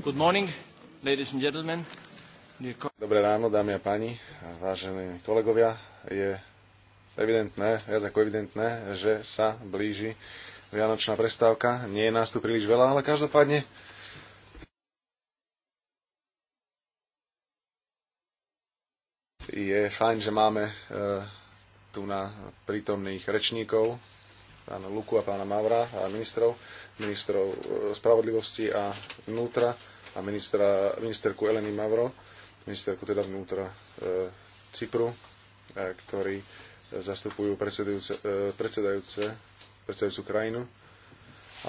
Good morning, ladies and gentlemen. Dobré ráno, dámy a páni, vážení kolegovia. Je evidentné, viac ako evidentné, že sa blíži Vianočná prestávka. Nie je nás tu príliš veľa, ale každopádne je fajn, že máme eh, tu na prítomných rečníkov, pána Luku a pána Mavra a ministrov, ministrov e, spravodlivosti a vnútra a ministra, ministerku Eleny Mavro, ministerku teda vnútra e, Cypru, e, ktorí zastupujú predsedajúce, e, predsedajúce, predsedajúcu krajinu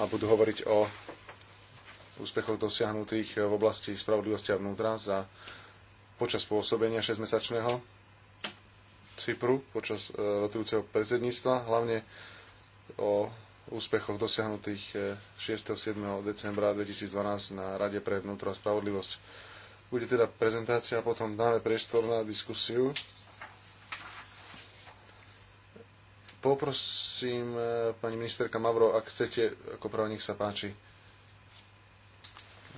a budú hovoriť o úspechoch dosiahnutých v oblasti spravodlivosti a vnútra za počas pôsobenia 6-mesačného Cypru, počas e, rotujúceho predsedníctva, hlavne o úspechoch dosiahnutých 6. Eh, 7. decembra 2012 na Rade pre vnútro a spravodlivosť. Bude teda prezentácia a potom dáme priestor na diskusiu. Poprosím eh, pani ministerka Mavro, ak chcete, ako pravo nech sa páči.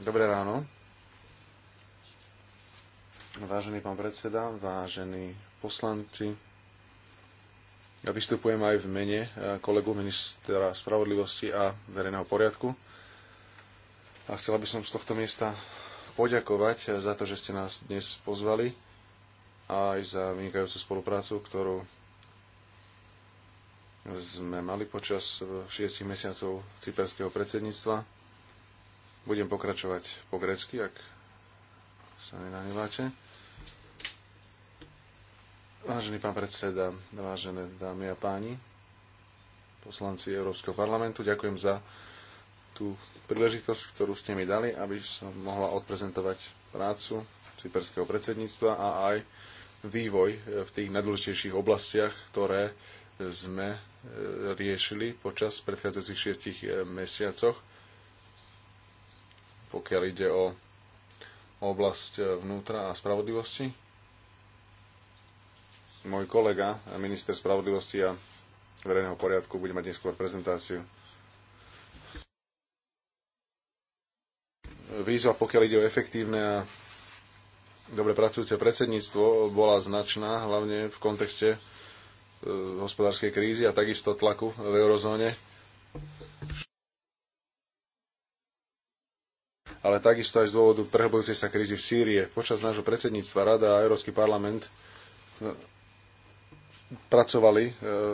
Dobré ráno. Vážený pán predseda, vážení poslanci, ja vystupujem aj v mene e, kolegu ministra spravodlivosti a verejného poriadku. A chcela by som z tohto miesta poďakovať e, za to, že ste nás dnes pozvali a aj za vynikajúcu spoluprácu, ktorú sme mali počas 6 e, mesiacov cyperského predsedníctva. Budem pokračovať po grecky, ak sa nenahneváte. Vážený pán predseda, vážené dámy a páni, poslanci Európskeho parlamentu, ďakujem za tú príležitosť, ktorú ste mi dali, aby som mohla odprezentovať prácu cyperského predsedníctva a aj vývoj v tých najdôležitejších oblastiach, ktoré sme e, riešili počas predchádzajúcich šiestich e, mesiacoch, pokiaľ ide o oblasť e, vnútra a spravodlivosti môj kolega, minister spravodlivosti a verejného poriadku, bude mať neskôr prezentáciu. Výzva, pokiaľ ide o efektívne a dobre pracujúce predsedníctvo, bola značná, hlavne v kontexte e, hospodárskej krízy a takisto tlaku v eurozóne. ale takisto aj z dôvodu prehlbujúcej sa krízy v Sýrie. Počas nášho predsedníctva Rada a Európsky parlament e, pracovali e,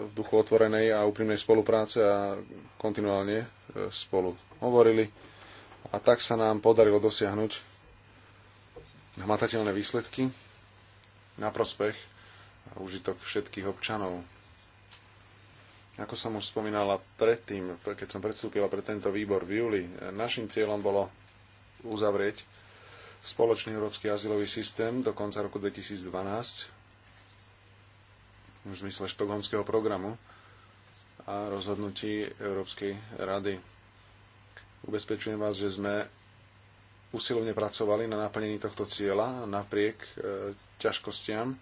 v duchu otvorenej a úprimnej spolupráce a kontinuálne e, spolu hovorili. A tak sa nám podarilo dosiahnuť hmatateľné výsledky na prospech a užitok všetkých občanov. Ako som už spomínala predtým, keď som predstúpila pre tento výbor v júli, e, našim cieľom bolo uzavrieť spoločný európsky azylový systém do konca roku 2012 v zmysle štokholmského programu a rozhodnutí Európskej rady. Ubezpečujem vás, že sme usilovne pracovali na naplnení tohto cieľa napriek e, ťažkostiam,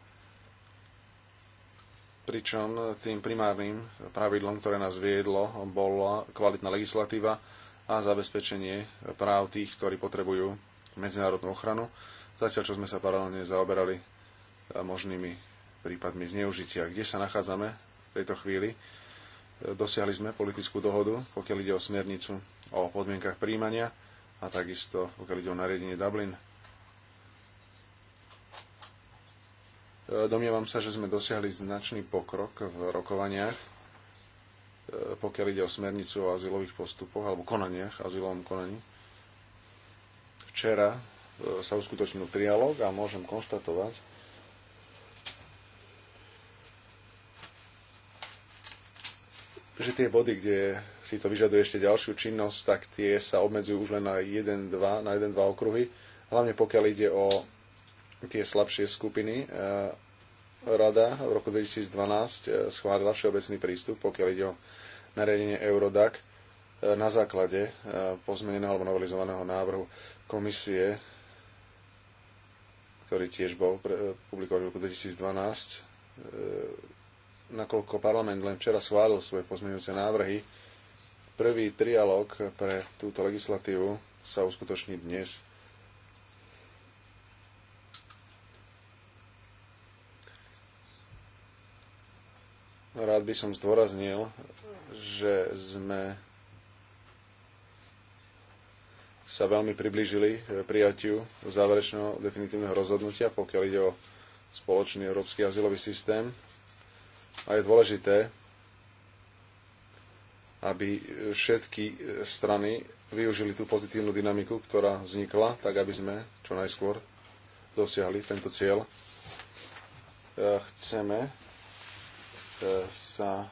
pričom tým primárnym pravidlom, ktoré nás viedlo, bola kvalitná legislatíva a zabezpečenie práv tých, ktorí potrebujú medzinárodnú ochranu, zatiaľ čo sme sa paralelne zaoberali e, možnými prípadmi zneužitia. Kde sa nachádzame v tejto chvíli? E, dosiahli sme politickú dohodu, pokiaľ ide o smernicu o podmienkach príjmania a takisto pokiaľ ide o nariadenie Dublin. E, domnievam sa, že sme dosiahli značný pokrok v rokovaniach, e, pokiaľ ide o smernicu o azylových postupoch alebo konaniach, azylovom konaní. Včera sa uskutočnil trialog a môžem konštatovať, že tie body, kde si to vyžaduje ešte ďalšiu činnosť, tak tie sa obmedzujú už len na 1-2, na 1-2 okruhy. Hlavne pokiaľ ide o tie slabšie skupiny. E, Rada v roku 2012 e, schválila všeobecný prístup, pokiaľ ide o nariadenie Eurodac e, na základe pozmeneného alebo novelizovaného návrhu komisie, ktorý tiež bol publikovaný v roku 2012 nakoľko parlament len včera schválil svoje pozmeňujúce návrhy, prvý trialog pre túto legislatívu sa uskutoční dnes. Rád by som zdôraznil, že sme sa veľmi priblížili prijatiu záverečného definitívneho rozhodnutia, pokiaľ ide o spoločný európsky azylový systém a je dôležité, aby všetky strany využili tú pozitívnu dynamiku, ktorá vznikla, tak aby sme čo najskôr dosiahli tento cieľ. E, chceme e, sa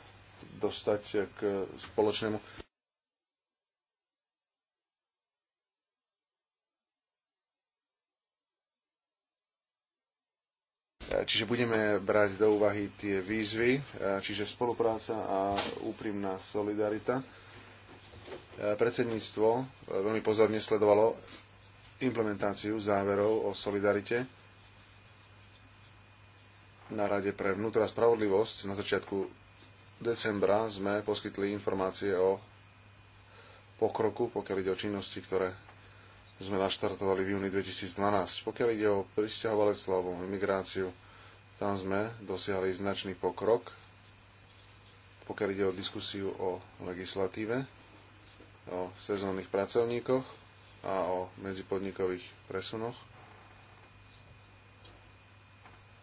dostať k spoločnému Čiže budeme brať do úvahy tie výzvy, e, čiže spolupráca a úprimná solidarita. E, predsedníctvo e, veľmi pozorne sledovalo implementáciu záverov o solidarite na Rade pre vnútra spravodlivosť. Na začiatku decembra sme poskytli informácie o pokroku, pokiaľ ide o činnosti, ktoré sme naštartovali v júni 2012. Pokiaľ ide o pristahovalectvo alebo imigráciu, tam sme dosiahli značný pokrok, pokiaľ ide o diskusiu o legislatíve, o sezónnych pracovníkoch a o medzipodnikových presunoch.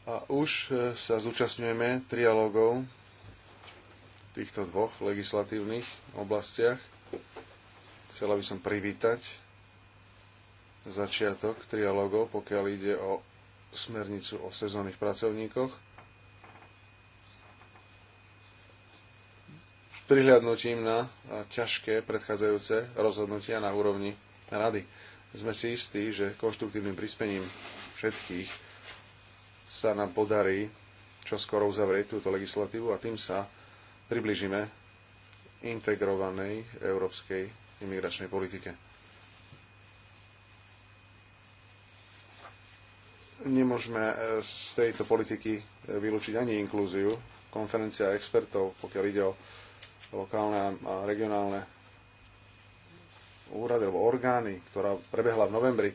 A už e, sa zúčastňujeme trialógov v týchto dvoch legislatívnych oblastiach. Chcela by som privítať začiatok trialógov, pokiaľ ide o smernicu o sezónnych pracovníkoch. Prihľadnutím na ťažké predchádzajúce rozhodnutia na úrovni rady. Sme si istí, že konštruktívnym prispením všetkých sa nám podarí čo skoro uzavrieť túto legislatívu a tým sa približíme integrovanej európskej imigračnej politike. Nemôžeme e, z tejto politiky e, vylúčiť ani inklúziu. Konferencia expertov, pokiaľ ide o lokálne a regionálne úrady alebo orgány, ktorá prebehla v novembri,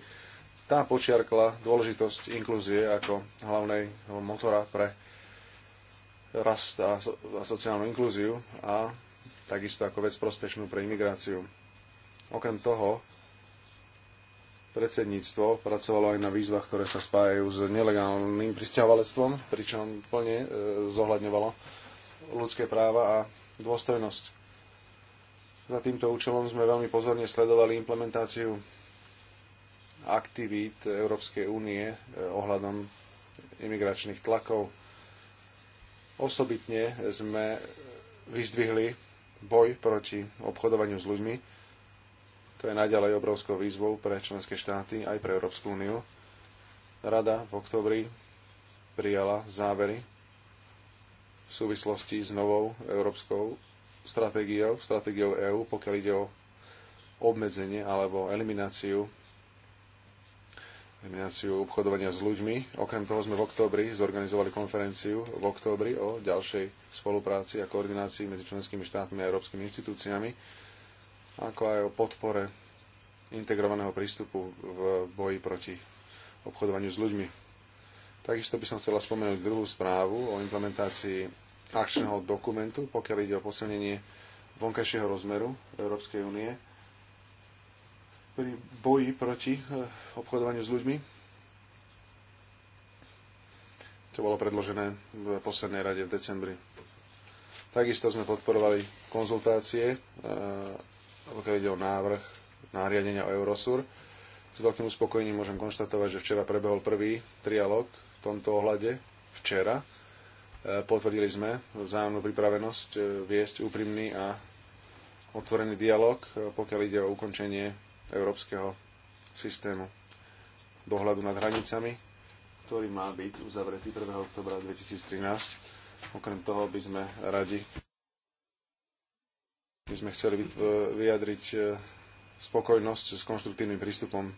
tá počiarkla dôležitosť inklúzie ako hlavného motora pre rast a, so, a sociálnu inklúziu a takisto ako vec prospešnú pre imigráciu. Okrem toho, Predsedníctvo pracovalo aj na výzvach, ktoré sa spájajú s nelegálnym pristahovalectvom, pričom plne e, zohľadňovalo ľudské práva a dôstojnosť. Za týmto účelom sme veľmi pozorne sledovali implementáciu aktivít Európskej únie e, ohľadom imigračných tlakov. Osobitne sme vyzdvihli boj proti obchodovaniu s ľuďmi, to je naďalej obrovskou výzvou pre členské štáty, aj pre Európsku úniu. Rada v oktobri prijala závery v súvislosti s novou európskou stratégiou, stratégiou EÚ, pokiaľ ide o obmedzenie alebo elimináciu elimináciu obchodovania s ľuďmi. Okrem toho sme v októbri zorganizovali konferenciu v októbri o ďalšej spolupráci a koordinácii medzi členskými štátmi a európskymi inštitúciami ako aj o podpore integrovaného prístupu v boji proti obchodovaniu s ľuďmi. Takisto by som chcela spomenúť druhú správu o implementácii akčného dokumentu, pokiaľ ide o posilnenie vonkajšieho rozmeru Európskej únie pri boji proti eh, obchodovaniu s ľuďmi. To bolo predložené v poslednej rade v decembri. Takisto sme podporovali konzultácie eh, pokiaľ ide o návrh nariadenia o Eurosur. S veľkým uspokojením môžem konštatovať, že včera prebehol prvý trialog v tomto ohľade. Včera e, potvrdili sme vzájomnú pripravenosť e, viesť úprimný a otvorený dialog, e, pokiaľ ide o ukončenie európskeho systému dohľadu nad hranicami, ktorý má byť uzavretý 1. oktobra 2013. Okrem toho by sme radi my sme chceli vyjadriť e, spokojnosť s konštruktívnym prístupom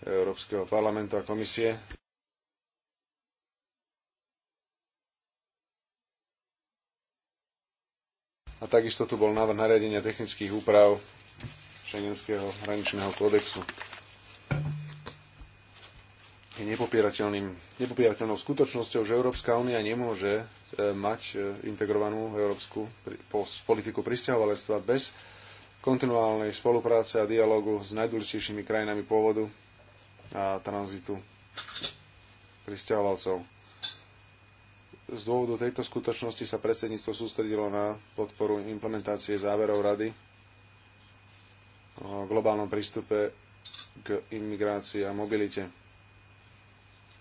Európskeho parlamentu a komisie. A takisto tu bol návrh nariadenia technických úprav Schengenského hraničného kódexu je nepopierateľnou skutočnosťou, že Európska únia nemôže e, mať e, integrovanú európsku politiku pristahovalectva bez kontinuálnej spolupráce a dialogu s najdôležitejšími krajinami pôvodu a tranzitu pristahovalcov. Z dôvodu tejto skutočnosti sa predsedníctvo sústredilo na podporu implementácie záverov Rady o globálnom prístupe k imigrácii a mobilite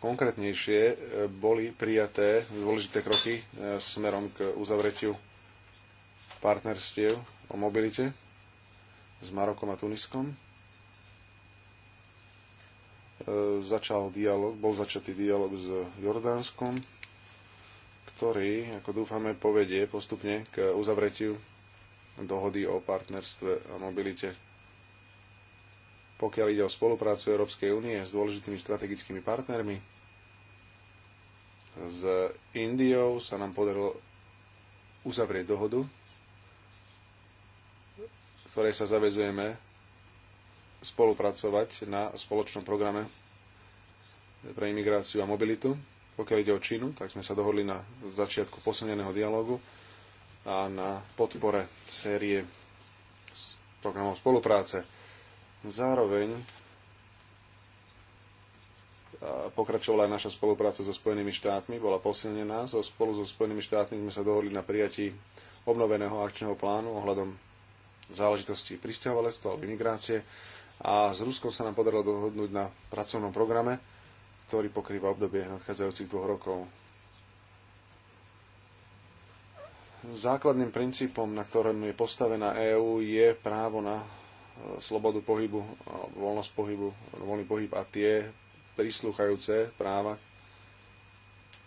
konkrétnejšie e, boli prijaté dôležité kroky e, smerom k uzavretiu partnerstiev o mobilite s Marokom a Tuniskom. E, začal dialog, bol začatý dialog s Jordánskom, ktorý, ako dúfame, povedie postupne k uzavretiu dohody o partnerstve a mobilite pokiaľ ide o spoluprácu Európskej únie s dôležitými strategickými partnermi, s Indiou sa nám podarilo uzavrieť dohodu, v ktorej sa zavezujeme spolupracovať na spoločnom programe pre imigráciu a mobilitu. Pokiaľ ide o Čínu, tak sme sa dohodli na začiatku posilneného dialogu a na podpore série programov spolupráce. Zároveň pokračovala aj naša spolupráca so Spojenými štátmi, bola posilnená. So, spolu so Spojenými štátmi sme sa dohodli na prijatí obnoveného akčného plánu ohľadom záležitosti pristahovalectva alebo imigrácie a s Ruskom sa nám podarilo dohodnúť na pracovnom programe, ktorý pokrýva obdobie nadchádzajúcich dvoch rokov. Základným princípom, na ktorom je postavená EÚ, je právo na e, slobodu pohybu, voľnosť pohybu, voľný pohyb a tie prísluchajúce práva,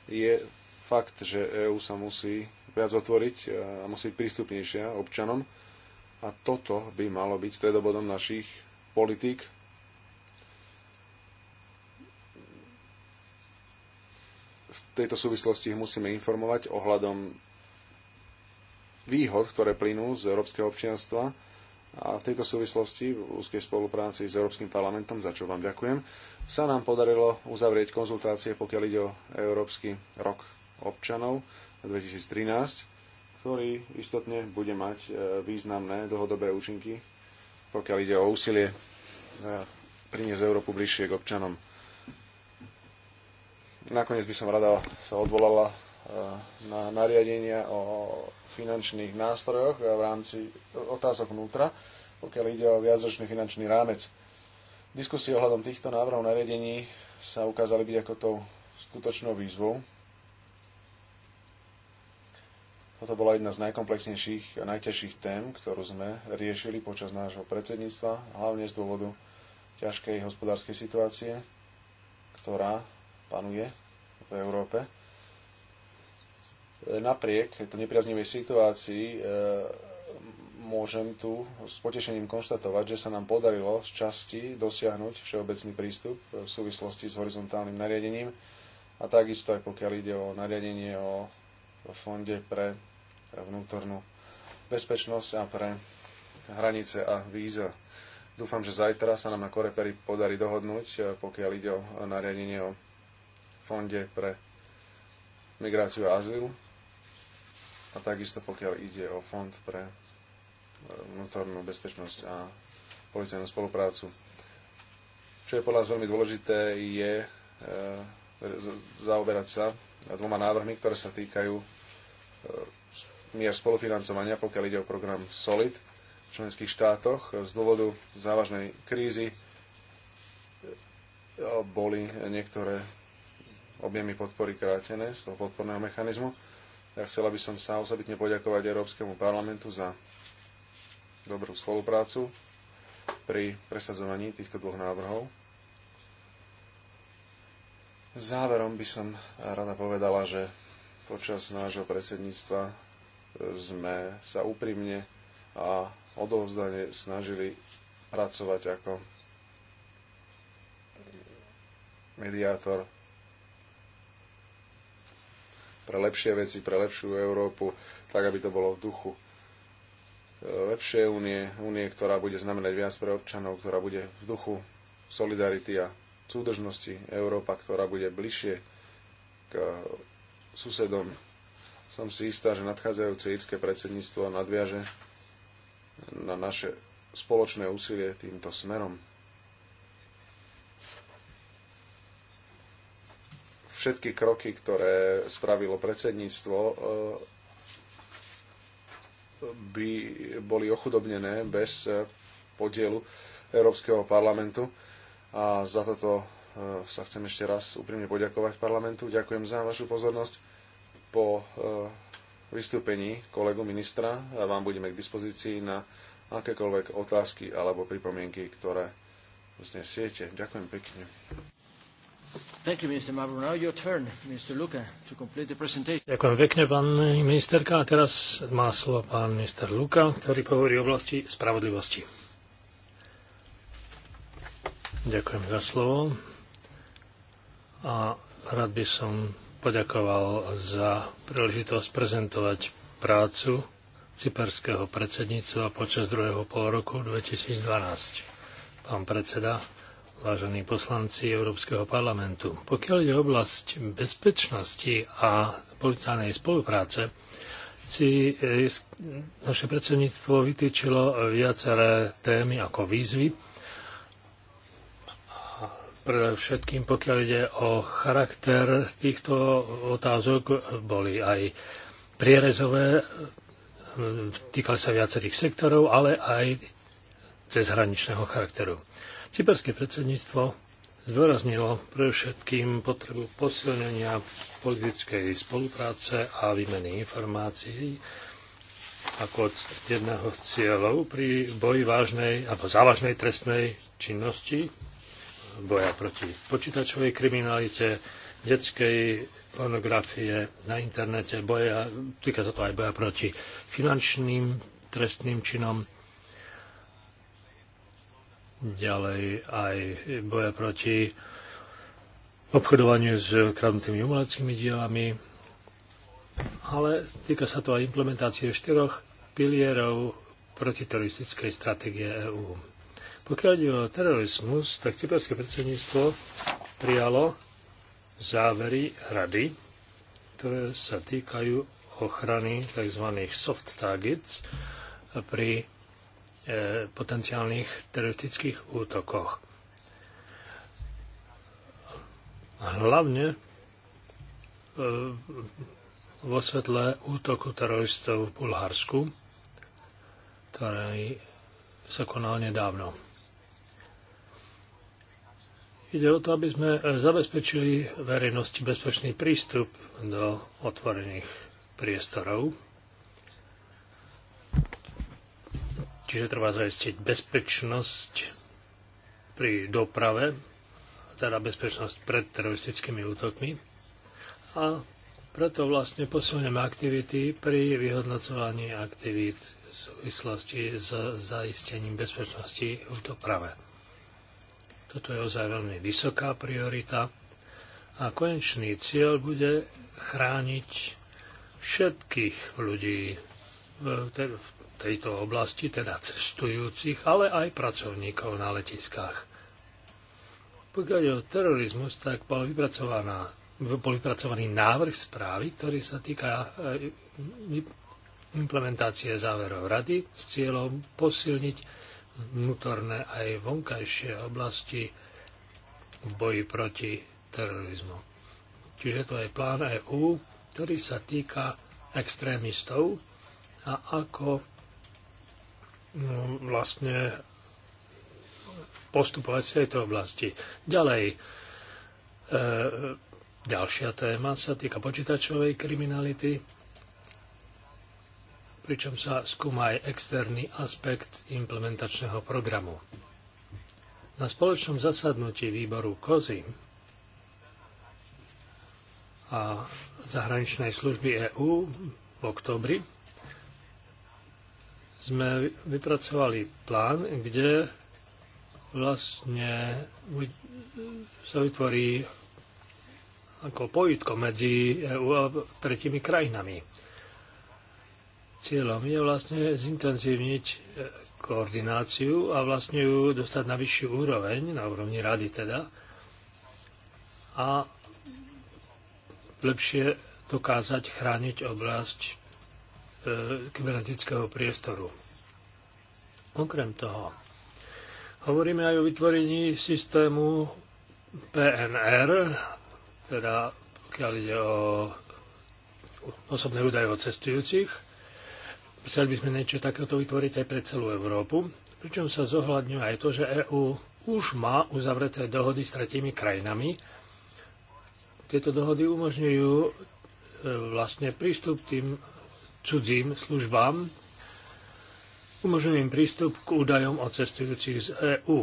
je fakt, že EÚ sa musí viac otvoriť e, a musí byť prístupnejšia občanom. A toto by malo byť stredobodom našich politík. V tejto súvislosti ich musíme informovať ohľadom výhod, ktoré plynú z európskeho občianstva a v tejto súvislosti v úzkej spolupráci s Európskym parlamentom, za čo vám ďakujem, sa nám podarilo uzavrieť konzultácie, pokiaľ ide o Európsky rok občanov 2013, ktorý istotne bude mať e, významné dlhodobé účinky, pokiaľ ide o úsilie e, priniesť Európu bližšie k občanom. Nakoniec by som rada sa odvolala e, na nariadenia o finančných nástrojoch v rámci otázok vnútra, pokiaľ ide o viacročný finančný rámec. Diskusie ohľadom týchto návrhov nariadení sa ukázali byť ako tou skutočnou výzvou. Toto bola jedna z najkomplexnejších a najťažších tém, ktorú sme riešili počas nášho predsedníctva, hlavne z dôvodu ťažkej hospodárskej situácie, ktorá panuje v Európe napriek tej nepriaznivej situácii e, môžem tu s potešením konštatovať, že sa nám podarilo z časti dosiahnuť všeobecný prístup v súvislosti s horizontálnym nariadením a takisto aj pokiaľ ide o nariadenie o fonde pre vnútornú bezpečnosť a pre hranice a víza. Dúfam, že zajtra sa nám na Koreperi podarí dohodnúť, e, pokiaľ ide o nariadenie o fonde pre migráciu a azyl a takisto pokiaľ ide o fond pre e, vnútornú bezpečnosť a policajnú spoluprácu. Čo je podľa nás veľmi dôležité, je e, zaoberať sa dvoma návrhmi, ktoré sa týkajú e, mier spolufinancovania, pokiaľ ide o program SOLID v členských štátoch. Z dôvodu závažnej krízy boli niektoré objemy podpory krátené z toho podporného mechanizmu ja chcela by som sa osobitne poďakovať Európskemu parlamentu za dobrú spoluprácu pri presadzovaní týchto dvoch návrhov. Záverom by som rada povedala, že počas nášho predsedníctva sme sa úprimne a odovzdane snažili pracovať ako mediátor pre lepšie veci, pre lepšiu Európu, tak aby to bolo v duchu e, lepšie únie, únie, ktorá bude znamenať viac pre občanov, ktorá bude v duchu solidarity a súdržnosti Európa, ktorá bude bližšie k susedom. Som si istá, že nadchádzajúce írske predsedníctvo nadviaže na naše spoločné úsilie týmto smerom. všetky kroky, ktoré spravilo predsedníctvo, eh, by boli ochudobnené bez eh, podielu Európskeho parlamentu. A za toto eh, sa chcem ešte raz úprimne poďakovať parlamentu. Ďakujem za vašu pozornosť. Po vystúpení kolegu ministra vám budeme k dispozícii na akékoľvek otázky alebo pripomienky, ktoré siete. Ďakujem pekne. Thank you, Mr. Now your turn, Mr. Luca, to complete the presentation. Ďakujem pekne, pán ministerka. A teraz má slovo pán minister Luka, ktorý pohovorí o oblasti spravodlivosti. Ďakujem za slovo. A rád by som poďakoval za príležitosť prezentovať prácu cyperského predsedníctva počas druhého pol roku 2012. Pán predseda, vážení poslanci Európskeho parlamentu. Pokiaľ je oblasť bezpečnosti a policajnej spolupráce, si eh, naše predsedníctvo vytýčilo viaceré témy ako výzvy. A pre všetkým, pokiaľ ide o charakter týchto otázok, boli aj prierezové, eh, týkali sa viacerých sektorov, ale aj cezhraničného charakteru. Cyperské predsedníctvo zdôraznilo pre všetkým potrebu posilnenia politickej spolupráce a výmeny informácií ako jedného z cieľov pri boji vážnej alebo závažnej trestnej činnosti, boja proti počítačovej kriminalite, detskej pornografie na internete, boja, týka sa to aj boja proti finančným trestným činom ďalej aj boja proti obchodovaniu s kradnutými umeleckými dielami, ale týka sa to aj implementácie štyroch pilierov protiteroristickej stratégie EÚ. Pokiaľ ide o terorizmus, tak cyperské predsedníctvo prijalo závery rady, ktoré sa týkajú ochrany tzv. soft targets pri E, potenciálnych teroristických útokoch. Hlavne e, vo svetle útoku teroristov v Bulharsku, ktorý sa konal nedávno. Ide o to, aby sme zabezpečili verejnosti bezpečný prístup do otvorených priestorov Čiže treba zajistiť bezpečnosť pri doprave, teda bezpečnosť pred teroristickými útokmi. A preto vlastne posilňujeme aktivity pri vyhodnocovaní aktivít v súvislosti s zaistením bezpečnosti v doprave. Toto je ozaj veľmi vysoká priorita a konečný cieľ bude chrániť všetkých ľudí v tejto oblasti, teda cestujúcich, ale aj pracovníkov na letiskách. Pokiaľ je o terorizmus, tak bol, bol vypracovaný návrh správy, ktorý sa týka e, implementácie záverov rady s cieľom posilniť vnútorné aj vonkajšie oblasti v boji proti terorizmu. Čiže to je plán EU, ktorý sa týka extrémistov a ako No, vlastne postupovať v tejto oblasti. Ďalej, e, ďalšia téma sa týka počítačovej kriminality, pričom sa skúma aj externý aspekt implementačného programu. Na spoločnom zasadnutí výboru COZIM a zahraničnej služby EÚ v oktobri sme vypracovali plán, kde vlastne sa vytvorí ako pojitko medzi EU a tretimi krajinami. Cieľom je vlastne zintenzívniť e, koordináciu a vlastne ju dostať na vyššiu úroveň, na úrovni rady teda, a lepšie dokázať chrániť oblasť E, kybernetického priestoru. Okrem toho, hovoríme aj o vytvorení systému PNR, teda pokiaľ ide o osobné údaje od cestujúcich. Chceli by sme niečo takéto vytvoriť aj pre celú Európu, pričom sa zohľadňuje aj to, že EÚ už má uzavreté dohody s tretími krajinami. Tieto dohody umožňujú e, vlastne prístup tým cudzím službám, umožňujem prístup k údajom o cestujúcich z EÚ.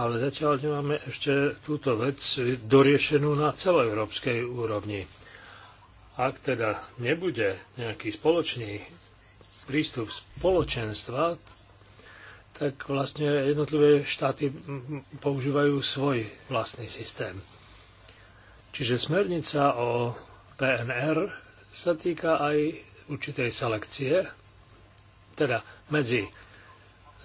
Ale zatiaľ nemáme ešte túto vec doriešenú na celoeurópskej úrovni. Ak teda nebude nejaký spoločný prístup spoločenstva, tak vlastne jednotlivé štáty používajú svoj vlastný systém. Čiže smernica o PNR sa týka aj určitej selekcie, teda medzi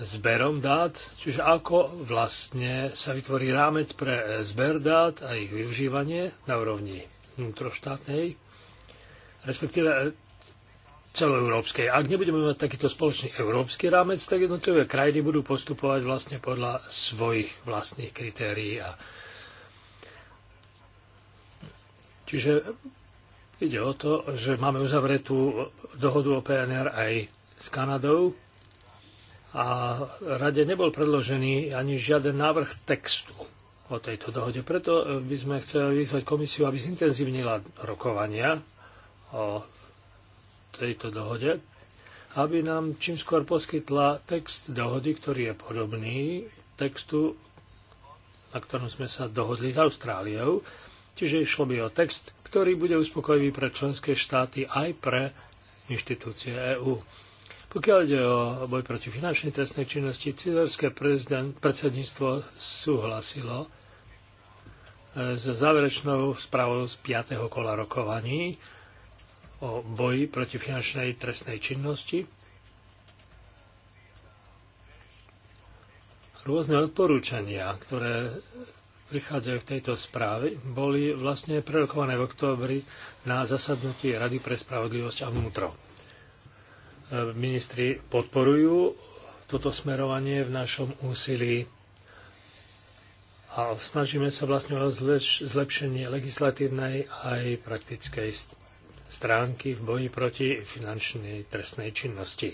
zberom dát, čiže ako vlastne sa vytvorí rámec pre zber dát a ich využívanie na úrovni vnútroštátnej, respektíve celoeurópskej. Ak nebudeme mať takýto spoločný európsky rámec, tak jednotlivé krajiny budú postupovať vlastne podľa svojich vlastných kritérií a Čiže ide o to, že máme uzavretú dohodu o PNR aj s Kanadou a rade nebol predložený ani žiaden návrh textu o tejto dohode. Preto e, by sme chceli vyzvať komisiu, aby zintenzívnila rokovania o tejto dohode, aby nám čím skôr poskytla text dohody, ktorý je podobný textu, na ktorom sme sa dohodli s Austráliou Čiže išlo by o text, ktorý bude uspokojivý pre členské štáty aj pre inštitúcie EÚ. Pokiaľ ide o boj proti finančnej trestnej činnosti, cizerské predsedníctvo súhlasilo e, s záverečnou správou z 5. kola rokovaní o boji proti finančnej trestnej činnosti. Rôzne odporúčania, ktoré prichádzajú v tejto správe, boli vlastne prerokované v októbri na zasadnutí Rady pre spravodlivosť a vnútro. E, ministri podporujú toto smerovanie v našom úsilí a snažíme sa vlastne o zlepšenie legislatívnej aj praktickej stránky v boji proti finančnej trestnej činnosti.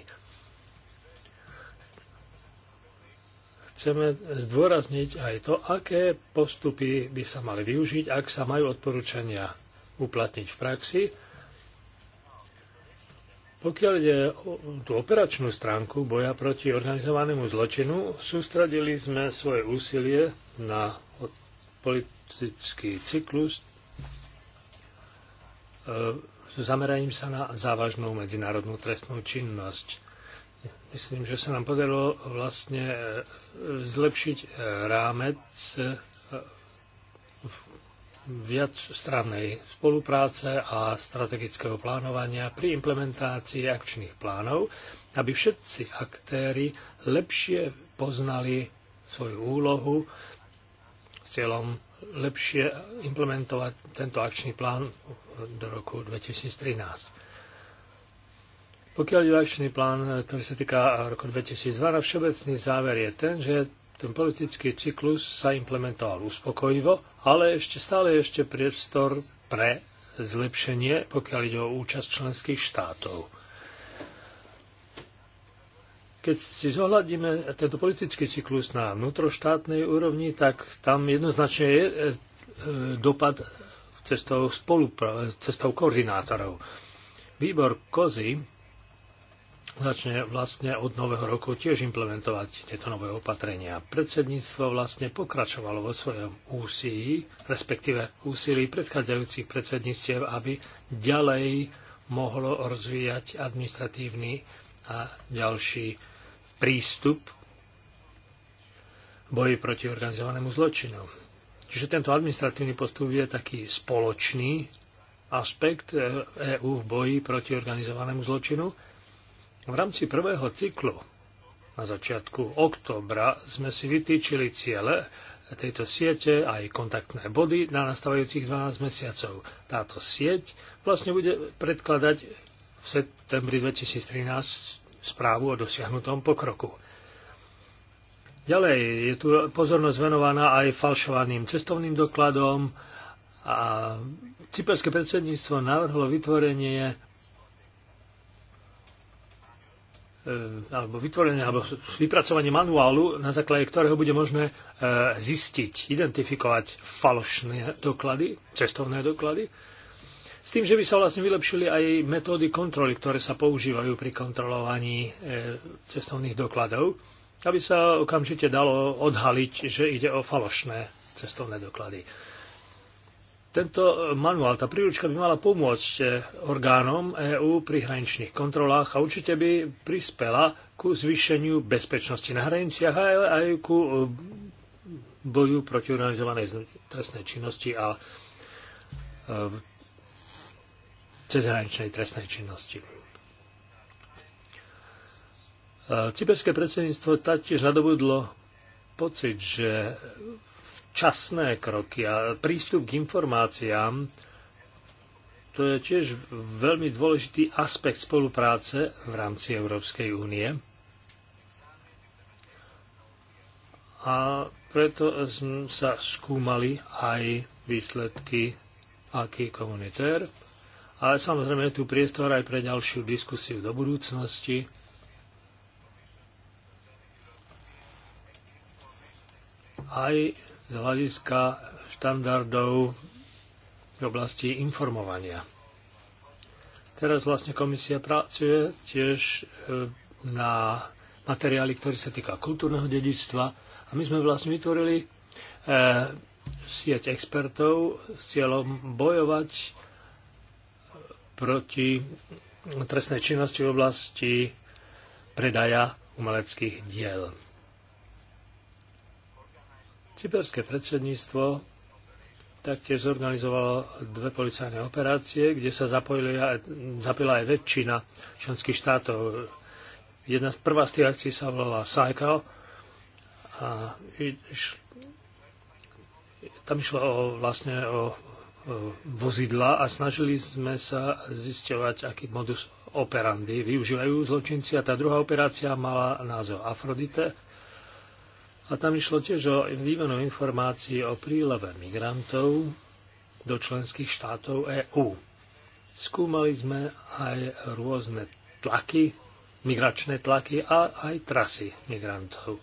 chceme zdôrazniť aj to, aké postupy by sa mali využiť, ak sa majú odporúčania uplatniť v praxi. Pokiaľ ide o tú operačnú stránku boja proti organizovanému zločinu, sústradili sme svoje úsilie na politický cyklus e, s zameraním sa na závažnú medzinárodnú trestnú činnosť. Myslím, že sa nám podarilo vlastne e, zlepšiť e, rámec e, viac strannej spolupráce a strategického plánovania pri implementácii akčných plánov, aby všetci aktéry lepšie poznali svoju úlohu s cieľom lepšie implementovať tento akčný plán do roku 2013. Pokiaľ je akčný plán, eh, ktorý sa týka eh, roku 2002, všeobecný záver je ten, že ten politický cyklus sa implementoval uspokojivo, ale ešte stále ešte priestor pre zlepšenie, pokiaľ ide o účasť členských štátov. Keď si zohľadíme tento politický cyklus na vnútroštátnej úrovni, tak tam jednoznačne je eh, dopad cestou, cestou koordinátorov. Výbor Kozy, začne vlastne od nového roku tiež implementovať tieto nové opatrenia. Predsedníctvo vlastne pokračovalo vo svojom úsilí, respektíve úsilí predchádzajúcich predsedníctiev, aby ďalej mohlo rozvíjať administratívny a ďalší prístup boji proti organizovanému zločinu. Čiže tento administratívny postup je taký spoločný aspekt EÚ eh, e v boji proti organizovanému zločinu v rámci prvého cyklu na začiatku októbra sme si vytýčili ciele tejto siete aj kontaktné body na nastávajúcich 12 mesiacov. Táto sieť vlastne bude predkladať v septembri 2013 správu o dosiahnutom pokroku. Ďalej je tu pozornosť venovaná aj falšovaným cestovným dokladom a cyperské predsedníctvo navrhlo vytvorenie E, alebo vytvorenie alebo vypracovanie manuálu, na základe ktorého bude možné e, zistiť, identifikovať falošné doklady, cestovné doklady, s tým, že by sa vlastne vylepšili aj metódy kontroly, ktoré sa používajú pri kontrolovaní e, cestovných dokladov, aby sa okamžite dalo odhaliť, že ide o falošné cestovné doklady. Tento manuál, tá príručka by mala pomôcť eh, orgánom EÚ pri hraničných kontrolách a určite by prispela ku zvýšeniu bezpečnosti na hraniciach a aj ku eh, boju proti organizovanej trestnej činnosti a eh, cezhraničnej trestnej činnosti. Cyperské predsedníctvo taktiež nadobudlo pocit, že v časné kroky a prístup k informáciám, to je tiež veľmi dôležitý aspekt spolupráce v rámci Európskej únie. A preto sa skúmali aj výsledky aký komunitér. Ale samozrejme je tu priestor aj pre ďalšiu diskusiu do budúcnosti. Aj z hľadiska štandardov v oblasti informovania. Teraz vlastne komisia pracuje tiež e, na materiály, ktorý sa týka kultúrneho dedictva a my sme vlastne vytvorili e, sieť expertov s cieľom bojovať proti trestnej činnosti v oblasti predaja umeleckých diel. Cyperské predsedníctvo taktiež zorganizovalo dve policajné operácie, kde sa zapojili, zapojila aj väčšina členských štátov. Jedna z prvá z tých akcií sa volala Cycle a tam išlo o, vlastne o, o vozidla a snažili sme sa zisťovať, aký modus operandy. využívajú zločinci a tá druhá operácia mala názov Afrodite a tam išlo tiež o výmenu informácií o prílave migrantov do členských štátov EÚ. Skúmali sme aj rôzne tlaky, migračné tlaky a aj trasy migrantov.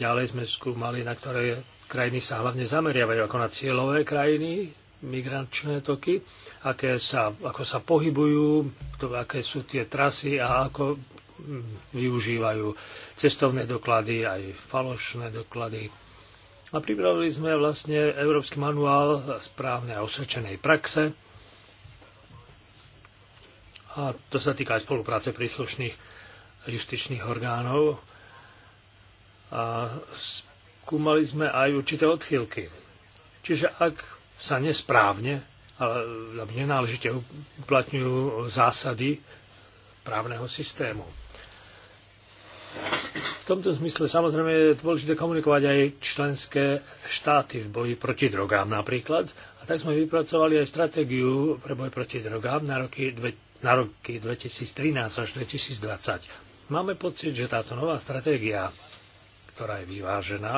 Ďalej sme skúmali, na ktoré krajiny sa hlavne zameriavajú, ako na cieľové krajiny, migračné toky, aké sa, ako sa pohybujú, to, aké sú tie trasy a ako využívajú cestovné doklady, aj falošné doklady. A pripravili sme vlastne Európsky manuál správnej a osvedčenej praxe. A to sa týka aj spolupráce príslušných justičných orgánov. A skúmali sme aj určité odchýlky. Čiže ak sa nesprávne ale nenáležite uplatňujú zásady právneho systému. V tomto zmysle samozrejme je dôležité komunikovať aj členské štáty v boji proti drogám napríklad. A tak sme vypracovali aj stratégiu pre boj proti drogám na roky, dve, na roky 2013 až 2020. Máme pocit, že táto nová stratégia, ktorá je vyvážená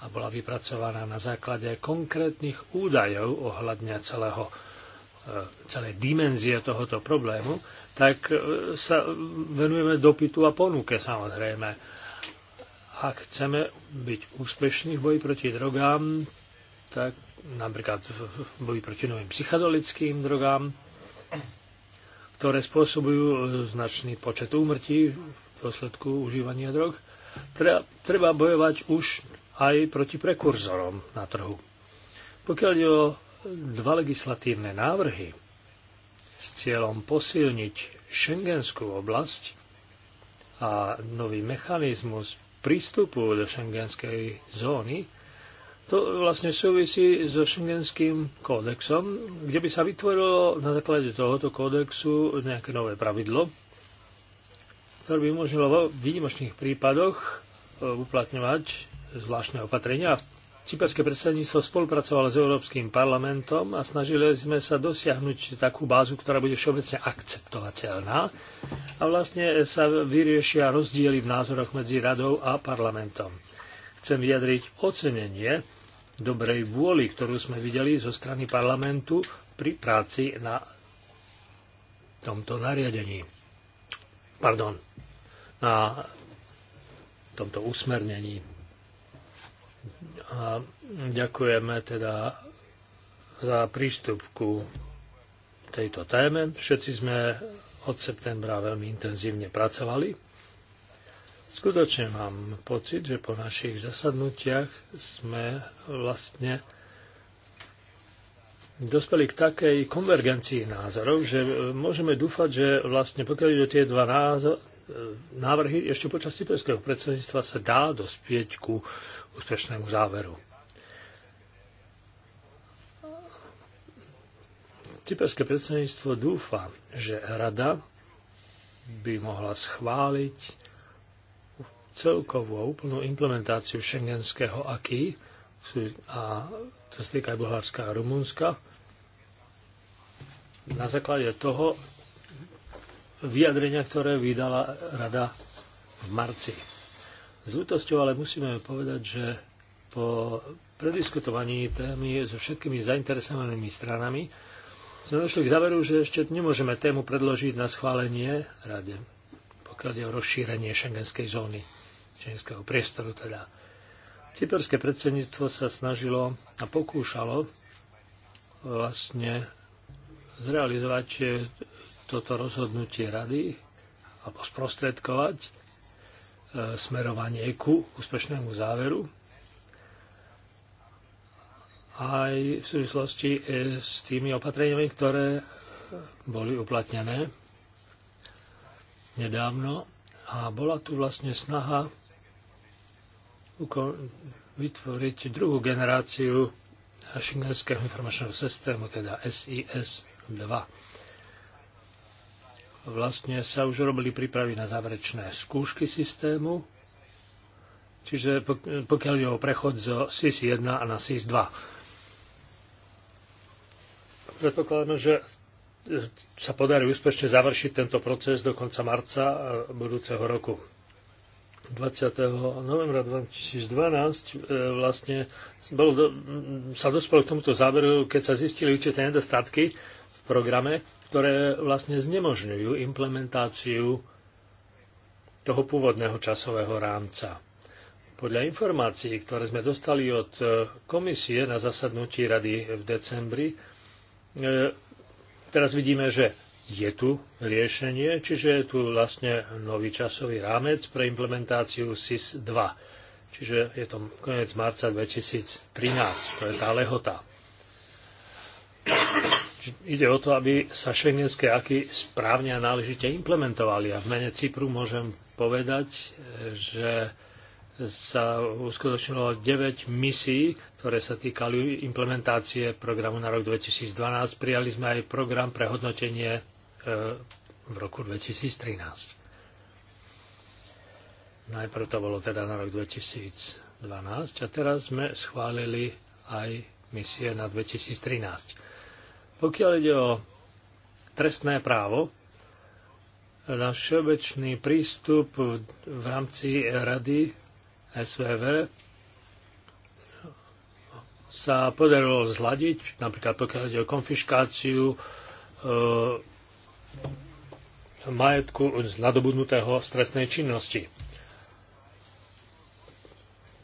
a bola vypracovaná na základe konkrétnych údajov ohľadne celého celé dimenzie tohoto problému, tak e, sa venujeme dopytu a ponuke samozrejme. Ak chceme byť úspešní v boji proti drogám, tak napríklad v boji proti novým psychedelickým drogám, ktoré spôsobujú značný počet úmrtí v dôsledku užívania drog, treba, treba bojovať už aj proti prekurzorom na trhu. Pokiaľ je o dva legislatívne návrhy s cieľom posilniť šengenskú oblasť a nový mechanizmus prístupu do šengenskej zóny, to vlastne súvisí so šengenským kódexom, kde by sa vytvorilo na základe tohoto kódexu nejaké nové pravidlo, ktoré by umožnilo vo výnimočných prípadoch e, uplatňovať zvláštne opatrenia. Cyperské predsedníctvo spolupracovalo s Európskym parlamentom a snažili sme sa dosiahnuť takú bázu, ktorá bude všeobecne akceptovateľná a vlastne sa vyriešia rozdiely v názoroch medzi radou a parlamentom. Chcem vyjadriť ocenenie dobrej vôli, ktorú sme videli zo strany parlamentu pri práci na tomto nariadení. Pardon, na tomto usmernení a ďakujeme teda za prístup ku tejto téme. Všetci sme od septembra veľmi intenzívne pracovali. Skutočne mám pocit, že po našich zasadnutiach sme vlastne dospeli k takej konvergencii názorov, že môžeme dúfať, že vlastne pokiaľ ide tie dva návrhy ešte počas cyperského predsedníctva sa dá dospieť ku úspešnému záveru. Cyperské predsedníctvo dúfa, že rada by mohla schváliť celkovú a úplnú implementáciu šengenského aký a to sa týka aj Bulharska a Rumunska na základe toho, vyjadrenia, ktoré vydala rada v marci. S ľútosťou ale musíme povedať, že po prediskutovaní témy so všetkými zainteresovanými stranami sme došli k záveru, že ešte nemôžeme tému predložiť na schválenie rade, pokiaľ je o rozšírenie šengenskej zóny, šengenského priestoru teda. Cyperské predsedníctvo sa snažilo a pokúšalo vlastne zrealizovať toto rozhodnutie rady alebo sprostredkovať e, smerovanie ku úspešnému záveru aj v súvislosti e, s tými opatreniami, ktoré boli uplatnené nedávno a bola tu vlastne snaha vytvoriť druhú generáciu šingenského informačného systému, teda SIS 2 vlastne sa už robili prípravy na záverečné skúšky systému, čiže pokiaľ je o prechod zo SIS-1 a na SIS-2. Predpokladám, že sa podarí úspešne završiť tento proces do konca marca e, budúceho roku. 20. novembra 2012 e, vlastne bolo sa dospelo k tomuto záveru, keď sa zistili určité nedostatky v programe ktoré vlastne znemožňujú implementáciu toho pôvodného časového rámca. Podľa informácií, ktoré sme dostali od e, komisie na zasadnutí rady v decembri, e, teraz vidíme, že je tu riešenie, čiže je tu vlastne nový časový rámec pre implementáciu SIS-2. Čiže je to konec marca 2013, to je tá lehota ide o to, aby sa šengenské aky správne a náležite implementovali. A v mene Cypru môžem povedať, že sa uskutočnilo 9 misií, ktoré sa týkali implementácie programu na rok 2012. Prijali sme aj program pre hodnotenie e, v roku 2013. Najprv to bolo teda na rok 2012 a teraz sme schválili aj misie na 2013. Pokiaľ ide o trestné právo, na všeobecný prístup v rámci rady SVV sa podarilo zladiť, napríklad pokiaľ ide o konfiškáciu e, majetku z nadobudnutého stresnej činnosti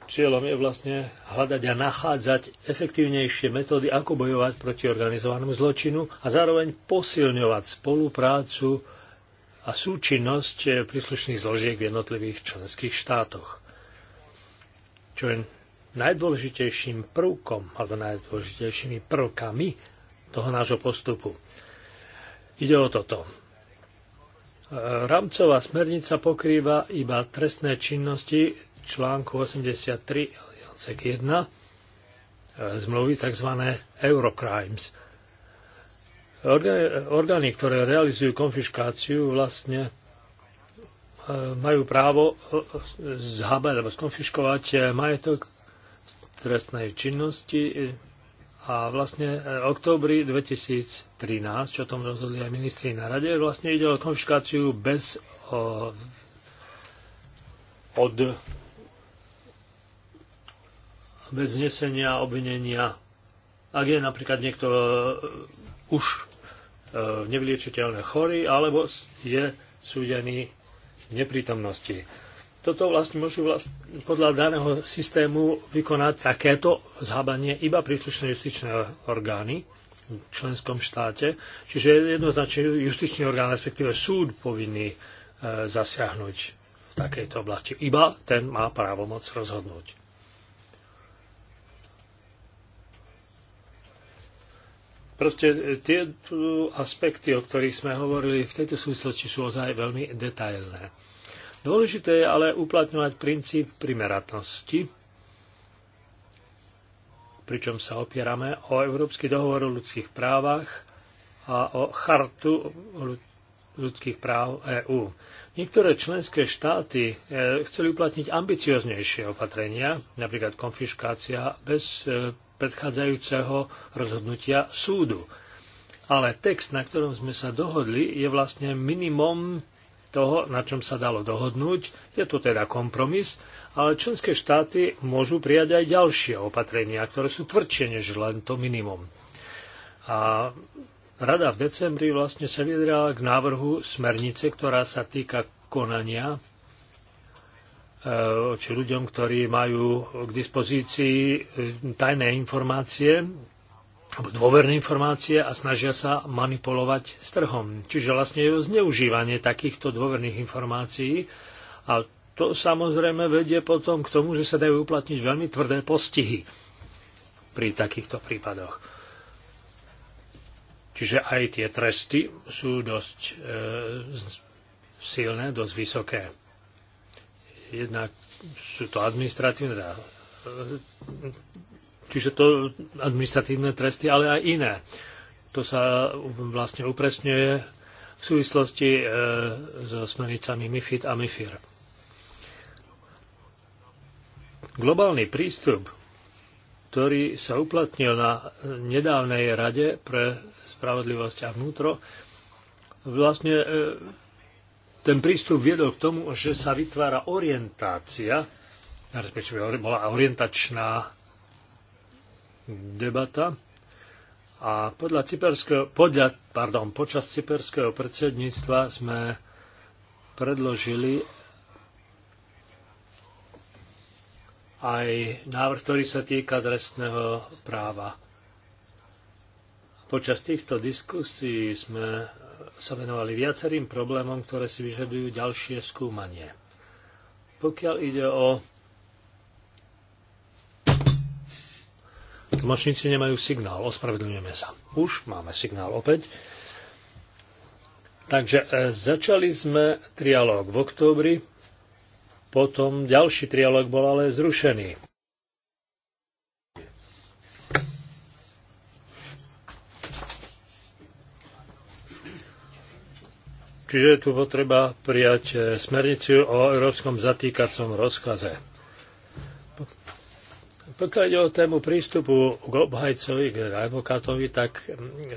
cieľom je vlastne hľadať a nachádzať efektívnejšie metódy, ako bojovať proti organizovanému zločinu a zároveň posilňovať spoluprácu a súčinnosť eh, príslušných zložiek v jednotlivých členských štátoch. Čo je najdôležitejším prvkom alebo najdôležitejšími prvkami toho nášho postupu. Ide o toto. Eh, Ramcová smernica pokrýva iba trestné činnosti článku 83.1 e, zmluvy tzv. Eurocrimes. Orgány, ktoré realizujú konfiškáciu, vlastne e, majú právo e, zhabať alebo skonfiškovať majetok trestnej činnosti a vlastne v októbri 2013, čo o tom rozhodli aj ministri na rade, vlastne ide o konfiškáciu bez o, od bez znesenia obvinenia, ak je napríklad niekto e, už e, nevyliečiteľne chorý, alebo je súdený v neprítomnosti. Toto vlastne môžu vlast, podľa daného systému vykonať takéto zhábanie iba príslušné justičné orgány v členskom štáte. Čiže jednoznačne justičný orgán, respektíve súd, povinný e, zasiahnuť v takejto oblasti. Iba ten má právomoc rozhodnúť. Proste e, tie aspekty, o ktorých sme hovorili v tejto súvislosti, sú ozaj veľmi detailné. Dôležité je ale uplatňovať princíp primeratnosti, pričom sa opierame o Európsky dohovor o ľudských právach a o chartu ľudských práv EÚ. Niektoré členské štáty e, chceli uplatniť ambicioznejšie opatrenia, napríklad konfiškácia bez e, predchádzajúceho rozhodnutia súdu. Ale text, na ktorom sme sa dohodli, je vlastne minimum toho, na čom sa dalo dohodnúť. Je to teda kompromis, ale členské štáty môžu prijať aj ďalšie opatrenia, ktoré sú tvrdšie než len to minimum. A rada v decembri vlastne sa vyjadrila k návrhu smernice, ktorá sa týka konania Eh, či ľuďom, ktorí majú k dispozícii eh, tajné informácie, dôverné informácie a snažia sa manipulovať s trhom. Čiže vlastne je zneužívanie takýchto dôverných informácií a to samozrejme vedie potom k tomu, že sa dajú uplatniť veľmi tvrdé postihy pri takýchto prípadoch. Čiže aj tie tresty sú dosť e, silné, dosť vysoké jednak sú to administratívne, teda, čiže to administratívne tresty, ale aj iné. To sa vlastne upresňuje v súvislosti e, so smernicami MIFID a MIFIR. Globálny prístup, ktorý sa uplatnil na nedávnej rade pre spravodlivosť a vnútro, vlastne e, ten prístup viedol k tomu, že sa vytvára orientácia, respektíve bola orientačná debata. A podľa Ciperského, podľa, pardon, počas ciperského predsedníctva sme predložili aj návrh, ktorý sa týka trestného práva. Počas týchto diskusí sme sa venovali viacerým problémom, ktoré si vyžadujú ďalšie skúmanie. Pokiaľ ide o... Tlmočníci nemajú signál, ospravedlňujeme sa. Už máme signál opäť. Takže e, začali sme trialóg v októbri, potom ďalší trialóg bol ale zrušený. Čiže tu potreba prijať e, smernicu o európskom zatýkacom rozkaze. Pokiaľ ide o tému prístupu k obhajcovi, k advokátovi, tak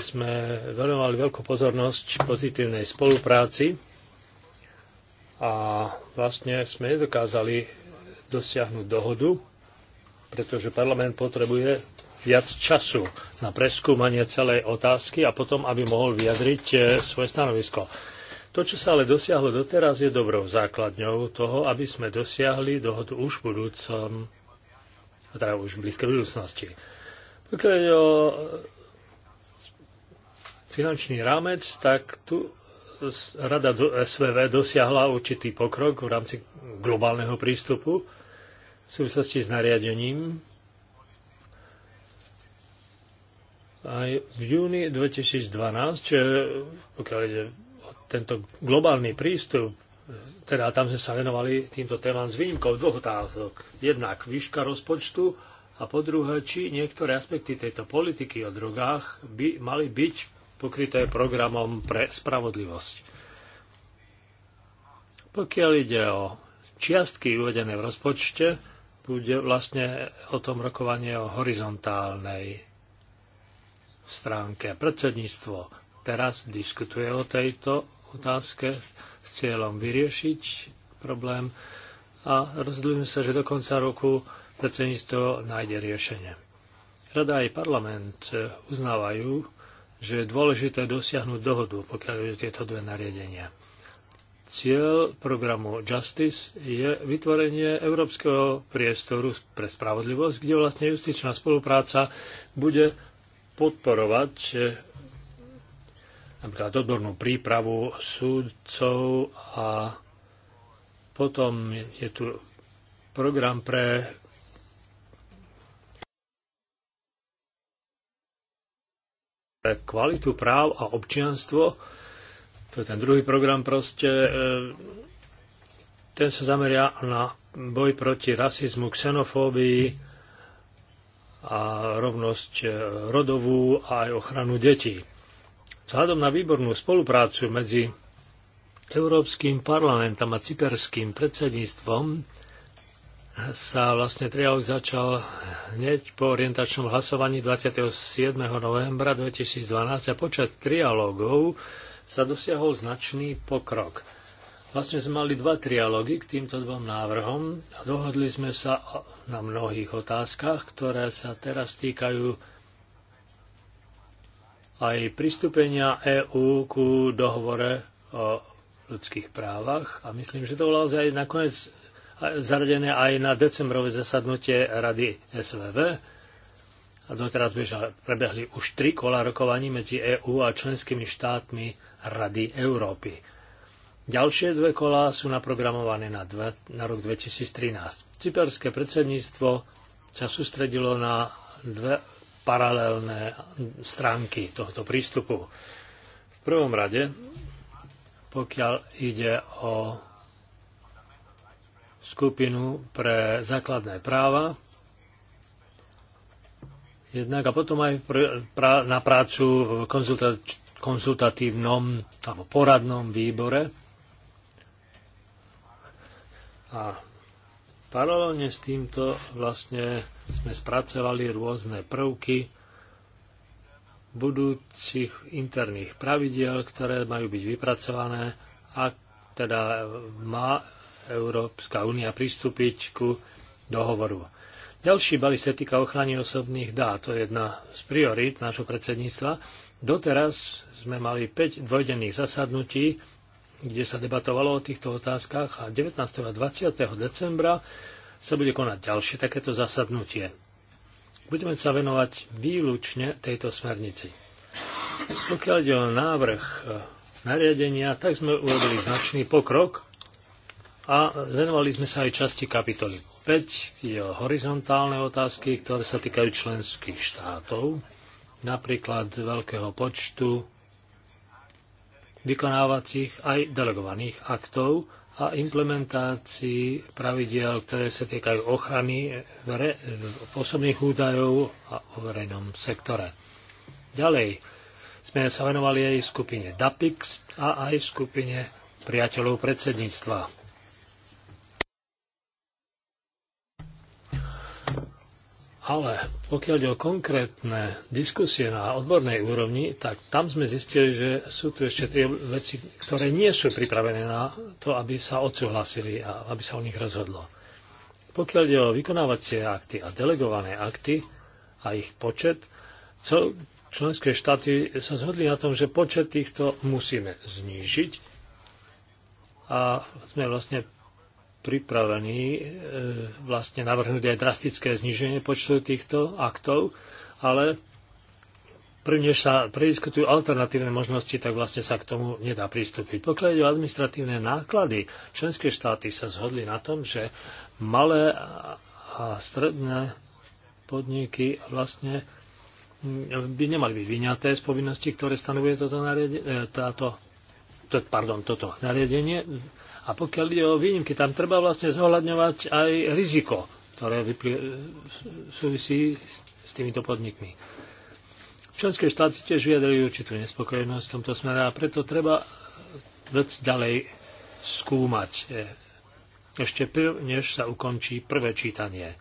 sme venovali veľkú pozornosť pozitívnej spolupráci a vlastne sme nedokázali dosiahnuť dohodu, pretože parlament potrebuje viac času na preskúmanie celej otázky a potom, aby mohol vyjadriť e, svoje stanovisko. To, čo sa ale dosiahlo doteraz, je dobrou základňou toho, aby sme dosiahli dohodu už v budúcom, teda už v blízkej budúcnosti. Pokiaľ je o e, finančný rámec, tak tu Rada SVV dosiahla určitý pokrok v rámci globálneho prístupu v súvislosti s nariadením. Aj v júni 2012, pokiaľ ide tento globálny prístup, teda tam sme sa venovali týmto témam s výnimkou dvoch otázok. Jednak výška rozpočtu a po druhé, či niektoré aspekty tejto politiky o drogách by mali byť pokryté programom pre spravodlivosť. Pokiaľ ide o čiastky uvedené v rozpočte, bude vlastne o tom rokovanie o horizontálnej stránke. Predsedníctvo teraz diskutuje o tejto otázke s cieľom vyriešiť problém a rozhodujeme sa, že do konca roku predsedníctvo nájde riešenie. Rada aj parlament uznávajú, že je dôležité dosiahnuť dohodu, pokiaľ je tieto dve nariadenia. Cieľ programu Justice je vytvorenie európskeho priestoru pre spravodlivosť, kde vlastne justičná spolupráca bude podporovať napríklad odbornú prípravu súdcov a potom je tu program pre kvalitu práv a občianstvo. To je ten druhý program proste. E, ten sa zameria na boj proti rasizmu, xenofóbii, a rovnosť e, rodovú a aj ochranu detí. Vzhľadom na výbornú spoluprácu medzi Európskym parlamentom a cyperským predsedníctvom sa vlastne trialog začal hneď po orientačnom hlasovaní 27. novembra 2012 a počet trialogov sa dosiahol značný pokrok. Vlastne sme mali dva trialógy k týmto dvom návrhom a dohodli sme sa na mnohých otázkach, ktoré sa teraz týkajú aj pristúpenia EÚ ku dohovore o ľudských právach a myslím, že to bolo aj nakoniec zaradené aj na decembrové zasadnutie Rady SVV. A doteraz prebehli už tri kola rokovaní medzi EÚ a členskými štátmi Rady Európy. Ďalšie dve kolá sú naprogramované na, dve, na rok 2013. Cyperské predsedníctvo sa sústredilo na dve paralelné stránky tohto prístupu. V prvom rade, pokiaľ ide o skupinu pre základné práva, jednak a potom aj na prácu v konzultatívnom alebo poradnom výbore. A Paralelne s týmto vlastne sme spracovali rôzne prvky budúcich interných pravidiel, ktoré majú byť vypracované a teda má Európska únia pristúpiť ku dohovoru. Ďalší bali sa týka ochrany osobných dát. To je jedna z priorít nášho predsedníctva. Doteraz sme mali 5 dvojdenných zasadnutí kde sa debatovalo o týchto otázkach a 19. a 20. decembra sa bude konať ďalšie takéto zasadnutie. Budeme sa venovať výlučne tejto smernici. Pokiaľ ide o návrh eh, nariadenia, tak sme urobili značný pokrok a venovali sme sa aj časti kapitoly 5, je o horizontálne otázky, ktoré sa týkajú členských štátov, napríklad veľkého počtu vykonávacích aj delegovaných aktov a implementácii pravidiel, ktoré sa týkajú ochrany osobných údajov a o verejnom sektore. Ďalej sme sa venovali aj skupine DAPIX a aj skupine priateľov predsedníctva. Ale pokiaľ ide o konkrétne diskusie na odbornej úrovni, tak tam sme zistili, že sú tu ešte tie veci, ktoré nie sú pripravené na to, aby sa odsúhlasili a aby sa o nich rozhodlo. Pokiaľ ide o vykonávacie akty a delegované akty a ich počet, členské štáty sa zhodli na tom, že počet týchto musíme znížiť a sme vlastne pripravení e, vlastne navrhnúť aj drastické zniženie počtu týchto aktov, ale prvne sa prediskutujú alternatívne možnosti, tak vlastne sa k tomu nedá pristúpiť. Pokiaľ ide o administratívne náklady, členské štáty sa zhodli na tom, že malé a stredné podniky vlastne mm, by nemali byť vyňaté z povinností, ktoré stanovuje toto nariadenie, táto, to, pardon, toto nariadenie a pokiaľ ide o výnimky, tam treba vlastne zohľadňovať aj riziko, ktoré vyplie, súvisí s týmito podnikmi. Členské štáty tiež vyjadrili určitú nespokojnosť v tomto smere a preto treba vec ďalej skúmať e, ešte prv, než sa ukončí prvé čítanie.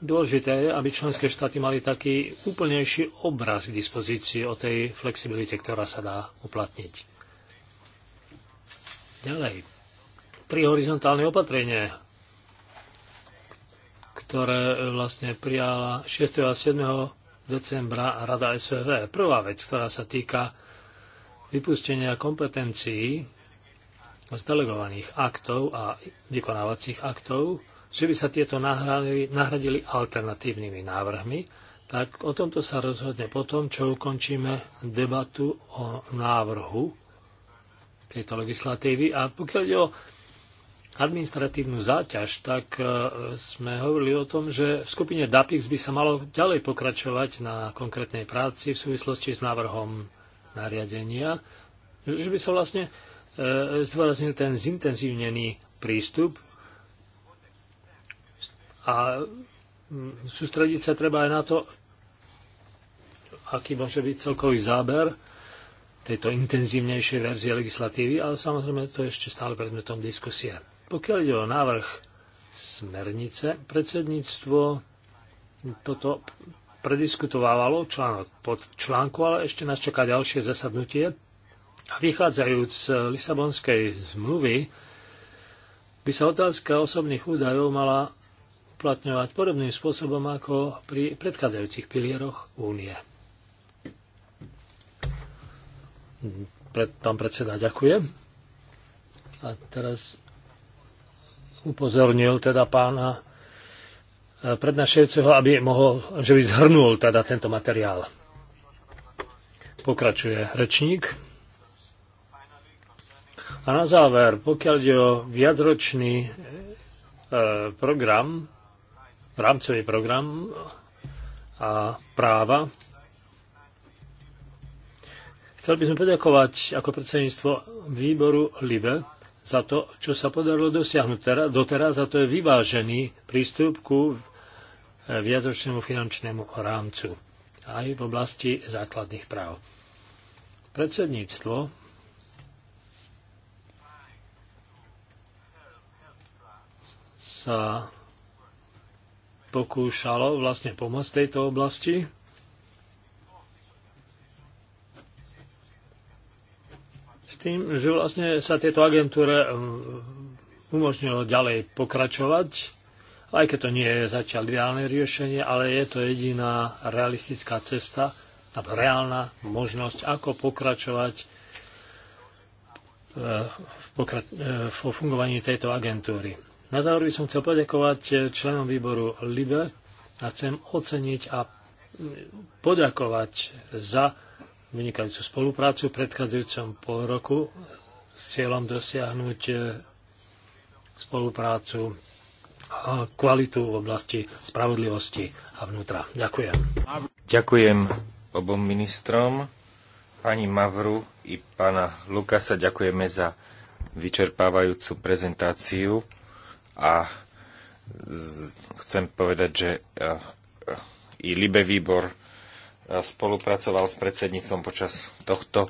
Dôležité je, aby členské štáty mali taký úplnejší obraz k dispozícii o tej flexibilite, ktorá sa dá uplatniť. Ďalej tri horizontálne opatrenie, ktoré e, vlastne prijala 6. a 7. decembra Rada SVV. Prvá vec, ktorá sa týka vypustenia kompetencií z delegovaných aktov a vykonávacích aktov, že by sa tieto nahradili, nahradili alternatívnymi návrhmi, tak o tomto sa rozhodne potom, čo ukončíme debatu o návrhu tejto legislatívy. A pokiaľ je o administratívnu záťaž, tak e, sme hovorili o tom, že v skupine DAPIX by sa malo ďalej pokračovať na konkrétnej práci v súvislosti s návrhom nariadenia, že by sa vlastne e, zdôraznil ten zintenzívnený prístup a sústrediť sa treba aj na to, aký môže byť celkový záber tejto intenzívnejšej verzie legislatívy, ale samozrejme to je ešte stále predmetom diskusie. Pokiaľ ide o návrh smernice, predsedníctvo toto prediskutovávalo článok pod článku, ale ešte nás čaká ďalšie zasadnutie. Vychádzajúc z Lisabonskej zmluvy, by sa otázka osobných údajov mala uplatňovať podobným spôsobom ako pri predchádzajúcich pilieroch únie. Pán predseda, ďakujem. A teraz upozornil teda pána e, prednášajúceho, aby mohol, že by zhrnul teda tento materiál. Pokračuje rečník. A na záver, pokiaľ ide o viacročný e, program, rámcový program a práva, chcel by som poďakovať ako predsedníctvo výboru LIBE za to, čo sa podarilo dosiahnuť doteraz, a to je vyvážený prístup ku e, viacročnému finančnému rámcu aj v oblasti základných práv. Predsedníctvo sa pokúšalo vlastne pomôcť tejto oblasti tým, že vlastne sa tieto agentúre um, umožnilo ďalej pokračovať, aj keď to nie je zatiaľ ideálne riešenie, ale je to jediná realistická cesta a reálna možnosť, ako pokračovať uh, uh, vo v fungovaní tejto agentúry. Na záver by som chcel poďakovať uh, členom výboru LIBE a chcem oceniť a mm, poďakovať za vynikajúcu spoluprácu v predchádzajúcom pol roku s cieľom dosiahnuť e, spoluprácu a kvalitu v oblasti spravodlivosti a vnútra. Ďakujem. Ďakujem obom ministrom, pani Mavru i pána Lukasa. Ďakujeme za vyčerpávajúcu prezentáciu a chcem povedať, že e, e, i Libe výbor spolupracoval s predsedníctvom počas tohto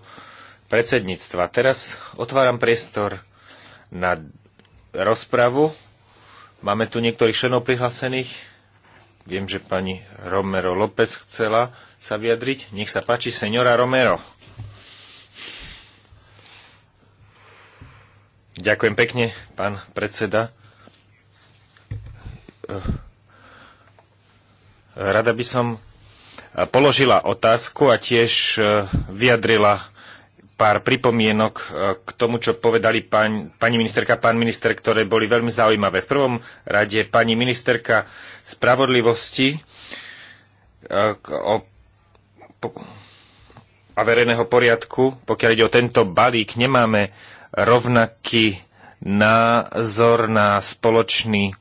predsedníctva. Teraz otváram priestor na rozpravu. Máme tu niektorých členov prihlásených. Viem, že pani Romero López chcela sa vyjadriť. Nech sa páči, senora Romero. Ďakujem pekne, pán predseda. Eh, rada by som položila otázku a tiež e, vyjadrila pár pripomienok e, k tomu, čo povedali pán, pani ministerka a pán minister, ktoré boli veľmi zaujímavé. V prvom rade pani ministerka spravodlivosti e, o, a verejného poriadku, pokiaľ ide o tento balík, nemáme rovnaký názor na spoločný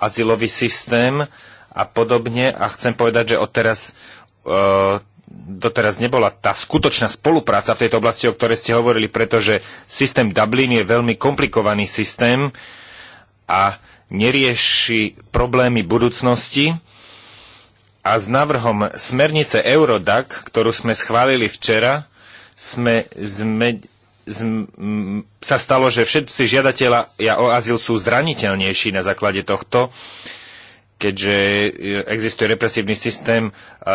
azylový systém a podobne. A chcem povedať, že odteraz E, doteraz nebola tá skutočná spolupráca v tejto oblasti, o ktorej ste hovorili, pretože systém Dublin je veľmi komplikovaný systém a nerieši problémy budúcnosti. A s návrhom smernice Eurodac, ktorú sme schválili včera, sme, z- m- sa stalo, že všetci žiadatelia o azyl sú zraniteľnejší na základe tohto. Uh, keďže e, existuje represívny systém e,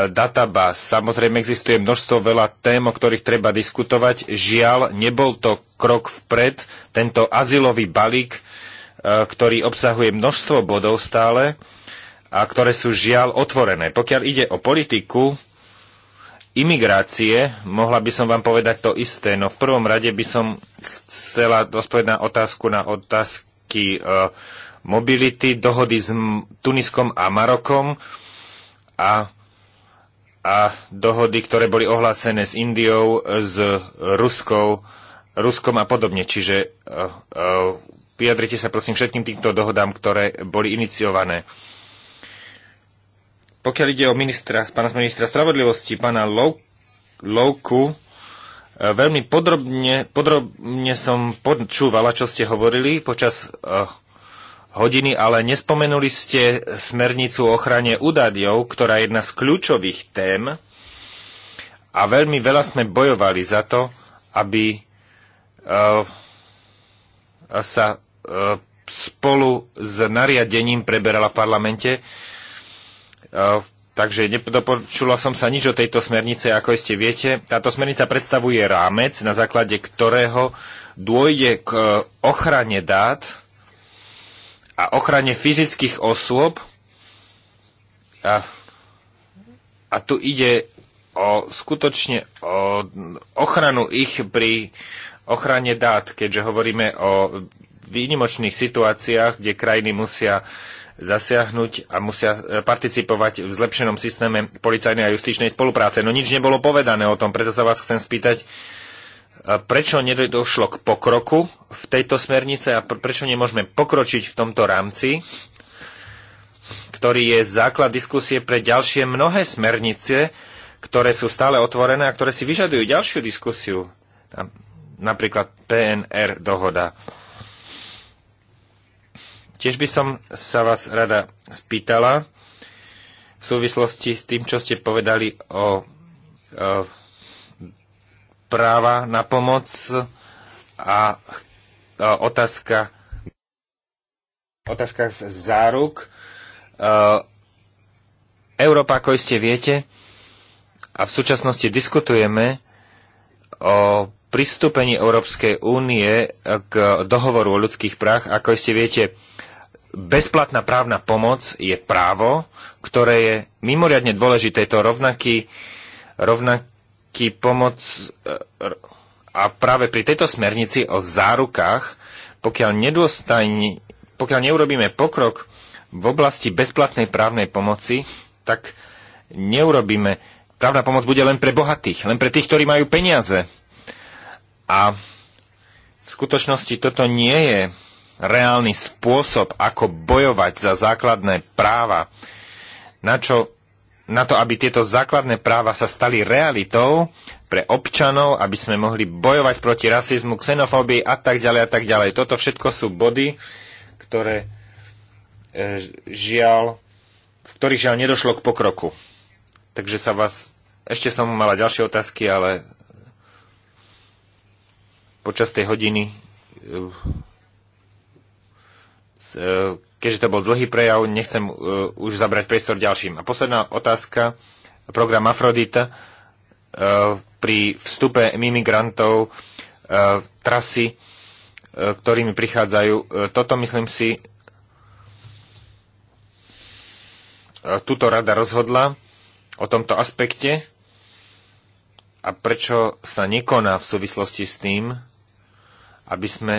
databáz. Samozrejme existuje množstvo veľa tém, o ktorých treba diskutovať. Žiaľ, nebol to krok vpred. Tento azylový balík, e, ktorý obsahuje množstvo bodov stále a ktoré sú žiaľ otvorené. Pokiaľ ide o politiku, imigrácie, mohla by som vám povedať to isté, no v prvom rade by som chcela dospovedať na otázku na otázky uh, mobility, dohody s Tuniskom a Marokom a, a dohody, ktoré boli ohlásené s Indiou, s Ruskou, Ruskom a podobne. Čiže uh, uh, vyjadrite sa prosím všetkým týmto dohodám, ktoré boli iniciované. Pokiaľ ide o ministra, pána ministra spravodlivosti, pána Louku, e, veľmi podrobne, podrobne som počúvala, čo ste hovorili počas uh, hodiny, ale nespomenuli ste smernicu o ochrane údajov, ktorá je jedna z kľúčových tém a veľmi veľa sme bojovali za to, aby uh, sa uh, spolu s nariadením preberala v parlamente. Uh, takže nedopočula som sa nič o tejto smernice, ako ste viete. Táto smernica predstavuje rámec, na základe ktorého dôjde k ochrane dát, a ochrane fyzických osôb. A, a tu ide o, skutočne o ochranu ich pri ochrane dát, keďže hovoríme o výnimočných situáciách, kde krajiny musia zasiahnuť a musia e, participovať v zlepšenom systéme policajnej a justičnej spolupráce. No nič nebolo povedané o tom, preto sa vás chcem spýtať, prečo nedošlo k pokroku v tejto smernice a prečo nemôžeme pokročiť v tomto rámci, ktorý je základ diskusie pre ďalšie mnohé smernice, ktoré sú stále otvorené a ktoré si vyžadujú ďalšiu diskusiu, napríklad PNR dohoda. Tiež by som sa vás rada spýtala v súvislosti s tým, čo ste povedali o, o práva na pomoc a otázka, otázka z záruk. E, Európa, ako iste viete, a v súčasnosti diskutujeme o pristúpení Európskej únie k dohovoru o ľudských práv. Ako ste viete, bezplatná právna pomoc je právo, ktoré je mimoriadne dôležité. Je to rovnaký, rovnak, záruky, pomoc e, a práve pri tejto smernici o zárukách, pokiaľ, pokiaľ neurobíme pokrok v oblasti bezplatnej právnej pomoci, tak neurobíme. Právna pomoc bude len pre bohatých, len pre tých, ktorí majú peniaze. A v skutočnosti toto nie je reálny spôsob, ako bojovať za základné práva, na čo na to, aby tieto základné práva sa stali realitou pre občanov, aby sme mohli bojovať proti rasizmu, xenofóbii a tak ďalej a tak ďalej. Toto všetko sú body, ktoré e, žiaľ, v ktorých žiaľ nedošlo k pokroku. Takže sa vás, ešte som mala ďalšie otázky, ale počas tej hodiny e, e Keďže to bol dlhý prejav, nechcem e, už zabrať priestor ďalším. A posledná otázka, program Afrodita e, pri vstupe imigrantov e, trasy, ktorými prichádzajú. Toto myslím si, tuto rada rozhodla o tomto aspekte a prečo sa nekoná v súvislosti s tým, aby sme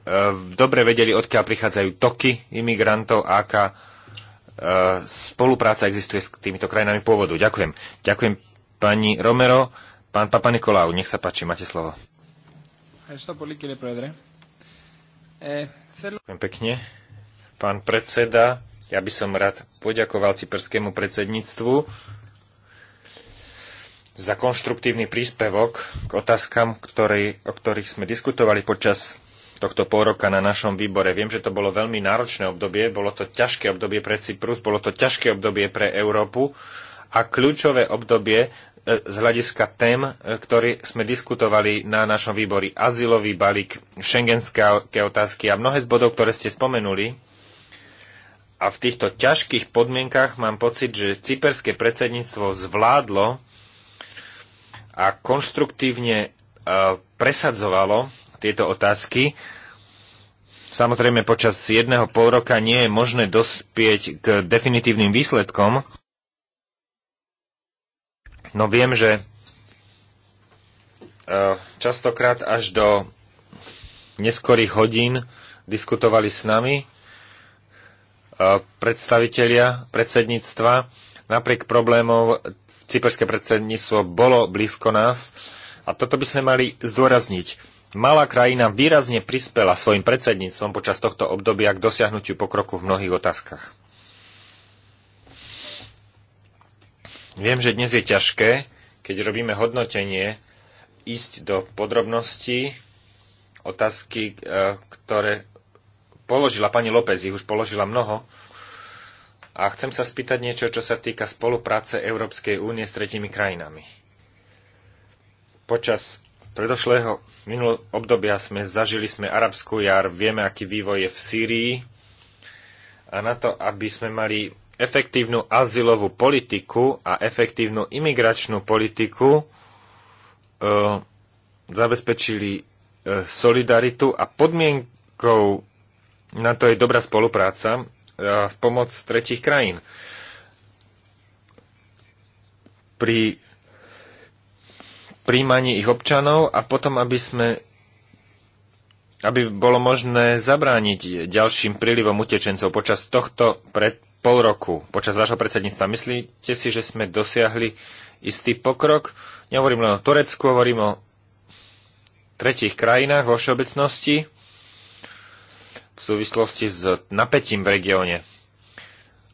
Eh, dobre vedeli, odkiaľ prichádzajú toky imigrantov, aká eh, spolupráca existuje s týmito krajinami pôvodu. Ďakujem. Ďakujem pani Romero. Pán Papa Nikolau, nech sa páči, máte slovo. Eh, Ďakujem pekne. Pán predseda, ja by som rád poďakoval cyperskému predsedníctvu za konštruktívny príspevok k otázkam, ktorý, o ktorých sme diskutovali počas tohto pôroka na našom výbore. Viem, že to bolo veľmi náročné obdobie, bolo to ťažké obdobie pre Cyprus, bolo to ťažké obdobie pre Európu a kľúčové obdobie e, z hľadiska tém, e, ktoré sme diskutovali na našom výbori. Azylový balík, šengenské otázky a mnohé z bodov, ktoré ste spomenuli. A v týchto ťažkých podmienkach mám pocit, že cyperské predsedníctvo zvládlo a konštruktívne e, presadzovalo tieto otázky. Samozrejme, počas jedného pol roka nie je možné dospieť k definitívnym výsledkom. No viem, že e, častokrát až do neskorých hodín diskutovali s nami e, predstavitelia predsedníctva. Napriek problémov cyperské predsedníctvo bolo blízko nás a toto by sme mali zdôrazniť Malá krajina výrazne prispela svojim predsedníctvom počas tohto obdobia k dosiahnutiu pokroku v mnohých otázkach. Viem, že dnes je ťažké, keď robíme hodnotenie, ísť do podrobností otázky, e, ktoré položila pani López, ich už položila mnoho. A chcem sa spýtať niečo, čo sa týka spolupráce Európskej únie s tretimi krajinami. Počas predošlého minulého obdobia sme zažili sme arabskú jar, vieme, aký vývoj je v Sýrii a na to, aby sme mali efektívnu azylovú politiku a efektívnu imigračnú politiku, e, zabezpečili e, solidaritu a podmienkou na to je dobrá spolupráca v e, pomoc tretich krajín. Pri príjmaní ich občanov a potom, aby sme aby bolo možné zabrániť ďalším prílivom utečencov počas tohto pred pol roku, počas vášho predsedníctva. Myslíte si, že sme dosiahli istý pokrok? Nehovorím len o Turecku, hovorím o tretich krajinách vo všeobecnosti v súvislosti s napätím v regióne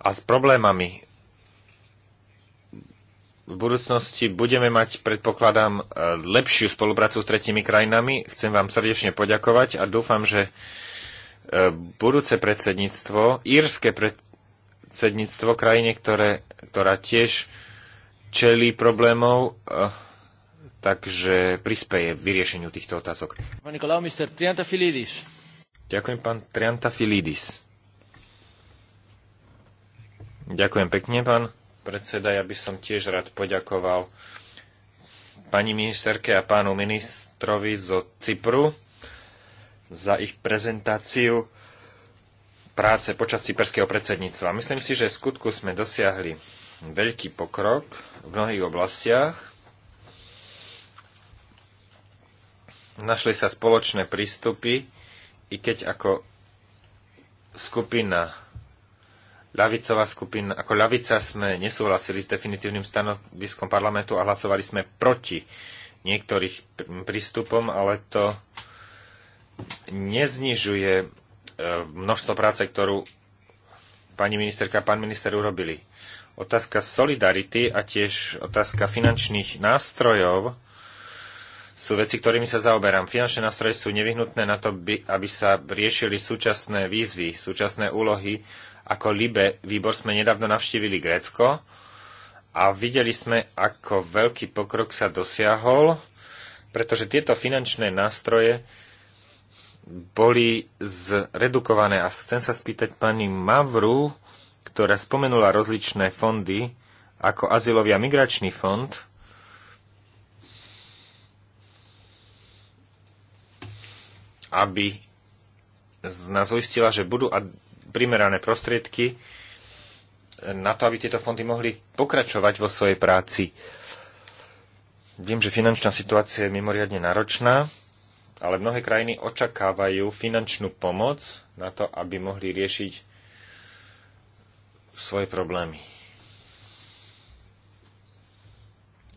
a s problémami v budúcnosti budeme mať, predpokladám, e, lepšiu spoluprácu s tretimi krajinami. Chcem vám srdečne poďakovať a dúfam, že e, budúce predsedníctvo, írske predsedníctvo krajine, ktoré, ktorá tiež čelí problémov, e, takže prispeje vyriešeniu týchto otázok. Pán Nikolau, Ďakujem, pán Trianta filidis. Ďakujem pekne, pán predseda, ja by som tiež rád poďakoval pani ministerke a pánu ministrovi zo Cypru za ich prezentáciu práce počas cyperského predsedníctva. Myslím si, že v skutku sme dosiahli veľký pokrok v mnohých oblastiach. Našli sa spoločné prístupy, i keď ako skupina Ľavicová skupina, ako ľavica sme nesúhlasili s definitívnym stanoviskom parlamentu a hlasovali sme proti niektorých prístupom, ale to neznižuje e, množstvo práce, ktorú pani ministerka a pán minister urobili. Otázka solidarity a tiež otázka finančných nástrojov sú veci, ktorými sa zaoberám. Finančné nástroje sú nevyhnutné na to, aby sa riešili súčasné výzvy, súčasné úlohy ako Libe výbor sme nedávno navštívili Grécko a videli sme, ako veľký pokrok sa dosiahol, pretože tieto finančné nástroje boli zredukované. A chcem sa spýtať pani Mavru, ktorá spomenula rozličné fondy, ako azylový a migračný fond, aby nás uistila, že budú primerané prostriedky na to, aby tieto fondy mohli pokračovať vo svojej práci. Viem, že finančná situácia je mimoriadne náročná, ale mnohé krajiny očakávajú finančnú pomoc na to, aby mohli riešiť svoje problémy.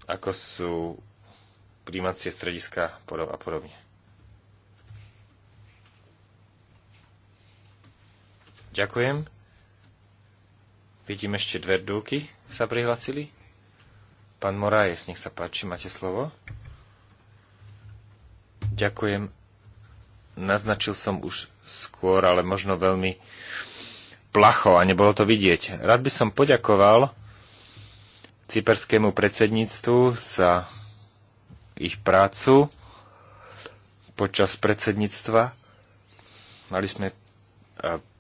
Ako sú príjmacie strediska a podobne. Ďakujem. Vidím ešte dve dúky sa prihlasili. Pán Morajes, nech sa páči, máte slovo. Ďakujem. Naznačil som už skôr, ale možno veľmi placho a nebolo to vidieť. Rád by som poďakoval cyperskému predsedníctvu za ich prácu počas predsedníctva. Mali sme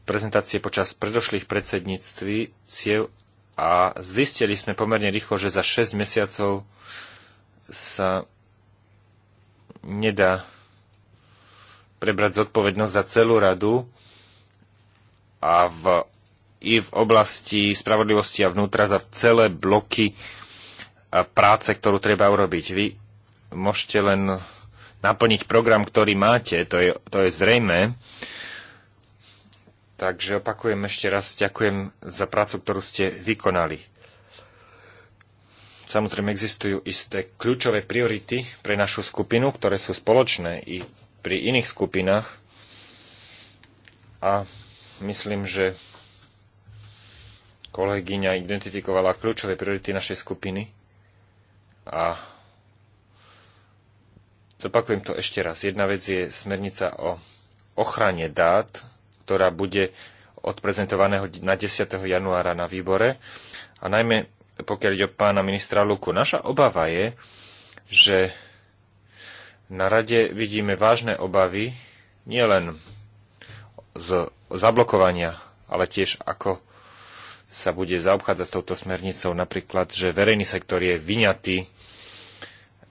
prezentácie počas predošlých predsedníctví ciev a zistili sme pomerne rýchlo, že za 6 mesiacov sa nedá prebrať zodpovednosť za celú radu a v, i v oblasti spravodlivosti a vnútra za celé bloky práce, ktorú treba urobiť. Vy môžete len naplniť program, ktorý máte, to je, to je zrejme, Takže opakujem ešte raz, ďakujem za prácu, ktorú ste vykonali. Samozrejme existujú isté kľúčové priority pre našu skupinu, ktoré sú spoločné i pri iných skupinách. A myslím, že kolegyňa identifikovala kľúčové priority našej skupiny. A zopakujem to ešte raz. Jedna vec je smernica o ochrane dát ktorá bude odprezentovaného na 10. januára na výbore. A najmä pokiaľ ide o pána ministra Luku. Naša obava je, že na rade vidíme vážne obavy nielen z zablokovania, ale tiež ako sa bude zaobchádzať s touto smernicou, napríklad, že verejný sektor je vyňatý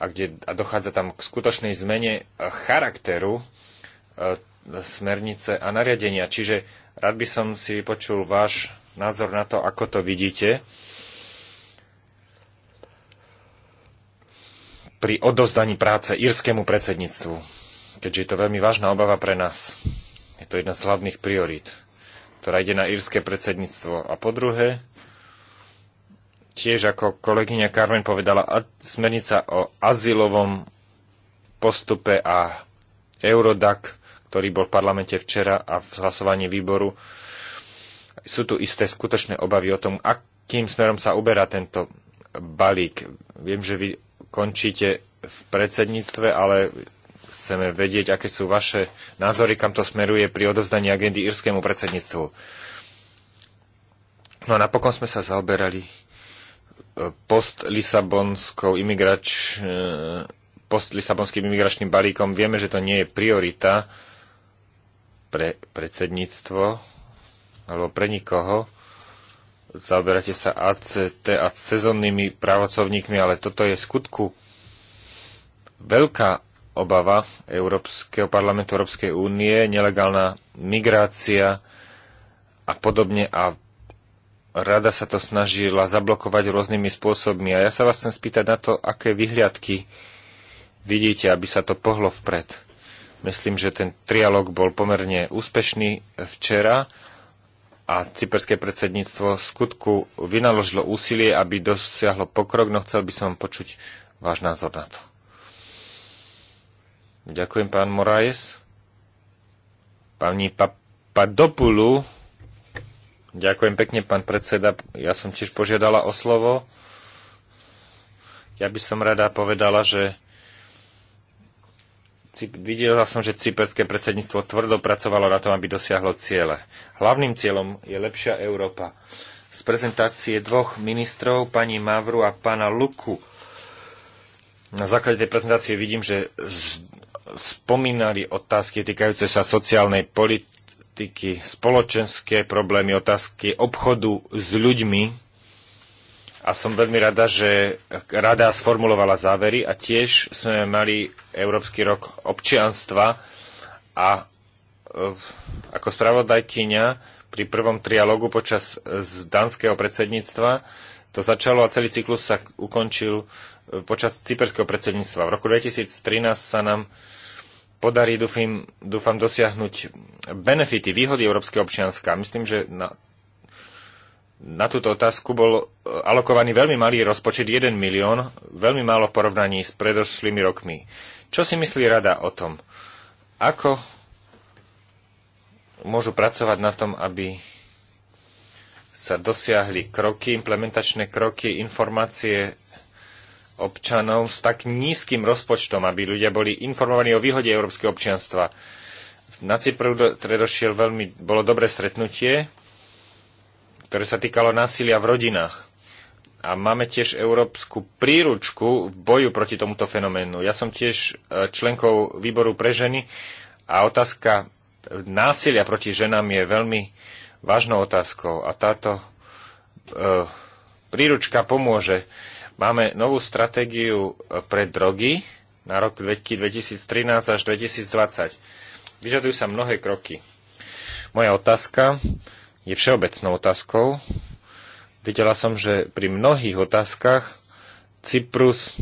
a, kde, a dochádza tam k skutočnej zmene charakteru e, smernice a nariadenia. Čiže rád by som si počul váš názor na to, ako to vidíte pri odozdaní práce írskému predsedníctvu, keďže je to veľmi vážna obava pre nás. Je to jedna z hlavných priorít, ktorá ide na írske predsedníctvo. A po druhé, tiež ako kolegyňa Carmen povedala, smernica o azylovom postupe a Eurodac ktorý bol v parlamente včera a v hlasovaní výboru, sú tu isté skutočné obavy o tom, akým smerom sa uberá tento balík. Viem, že vy končíte v predsedníctve, ale chceme vedieť, aké sú vaše názory, kam to smeruje pri odovzdaní agendy írskému predsedníctvu. No a napokon sme sa zaoberali e, post-lisabonskou imigrač, e, post-lisabonským imigračným balíkom. Vieme, že to nie je priorita pre predsedníctvo alebo pre nikoho. Zaoberáte sa ACT a sezónnymi pracovníkmi, ale toto je skutku veľká obava Európskeho parlamentu Európskej únie, nelegálna migrácia a podobne a rada sa to snažila zablokovať rôznymi spôsobmi. A ja sa vás chcem spýtať na to, aké vyhliadky vidíte, aby sa to pohlo vpred. Myslím, že ten trialog bol pomerne úspešný včera a cyperské predsedníctvo v skutku vynaložilo úsilie, aby dosiahlo pokrok, no chcel by som počuť váš názor na to. Ďakujem, pán Moraes. Pani Papadopulu. Ďakujem pekne, pán predseda. Ja som tiež požiadala o slovo. Ja by som rada povedala, že Videla som, že cyperské predsedníctvo tvrdo pracovalo na tom, aby dosiahlo ciele. Hlavným cieľom je lepšia Európa. Z prezentácie dvoch ministrov, pani Mavru a pána Luku, na základe tej prezentácie vidím, že spomínali otázky týkajúce sa sociálnej politiky, spoločenské problémy, otázky obchodu s ľuďmi, a som veľmi rada, že rada sformulovala závery a tiež sme mali Európsky rok občianstva a e, ako spravodajkyňa pri prvom trialogu počas e, danského predsedníctva to začalo a celý cyklus sa ukončil e, počas cyperského predsedníctva. V roku 2013 sa nám podarí, dúfam, dúfam dosiahnuť benefity, výhody európskeho občianska. Myslím, že na na túto otázku bol e, alokovaný veľmi malý rozpočet 1 milión, veľmi málo v porovnaní s predošlými rokmi. Čo si myslí rada o tom? Ako môžu pracovať na tom, aby sa dosiahli kroky, implementačné kroky, informácie občanov s tak nízkym rozpočtom, aby ľudia boli informovaní o výhode európskeho občianstva. Na Cypru predošiel veľmi, bolo dobré stretnutie, ktoré sa týkalo násilia v rodinách. A máme tiež európsku príručku v boju proti tomuto fenoménu. Ja som tiež e, členkou výboru pre ženy a otázka násilia proti ženám je veľmi vážnou otázkou a táto e, príručka pomôže. Máme novú stratégiu e, pre drogy na rok 2013 až 2020. Vyžadujú sa mnohé kroky. Moja otázka je všeobecnou otázkou. Videla som, že pri mnohých otázkach Cyprus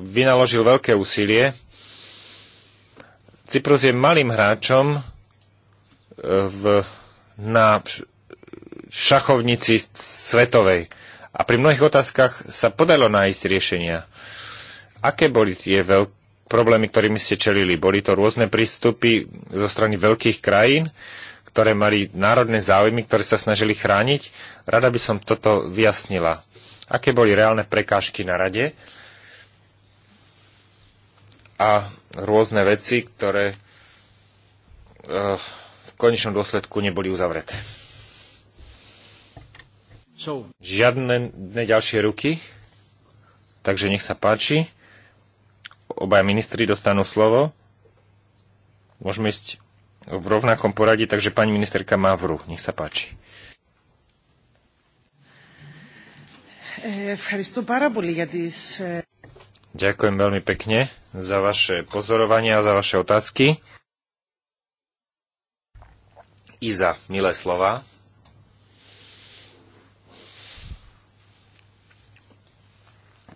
vynaložil veľké úsilie. Cyprus je malým hráčom e, v, na šachovnici svetovej. A pri mnohých otázkach sa podalo nájsť riešenia. Aké boli tie veľké problémy, ktorými ste čelili? Boli to rôzne prístupy zo strany veľkých krajín, ktoré mali národné záujmy, ktoré sa snažili chrániť. Rada by som toto vyjasnila. Aké boli reálne prekážky na rade a rôzne veci, ktoré eh, v konečnom dôsledku neboli uzavreté. Žiadne ďalšie ruky, takže nech sa páči. Obaja ministri dostanú slovo. Môžeme ísť v rovnakom poradí, takže pani ministerka Mavru, nech sa páči. Eh, Ďakujem veľmi pekne za vaše pozorovania, za vaše otázky i za milé slova.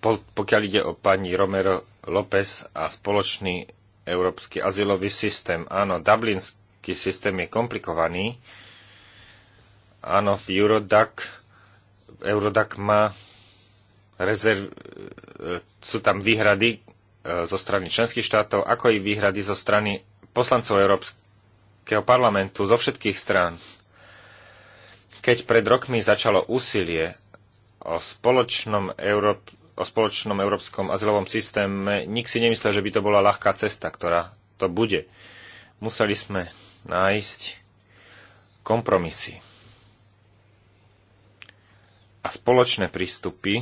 pokiaľ ide o pani Romero López a spoločný európsky azylový systém. Áno, dublinský systém je komplikovaný. Áno, v Eurodac, Eurodac má rezerv, e, sú tam výhrady e, zo strany členských štátov, ako i výhrady zo strany poslancov Európskeho parlamentu zo všetkých strán. Keď pred rokmi začalo úsilie o spoločnom európskom o spoločnom európskom azylovom systéme, nik si nemyslel, že by to bola ľahká cesta, ktorá to bude. Museli sme nájsť kompromisy a spoločné prístupy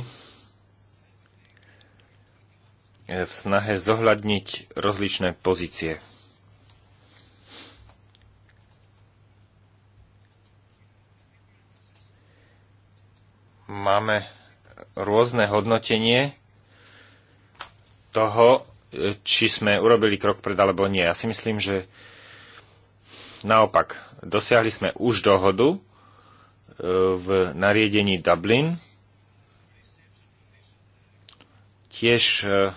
e, v snahe zohľadniť rozličné pozície. Máme rôzne hodnotenie toho, či sme urobili krok pred alebo nie. Ja si myslím, že naopak, dosiahli sme už dohodu e, v nariadení Dublin. Tiež e,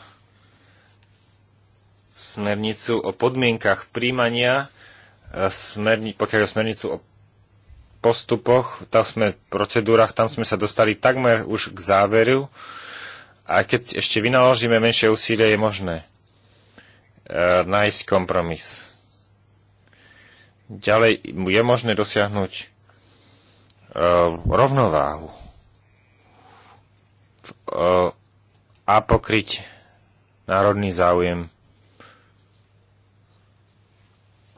smernicu o podmienkach príjmania, e, pokiaľ o smernicu o postupoch, tam sme, v procedúrach, tam sme sa dostali takmer už k záveru, a keď ešte vynaložíme menšie úsilie, je možné e, nájsť kompromis. Ďalej je možné dosiahnuť e, rovnováhu e, a pokryť národný záujem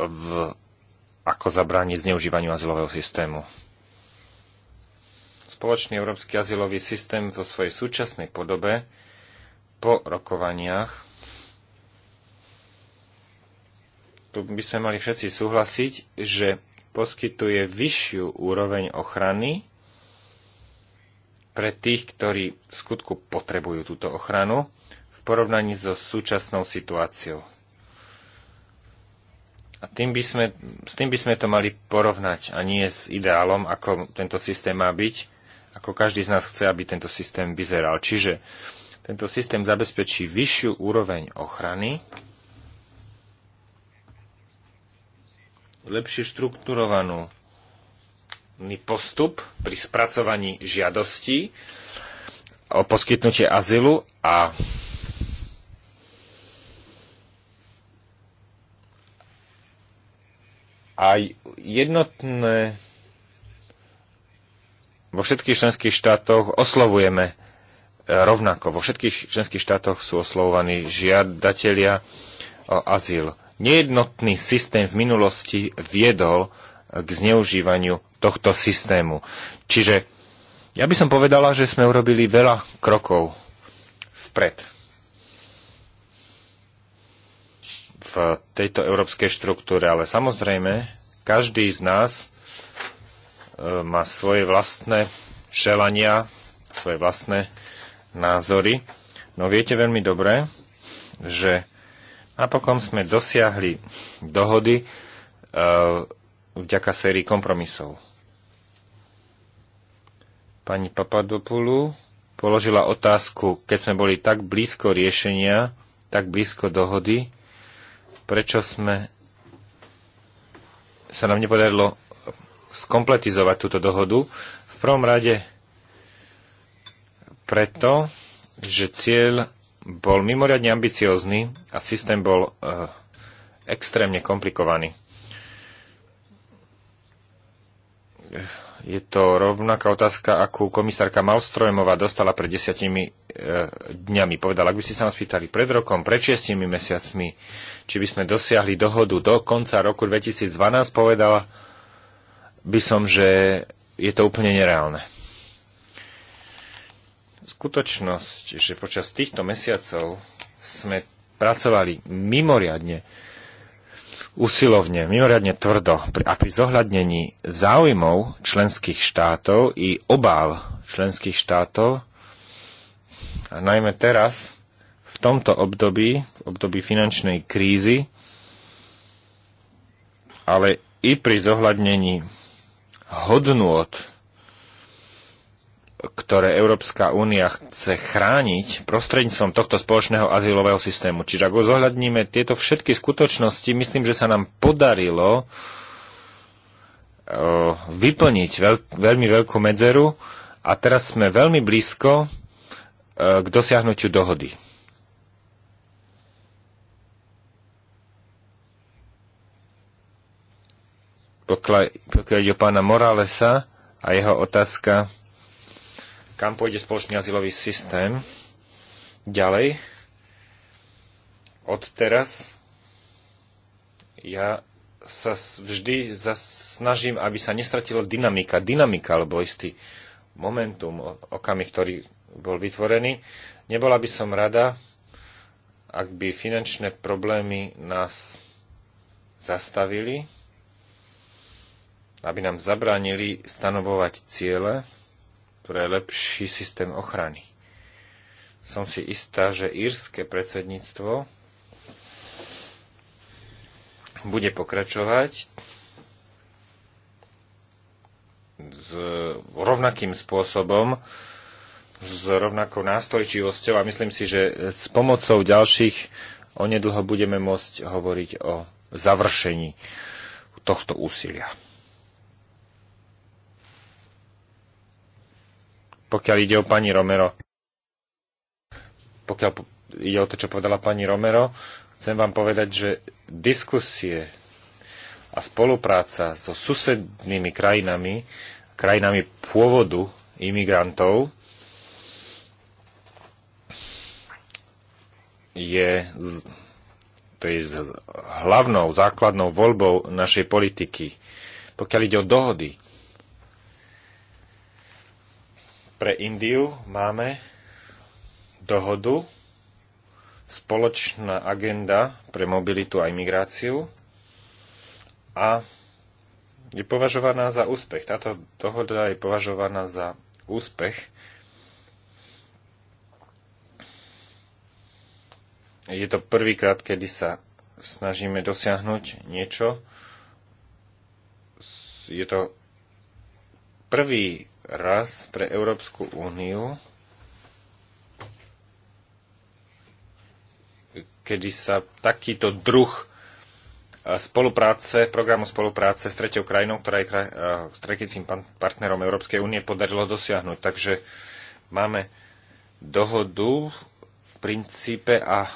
v ako zabrániť zneužívaniu azylového systému. Spoločný európsky azylový systém vo svojej súčasnej podobe po rokovaniach tu by sme mali všetci súhlasiť, že poskytuje vyššiu úroveň ochrany pre tých, ktorí v skutku potrebujú túto ochranu v porovnaní so súčasnou situáciou. A tým by sme, s tým by sme to mali porovnať a nie s ideálom, ako tento systém má byť, ako každý z nás chce, aby tento systém vyzeral. Čiže tento systém zabezpečí vyššiu úroveň ochrany, lepšie štrukturovanú postup pri spracovaní žiadostí o poskytnutie azylu a aj jednotné vo všetkých členských štátoch oslovujeme e, rovnako. Vo všetkých členských štátoch sú oslovovaní žiadatelia o azyl. Nejednotný systém v minulosti viedol k zneužívaniu tohto systému. Čiže ja by som povedala, že sme urobili veľa krokov vpred. v tejto európskej štruktúre. Ale samozrejme, každý z nás e, má svoje vlastné želania, svoje vlastné názory. No viete veľmi dobre, že napokon sme dosiahli dohody e, vďaka sérii kompromisov. Pani Papadopoulou položila otázku, keď sme boli tak blízko riešenia, tak blízko dohody, prečo sme sa nám nepodarilo skompletizovať túto dohodu. V prvom rade preto, že cieľ bol mimoriadne ambiciózny a systém bol uh, extrémne komplikovaný je to rovnaká otázka, akú komisárka Malstrojmová dostala pred desiatimi e, dňami. Povedala, ak by ste sa nás pýtali pred rokom, pred šiestimi mesiacmi, či by sme dosiahli dohodu do konca roku 2012, povedala by som, že je to úplne nereálne. Skutočnosť, že počas týchto mesiacov sme pracovali mimoriadne, usilovne, mimoriadne tvrdo a pri zohľadnení záujmov členských štátov i obáv členských štátov, a najmä teraz, v tomto období, v období finančnej krízy, ale i pri zohľadnení hodnôt ktoré Európska únia chce chrániť prostredníctvom tohto spoločného azylového systému. Čiže ak zohľadníme tieto všetky skutočnosti, myslím, že sa nám podarilo e, vyplniť veľ, veľmi veľkú medzeru a teraz sme veľmi blízko e, k dosiahnutiu dohody. Pokiaľ, pokiaľ ide o pána Moralesa a jeho otázka, kam pôjde spoločný azylový systém. Ďalej, od teraz ja sa vždy snažím, aby sa nestratila dynamika, dynamika alebo istý momentum, okamih, ktorý bol vytvorený. Nebola by som rada, ak by finančné problémy nás zastavili, aby nám zabránili stanovovať ciele, pre lepší systém ochrany. Som si istá, že írske predsedníctvo bude pokračovať s rovnakým spôsobom, s rovnakou nástojčivosťou a myslím si, že s pomocou ďalších onedlho budeme môcť hovoriť o završení tohto úsilia. pokiaľ ide o pani Romero. Pokiaľ ide o to, čo povedala pani Romero, chcem vám povedať, že diskusie a spolupráca so susednými krajinami, krajinami pôvodu imigrantov, je, to je hlavnou, základnou voľbou našej politiky. Pokiaľ ide o dohody, Pre Indiu máme dohodu spoločná agenda pre mobilitu a imigráciu a je považovaná za úspech. Táto dohoda je považovaná za úspech. Je to prvýkrát, kedy sa snažíme dosiahnuť niečo. Je to prvý raz pre Európsku úniu, kedy sa takýto druh spolupráce, programu spolupráce s tretou krajinou, ktorá je strategickým partnerom Európskej únie, podarilo dosiahnuť. Takže máme dohodu v princípe a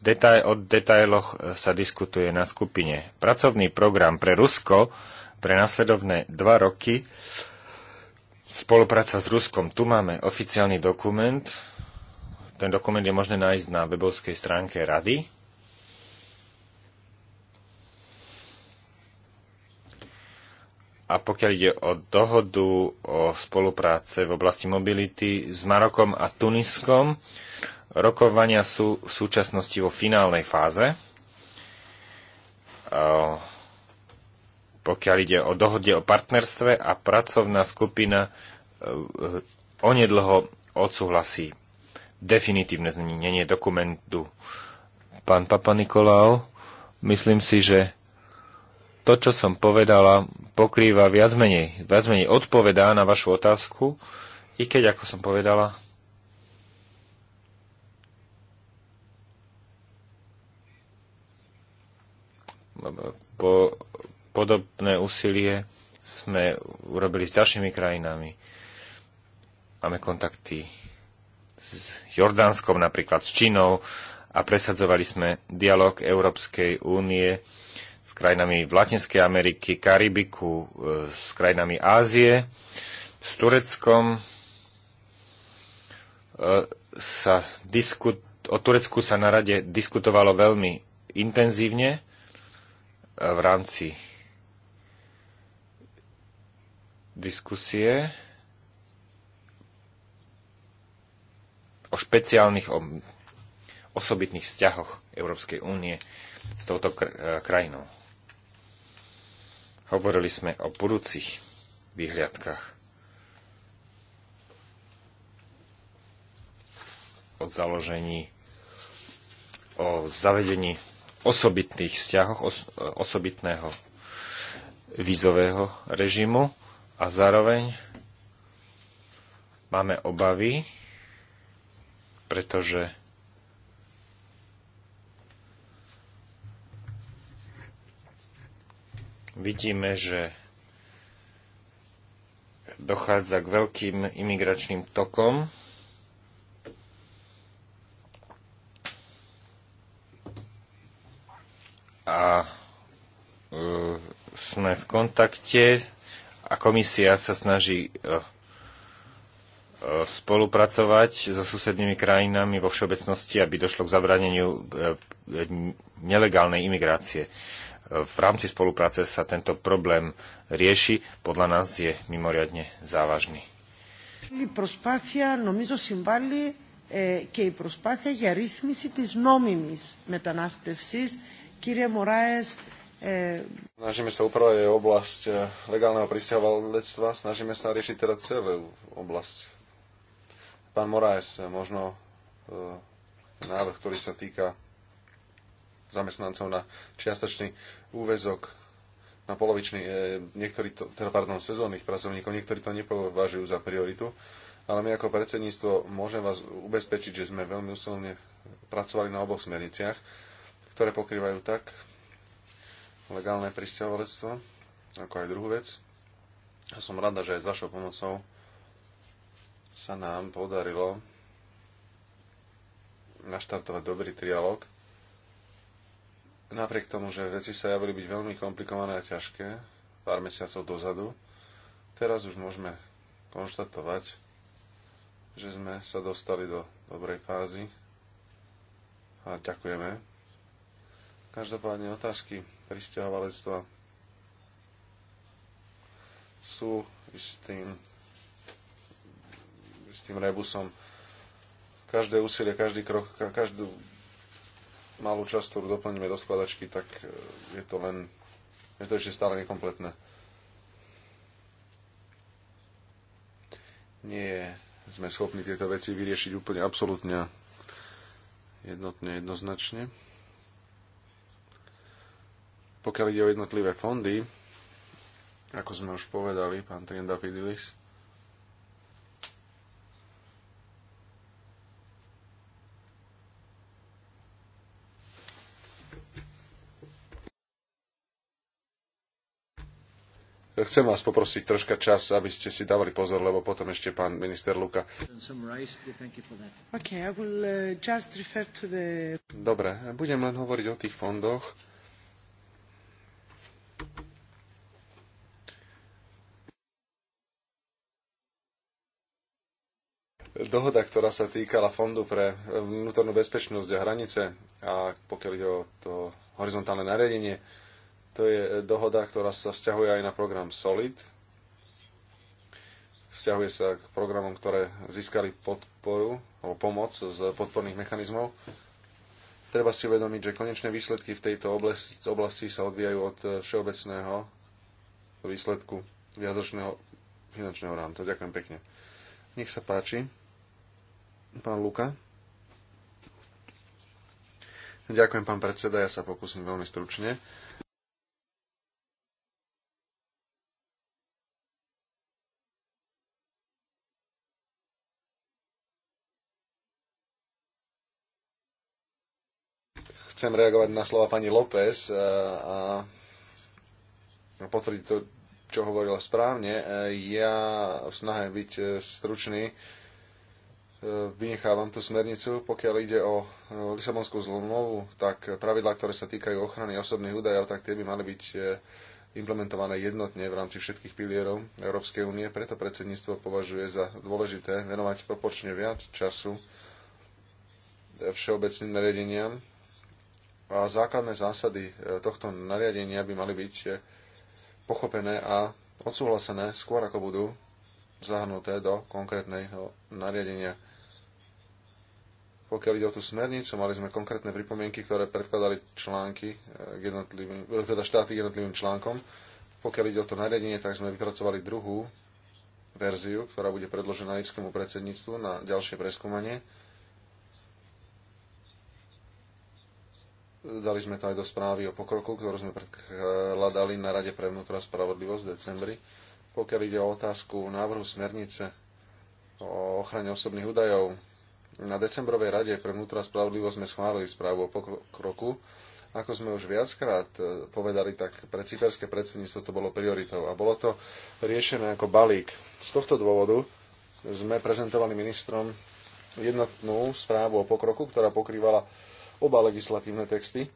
detail, o detailoch e, sa diskutuje na skupine. Pracovný program pre Rusko pre následovné dva roky Spolupráca s Ruskom. Tu máme oficiálny dokument. Ten dokument je možné nájsť na webovskej stránke Rady. A pokiaľ ide o dohodu o spolupráce v oblasti mobility s Marokom a Tuniskom, rokovania sú v súčasnosti vo finálnej fáze pokiaľ ide o dohode o partnerstve a pracovná skupina e, e, onedlho odsúhlasí definitívne znenie dokumentu. Pán Papa Nikolao, myslím si, že to, čo som povedala, pokrýva viac menej, viac menej odpovedá na vašu otázku, i keď, ako som povedala, po, podobné úsilie sme urobili s ďalšími krajinami. Máme kontakty s Jordánskom, napríklad s Čínou a presadzovali sme dialog Európskej únie s krajinami v Latinskej Ameriky, Karibiku, e, s krajinami Ázie, s Tureckom e, sa diskut, o Turecku sa na rade diskutovalo veľmi intenzívne e, v rámci diskusie o špeciálnych o osobitných vzťahoch Európskej únie s touto e, krajinou. Hovorili sme o budúcich výhľadkách. o založení, o zavedení osobitných vzťahoch, os, e, osobitného vízového režimu a zároveň máme obavy, pretože vidíme, že dochádza k veľkým imigračným tokom. A e, sme v kontakte a komisia sa snaží e, e, spolupracovať so susednými krajinami vo všeobecnosti, aby došlo k zabraneniu e, nelegálnej imigrácie. V rámci spolupráce sa tento problém rieši, podľa nás je mimoriadne závažný. Προσπάθεια νομίζω συμβάλλει και η προσπάθεια για ρύθμιση της νόμιμης μετανάστευσης. Κύριε Μωράες, E, snažíme sa upravať aj oblasť e, legálneho pristahovalectva, snažíme sa riešiť teda celú oblasť. Pán Moraes, e, možno návrh, ktorý sa týka zamestnancov na čiastočný úvezok, na polovičný, niektorí to, teda, pardon, sezónnych pracovníkov, niektorí to nepovažujú za prioritu, ale my ako predsedníctvo môžem vás ubezpečiť, že sme veľmi usilovne pracovali na oboch smerniciach, ktoré pokrývajú tak legálne pristahovalectvo, ako aj druhú vec. A som rada, že aj s vašou pomocou sa nám podarilo naštartovať dobrý trialog. Napriek tomu, že veci sa javili byť veľmi komplikované a ťažké pár mesiacov dozadu, teraz už môžeme konštatovať, že sme sa dostali do dobrej fázy a ďakujeme. Každopádne otázky pristahovalectva sú istým, istým rebusom. Každé úsilie, každý krok, každú malú časť, ktorú doplníme do skladačky, tak e, je to len, je to ešte stále nekompletné. Nie sme schopní tieto veci vyriešiť úplne absolútne jednotne, jednoznačne. Pokiaľ ide o jednotlivé fondy, ako sme už povedali, pán Triandafidilis, chcem vás poprosiť troška čas, aby ste si dávali pozor, lebo potom ešte pán minister Luka. Uh, Dobre, budem len hovoriť o tých fondoch, dohoda, ktorá sa týkala Fondu pre e, vnútornú bezpečnosť a hranice a pokiaľ ide o to horizontálne nariadenie, to je e, dohoda, ktorá sa vzťahuje aj na program SOLID. Vzťahuje sa k programom, ktoré získali podporu alebo pomoc z podporných mechanizmov. Treba si uvedomiť, že konečné výsledky v tejto oblasti sa odvíjajú od e, všeobecného výsledku viacročného finančného rámca. Ďakujem pekne. Nech sa páči. Pán Luka. Ďakujem, pán predseda, ja sa pokúsim veľmi stručne. chcem reagovať na slova pani López eh, a, potvrdiť to, čo hovorila správne. Eh, ja v snahe byť eh, stručný E, vynechávam tú smernicu. Pokiaľ ide o e, Lisabonskú zmluvu, tak pravidlá, ktoré sa týkajú ochrany osobných údajov, tak tie by mali byť e, implementované jednotne v rámci všetkých pilierov Európskej únie. Preto predsedníctvo považuje za dôležité venovať proporčne viac času všeobecným nariadeniam. A základné zásady tohto nariadenia by mali byť pochopené a odsúhlasené skôr ako budú zahrnuté do konkrétneho nariadenia. Pokiaľ ide o tú smernicu, mali sme konkrétne pripomienky, ktoré predkladali články eh, k jednotlivým, eh, teda štáty k jednotlivým článkom. Pokiaľ ide o to nariadenie, tak sme vypracovali druhú verziu, ktorá bude predložená irskému predsedníctvu na ďalšie preskúmanie. Dali sme to aj do správy o pokroku, ktorú sme predkladali na Rade pre vnútra spravodlivosť v decembri. Pokiaľ ide o otázku návrhu smernice o ochrane osobných údajov, na decembrovej rade pre a spravodlivosť sme schválili správu o pokroku. Ako sme už viackrát e, povedali, tak pre cyperské predsedníctvo to bolo prioritou a bolo to riešené ako balík. Z tohto dôvodu sme prezentovali ministrom jednotnú správu o pokroku, ktorá pokrývala oba legislatívne texty.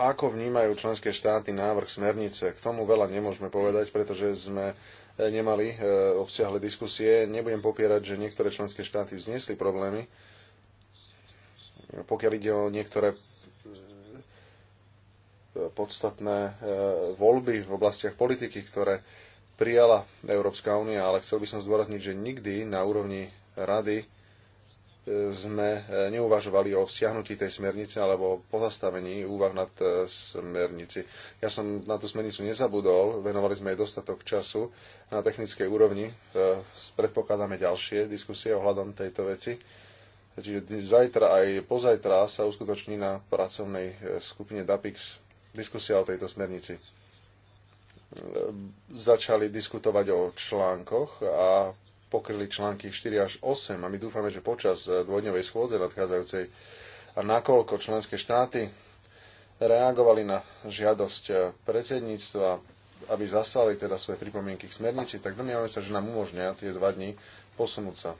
Ako vnímajú členské štáty návrh smernice? K tomu veľa nemôžeme povedať, pretože sme nemali e, obsiahle diskusie. Nebudem popierať, že niektoré členské štáty vzniesli problémy, pokiaľ ide o niektoré e, podstatné e, voľby v oblastiach politiky, ktoré prijala Európska únia, ale chcel by som zdôrazniť, že nikdy na úrovni rady sme eh, neuvažovali o vzťahnutí tej smernice alebo o pozastavení úvah nad eh, smernici. Ja som na tú smernicu nezabudol, venovali sme jej dostatok času na technickej úrovni. Eh, predpokladáme ďalšie diskusie ohľadom tejto veci. Čiže zajtra aj pozajtra sa uskutoční na pracovnej skupine DAPIX diskusia o tejto smernici. Začali diskutovať o článkoch a pokryli články 4 až 8 a my dúfame, že počas eh, dvojdňovej schôdze nadchádzajúcej a nakoľko členské štáty reagovali na žiadosť eh, predsedníctva, aby zaslali teda svoje pripomienky k smernici, tak domnievame sa, že nám umožnia tie dva dni posunúť sa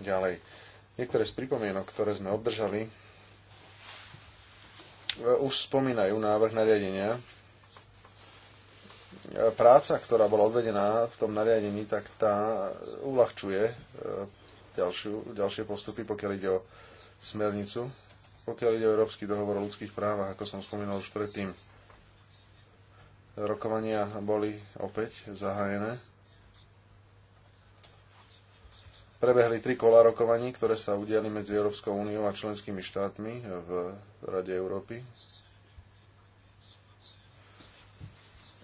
ďalej. Niektoré z pripomienok, ktoré sme obdržali, eh, už spomínajú návrh nariadenia práca, ktorá bola odvedená v tom nariadení, tak tá uľahčuje e, ďalšiu, ďalšie postupy, pokiaľ ide o smernicu, pokiaľ ide o Európsky dohovor o ľudských právach, ako som spomínal už predtým. Rokovania boli opäť zahájené. Prebehli tri kola rokovaní, ktoré sa udiali medzi Európskou úniou a členskými štátmi v Rade Európy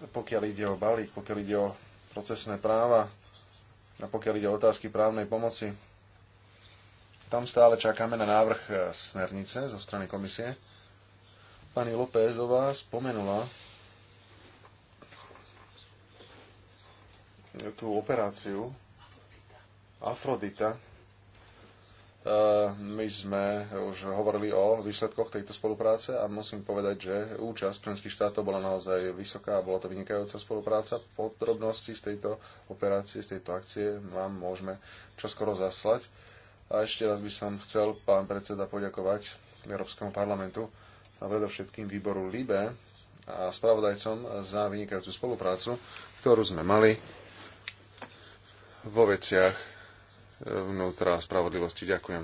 pokiaľ ide o balík, pokiaľ ide o procesné práva a pokiaľ ide o otázky právnej pomoci, tam stále čakáme na návrh e, smernice zo strany komisie. Pani Lópezová spomenula tú operáciu Afrodita, Eh, my sme už hovorili o výsledkoch tejto spolupráce a musím povedať, že účasť členských štátov bola naozaj vysoká a bola to vynikajúca spolupráca. Podrobnosti z tejto operácie, z tejto akcie vám môžeme čoskoro zaslať. A ešte raz by som chcel, pán predseda, poďakovať Európskemu parlamentu a predovšetkým výboru LIBE a spravodajcom za vynikajúcu spoluprácu, ktorú sme mali vo veciach vnútra a spravodlivosti. Ďakujem.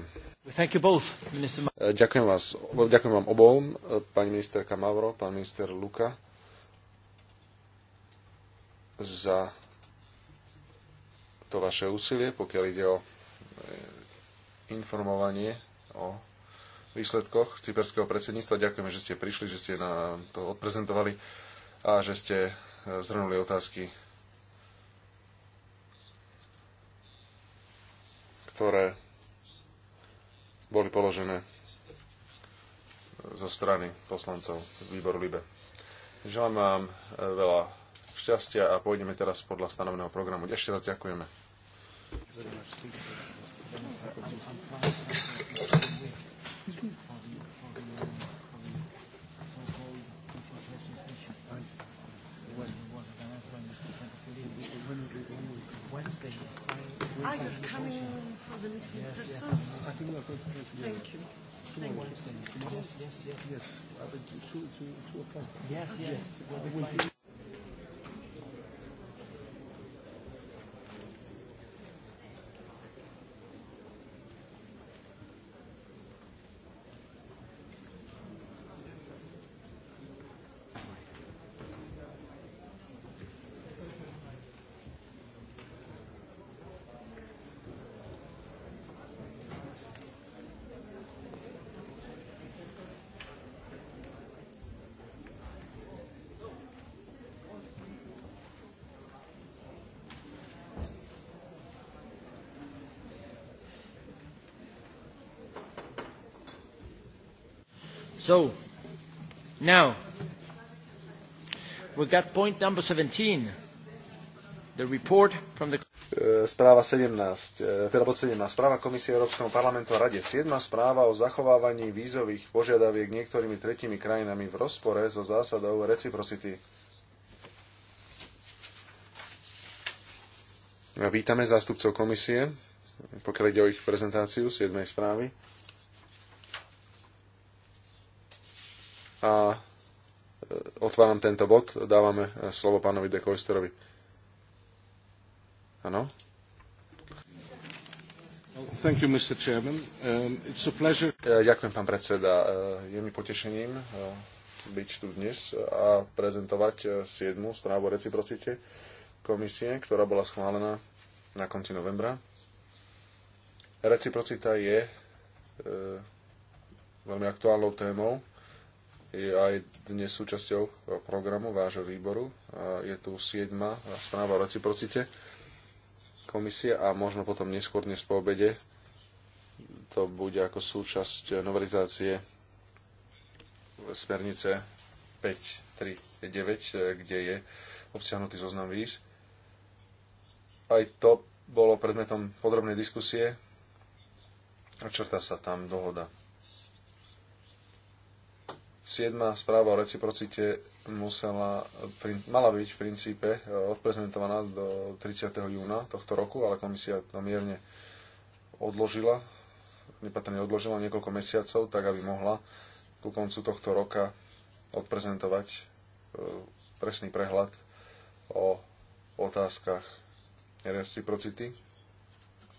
Both, e, ďakujem, vás, ďakujem vám obom, e, pani ministerka Mavro, pán minister Luka, za to vaše úsilie, pokiaľ ide o e, informovanie o výsledkoch cyperského predsedníctva. Ďakujeme, že ste prišli, že ste na to odprezentovali a že ste zhrnuli otázky ktoré boli položené zo strany poslancov výboru LIBE. Želám vám e, veľa šťastia a pôjdeme teraz podľa stanovného programu. Ešte raz ďakujeme. Are ah, you coming? for the missing yes, persons? Yes. I think we are going to pay together. Thank you. Thank you. Tomorrow, yes, yes, yes. Yes, I think two, two, two o'clock. Yes, okay. yes. yes. So, now, we've got point number 17. The report from the... E, správa 17, e, teda bod 17. Správa Komisie Európskeho parlamentu a Rade 7. Správa o zachovávaní vízových požiadaviek niektorými tretími krajinami v rozpore so zásadou reciprocity. Vítame zástupcov komisie, pokiaľ ide o ich prezentáciu 7. správy. a e, otváram tento bod, dávame e, slovo pánovi de Koisterovi. Áno? Thank you, Mr. Chairman. Um, it's a pleasure. E, ďakujem, pán predseda. Je mi potešením byť tu dnes a prezentovať 7. správu o reciprocite komisie, ktorá bola schválená na konci novembra. Reciprocita je e, veľmi aktuálnou témou je aj dnes súčasťou eh, programu vášho výboru. Je tu 7. správa o reciprocite komisie a možno potom neskôr dnes po obede to bude ako súčasť novelizácie smernice 539, eh, kde je obsiahnutý zoznam víz. Aj to bolo predmetom podrobnej diskusie a črta sa tam dohoda Siedma správa o reciprocite musela, mala byť v princípe e, odprezentovaná do 30. júna tohto roku, ale komisia to mierne odložila, nepatrne odložila niekoľko mesiacov, tak aby mohla ku koncu tohto roka odprezentovať e, presný prehľad o otázkach reciprocity,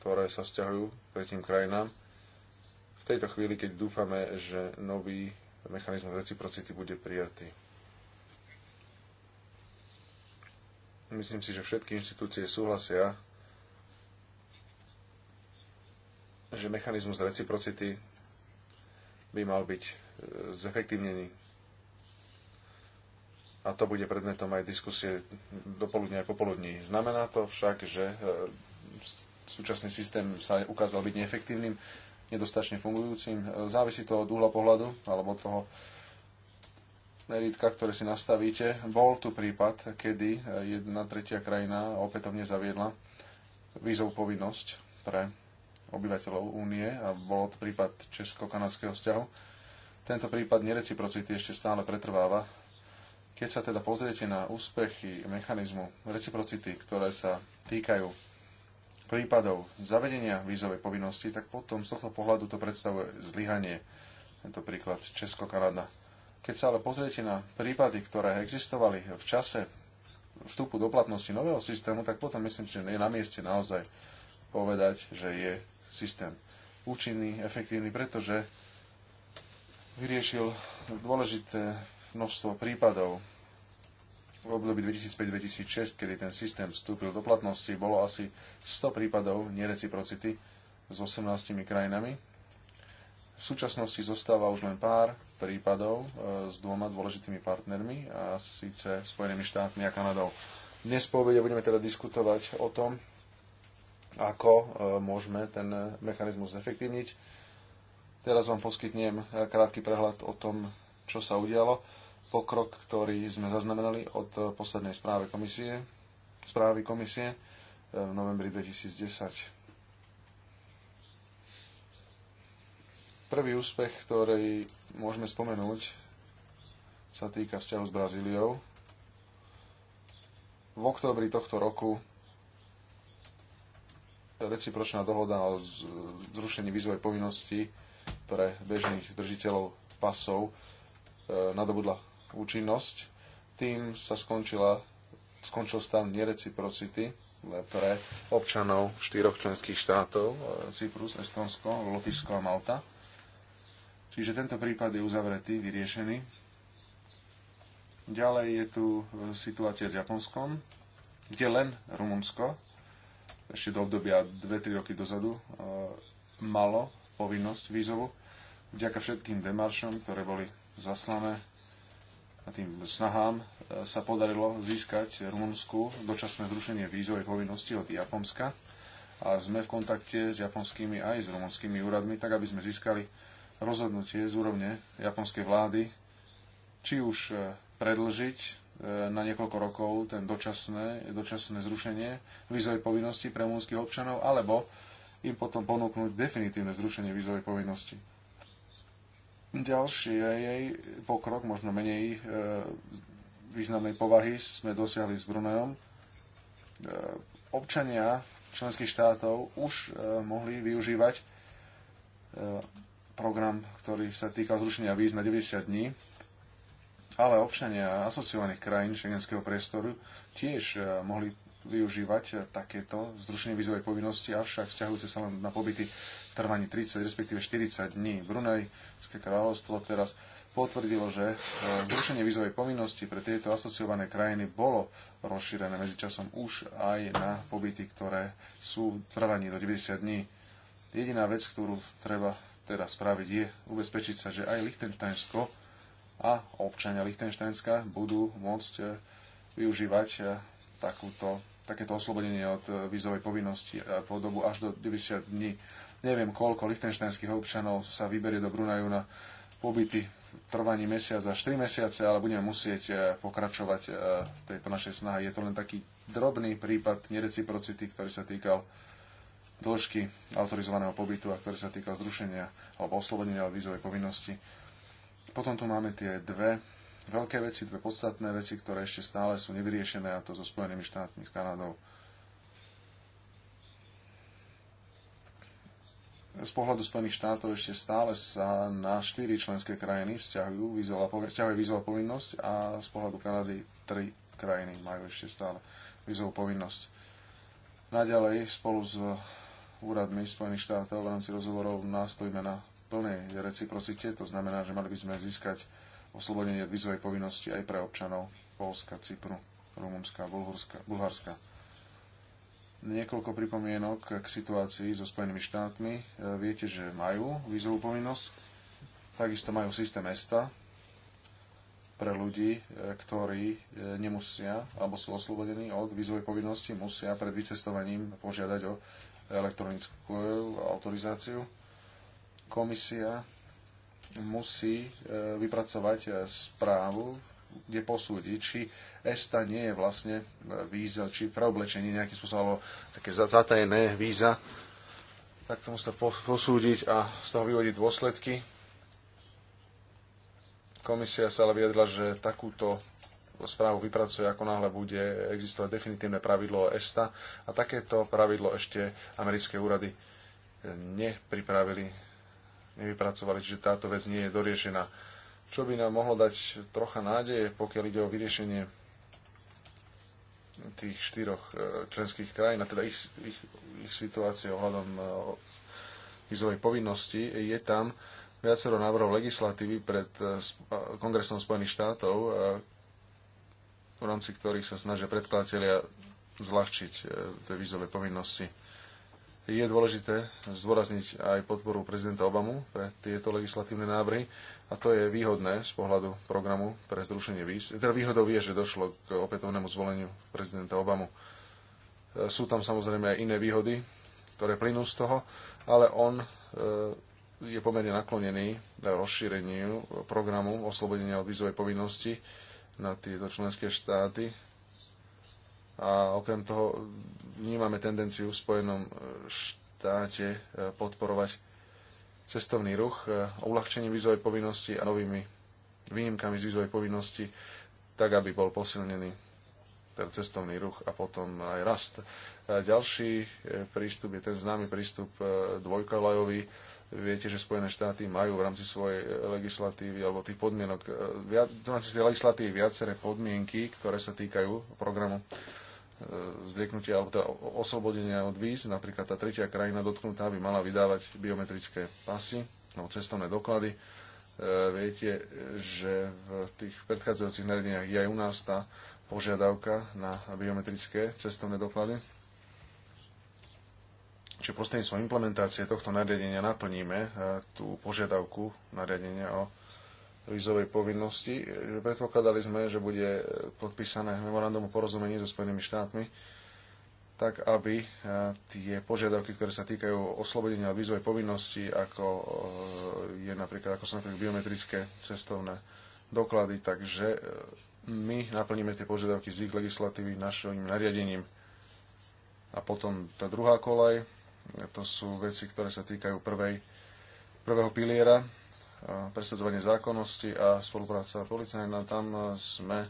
ktoré sa vzťahujú k tretím krajinám. V tejto chvíli, keď dúfame, že nový mechanizmus reciprocity bude prijatý. Myslím si, že všetky inštitúcie súhlasia, že mechanizmus reciprocity by mal byť e, zefektívnený. A to bude predmetom aj diskusie dopoludne aj popoludní. Znamená to však, že e, súčasný systém sa ukázal byť neefektívnym nedostačne fungujúcim. E, závisí to od úhla pohľadu alebo od toho meritka, ktoré si nastavíte. Bol tu prípad, kedy e, jedna tretia krajina opätovne zaviedla vízovú povinnosť pre obyvateľov únie a bol to prípad česko-kanadského vzťahu. Tento prípad nereciprocity ešte stále pretrváva. Keď sa teda pozriete na úspechy mechanizmu reciprocity, ktoré sa týkajú prípadov zavedenia vízovej povinnosti, tak potom z tohto pohľadu to predstavuje zlyhanie. Tento príklad Česko-Kanada. Keď sa ale pozriete na prípady, ktoré existovali v čase vstupu do platnosti nového systému, tak potom myslím, že je na mieste naozaj povedať, že je systém účinný, efektívny, pretože vyriešil dôležité množstvo prípadov v období 2005-2006, kedy ten systém vstúpil do platnosti, bolo asi 100 prípadov nereciprocity s 18 krajinami. V súčasnosti zostáva už len pár prípadov e, s dvoma dôležitými partnermi, a síce Spojenými štátmi a Kanadou. Dnes po obede budeme teda diskutovať o tom, ako e, môžeme ten mechanizmus zefektívniť. Teraz vám poskytnem e, krátky prehľad o tom, čo sa udialo pokrok, ktorý sme zaznamenali od eh, poslednej správy komisie, správy komisie eh, v novembri 2010. Prvý úspech, ktorý môžeme spomenúť, sa týka vzťahu s Brazíliou. V októbri tohto roku recipročná dohoda o zrušení vízovej povinnosti pre bežných držiteľov pasov eh, nadobudla účinnosť. Tým sa skončila, skončil stav nereciprocity pre občanov štyroch členských štátov, e, Cyprus, Estonsko, Lotyšsko a Malta. Čiže tento prípad je uzavretý, vyriešený. Ďalej je tu e, situácia s Japonskom, kde len Rumunsko, ešte do obdobia 2-3 roky dozadu, e, malo povinnosť vízovu. Vďaka všetkým demaršom, ktoré boli zaslané tým snahám e, sa podarilo získať Rumunsku dočasné zrušenie vízovej povinnosti od Japonska a sme v kontakte s japonskými aj s rumunskými úradmi, tak aby sme získali rozhodnutie z úrovne japonskej vlády, či už e, predlžiť e, na niekoľko rokov ten dočasné, dočasné zrušenie vízovej povinnosti pre rumunských občanov, alebo im potom ponúknuť definitívne zrušenie vízovej povinnosti. Ďalší jej pokrok, možno menej e, významnej povahy, sme dosiahli s Brunejom. E, občania členských štátov už e, mohli využívať program, ktorý sa týkal zrušenia víz na 90 dní, ale občania asociovaných krajín šengenského priestoru tiež mohli využívať takéto zrušenie vízovej povinnosti, avšak vzťahujúce sa len na pobyty trvaní 30, respektíve 40 dní. Brunejské kráľovstvo teraz potvrdilo, že e, zrušenie vízovej povinnosti pre tieto asociované krajiny bolo rozšírené medzičasom už aj na pobyty, ktoré sú trvaní do 90 dní. Jediná vec, ktorú treba teda spraviť, je ubezpečiť sa, že aj Lichtensteinsko a občania Lichtensteinska budú môcť e, využívať e, takúto, takéto oslobodenie od vízovej povinnosti po dobu až do 90 dní Neviem, koľko lichtenštejnských občanov sa vyberie do Brunaju na pobyty trvaní mesiac až 3 mesiace, ale budeme musieť e, pokračovať e, v tejto našej snahe. Je to len taký drobný prípad nereciprocity, ktorý sa týkal dĺžky autorizovaného pobytu a ktorý sa týkal zrušenia alebo oslobodenia od vízovej povinnosti. Potom tu máme tie dve veľké veci, dve podstatné veci, ktoré ešte stále sú nevyriešené a to so Spojenými štátmi, s Kanadou Z pohľadu Spojených štátov ešte stále sa na štyri členské krajiny vzťahujú vízová, vzťahuje povinnosť a z pohľadu Kanady tri krajiny majú ešte stále vízovú povinnosť. Naďalej spolu s úradmi Spojených štátov v rámci rozhovorov nastojíme na plnej reciprocite, to znamená, že mali by sme získať oslobodenie od povinnosti aj pre občanov Polska, Cypru, Rumunska, Bulharska. Niekoľko pripomienok k situácii so Spojenými štátmi. E, viete, že majú vízovú povinnosť. Takisto majú systém ESTA pre ľudí, e, ktorí e, nemusia alebo sú oslobodení od vízovej povinnosti, musia pred vycestovaním požiadať o elektronickú autorizáciu. Komisia musí vypracovať správu kde posúdiť, či ESTA nie je vlastne víza, či preoblečenie nejakým spôsobom, alebo také zatajené víza. Tak to musíte posúdiť a z toho vyvodiť dôsledky. Komisia sa ale vyjadrila, že takúto správu vypracuje, ako náhle bude existovať definitívne pravidlo ESTA a takéto pravidlo ešte americké úrady nepripravili, nevypracovali, čiže táto vec nie je doriešená čo by nám mohlo dať trocha nádeje, pokiaľ ide o vyriešenie tých štyroch e, členských krajín, a teda ich, ich, ich situácie ohľadom e, vizovej povinnosti, je tam viacero návrhov legislatívy pred e, Kongresom Spojených štátov, v rámci ktorých sa snažia predkladatelia zľahčiť tie vízové povinnosti. Je dôležité zdôrazniť aj podporu prezidenta Obamu pre tieto legislatívne návrhy a to je výhodné z pohľadu programu pre zrušenie víz. Teda výhodou je, že došlo k opätovnému zvoleniu prezidenta Obamu. E, sú tam samozrejme aj iné výhody, ktoré plynú z toho, ale on e, je pomerne naklonený rozšíreniu programu oslobodenia od vízovej povinnosti na tieto členské štáty a okrem toho vnímame tendenciu v Spojenom štáte e, podporovať cestovný ruch e, uľahčením vízovej povinnosti a novými výnimkami z vízovej povinnosti, tak aby bol posilnený ten cestovný ruch a potom aj rast. A e, ďalší prístup je ten známy prístup dvojkolajový. Viete, že Spojené štáty majú v rámci svojej legislatívy alebo tých podmienok, v rámci tej legislatívy viaceré podmienky, ktoré sa týkajú programu E, zrieknutia alebo teda oslobodenia od víz. Napríklad tá tretia krajina dotknutá by mala vydávať biometrické pasy alebo cestovné doklady. E, viete, že v tých predchádzajúcich nariadeniach je aj u nás tá požiadavka na biometrické cestovné doklady. Čiže prostredníctvom implementácie tohto nariadenia naplníme e, tú požiadavku nariadenia o vízovej povinnosti. Predpokladali sme, že bude podpísané memorandum o porozumení so Spojenými štátmi, tak aby e, tie požiadavky, ktoré sa týkajú oslobodenia od vízovej povinnosti, ako, e, je napríklad, ako sú napríklad biometrické cestovné doklady, takže e, my naplníme tie požiadavky z ich legislatívy našim nariadením. A potom tá druhá kolaj, to sú veci, ktoré sa týkajú prvej, prvého piliera presadzovanie zákonnosti a spolupráca policajná. Tam e, sme e,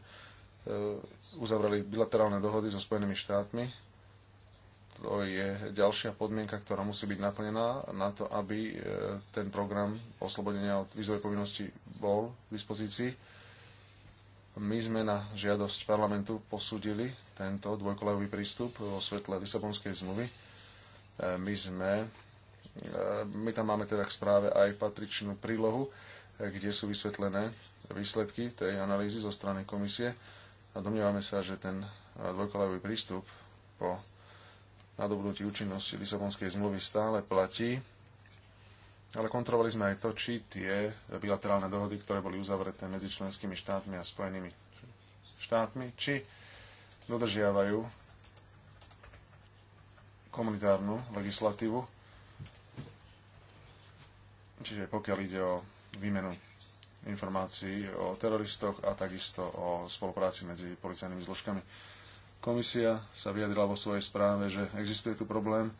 uzavreli bilaterálne dohody so Spojenými štátmi. To je ďalšia podmienka, ktorá musí byť naplnená na to, aby e, ten program oslobodenia od výzovej povinnosti bol k dispozícii. My sme na žiadosť parlamentu posúdili tento dvojkolajový prístup vo svetle Lisabonskej zmluvy. My sme E, my tam máme teda k správe aj patričnú prílohu, e, kde sú vysvetlené výsledky tej analýzy zo strany komisie a domnievame sa, že ten e, dvojkolajový prístup po nadobudnutí účinnosti Lisabonskej zmluvy stále platí, ale kontrolovali sme aj to, či tie bilaterálne dohody, ktoré boli uzavreté medzi členskými štátmi a spojenými štátmi, či dodržiavajú komunitárnu legislatívu Čiže pokiaľ ide o výmenu informácií o teroristoch a takisto o spolupráci medzi policajnými zložkami. Komisia sa vyjadrila vo svojej správe, že existuje tu problém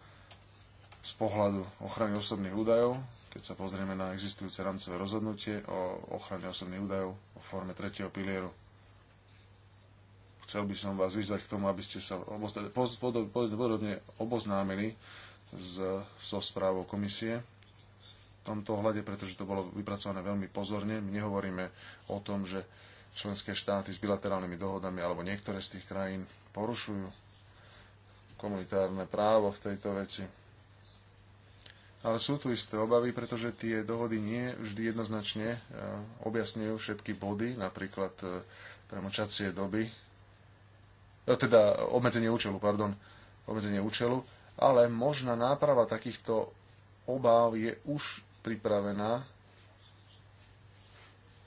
z pohľadu ochrany osobných údajov, keď sa pozrieme na existujúce rámcové rozhodnutie o ochrane osobných údajov vo forme tretieho pilieru. Chcel by som vás vyzvať k tomu, aby ste sa podobne oboznámili so správou komisie tomto ohľade, pretože to bolo vypracované veľmi pozorne. My nehovoríme o tom, že členské štáty s bilaterálnymi dohodami alebo niektoré z tých krajín porušujú komunitárne právo v tejto veci. Ale sú tu isté obavy, pretože tie dohody nie vždy jednoznačne eh, objasňujú všetky body, napríklad eh, premočacie doby, eh, teda obmedzenie účelu, pardon, obmedzenie účelu, ale možná náprava takýchto obáv je už pripravená.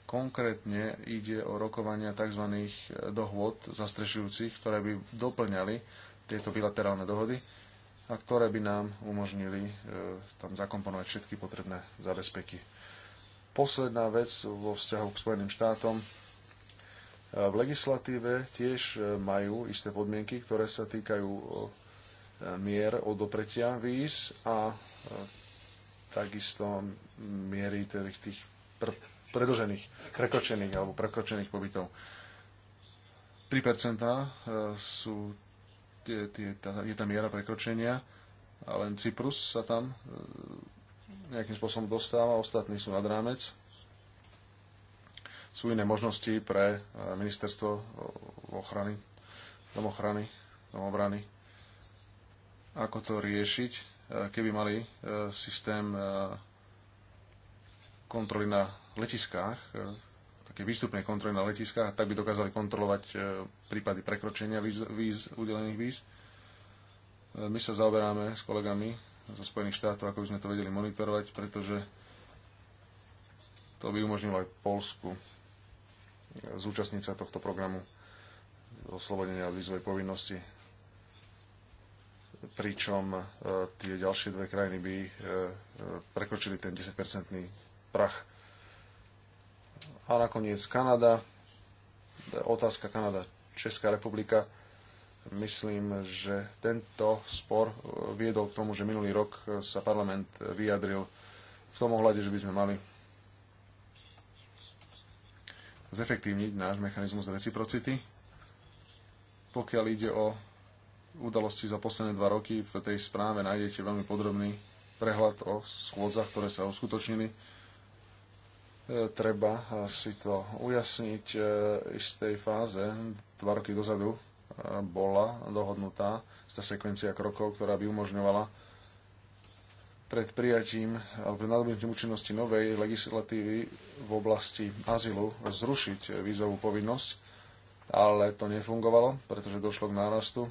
Konkrétne ide o rokovania tzv. dohôd zastrešujúcich, ktoré by doplňali tieto bilaterálne dohody a ktoré by nám umožnili e, tam zakomponovať všetky potrebné zabezpeky. Posledná vec vo vzťahu k Spojeným štátom. E, v legislatíve tiež e, majú isté podmienky, ktoré sa týkajú mier odopretia víz a takisto miery tých, tých pr- predlžených, prekročených alebo prekročených pobytov. 3% e, sú tie, tie, tá, je tá miera prekročenia a len Cyprus sa tam e, nejakým spôsobom dostáva, ostatní sú nad rámec. Sú iné možnosti pre e, ministerstvo ochrany, domochrany, domobrany, ako to riešiť keby mali e, systém e, kontroly na letiskách, e, také výstupné kontroly na letiskách, tak by dokázali kontrolovať prípady prekročenia víz, víz udelených víz. My sa zaoberáme s kolegami zo Spojených štátov, ako by sme to vedeli monitorovať, pretože to by umožnilo aj Polsku zúčastniť sa tohto programu oslobodenia od vízovej povinnosti pričom e, tie ďalšie dve krajiny by e, e, prekročili ten 10-percentný prach. A nakoniec Kanada, otázka Kanada, Česká republika, myslím, že tento spor viedol k tomu, že minulý rok sa parlament vyjadril v tom ohľade, že by sme mali zefektívniť náš mechanizmus reciprocity, pokiaľ ide o udalosti za posledné dva roky. V tej správe nájdete veľmi podrobný prehľad o schôdzach, ktoré sa uskutočnili. E, treba si to ujasniť. Z e, tej fáze dva roky dozadu e, bola dohodnutá tá sekvencia krokov, ktorá by umožňovala pred prijatím alebo pred nadobnutím účinnosti novej legislatívy v oblasti azylu zrušiť vízovú povinnosť, ale to nefungovalo, pretože došlo k nárastu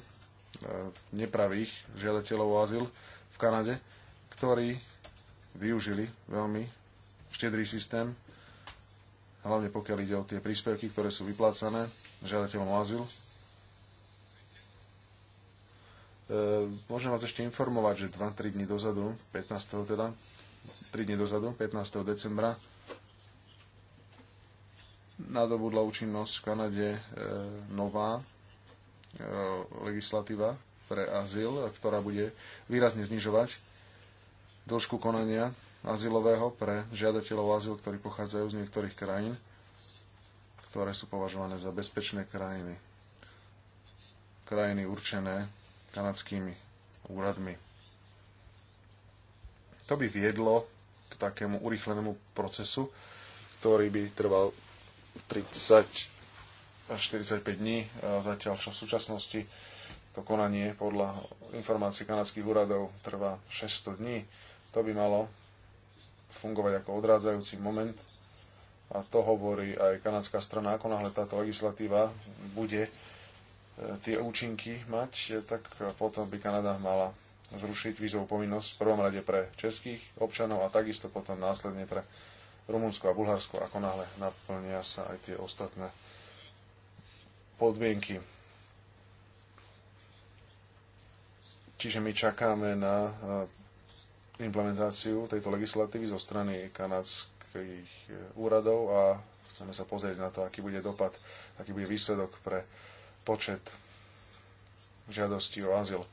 E, nepravých žiadateľov o azyl v Kanade, ktorí využili veľmi štedrý systém, hlavne pokiaľ ide o tie príspevky, ktoré sú vyplácané žiadateľom o azyl. E, môžem vás ešte informovať, že 2-3 dní dozadu, 15. teda, 3 dní dozadu, 15. decembra, nadobudla účinnosť v Kanade e, nová E, legislatíva pre azyl, ktorá bude výrazne znižovať dĺžku konania azylového pre žiadateľov azyl, ktorí pochádzajú z niektorých krajín, ktoré sú považované za bezpečné krajiny. Krajiny určené kanadskými úradmi. To by viedlo k takému urychlenému procesu, ktorý by trval 30 45 dní, zatiaľ čo v súčasnosti to konanie podľa informácií kanadských úradov trvá 600 dní. To by malo fungovať ako odrádzajúci moment a to hovorí aj kanadská strana, ako náhle táto legislatíva bude e, tie účinky mať, e, tak potom by Kanada mala zrušiť vízovú povinnosť v prvom rade pre českých občanov a takisto potom následne pre Rumunsko a Bulharsko, ako náhle naplnia sa aj tie ostatné podmienky. Čiže my čakáme na eh, implementáciu tejto legislatívy zo strany kanadských eh, úradov a chceme sa pozrieť na to, aký bude dopad, aký bude výsledok pre počet žiadostí o azyl.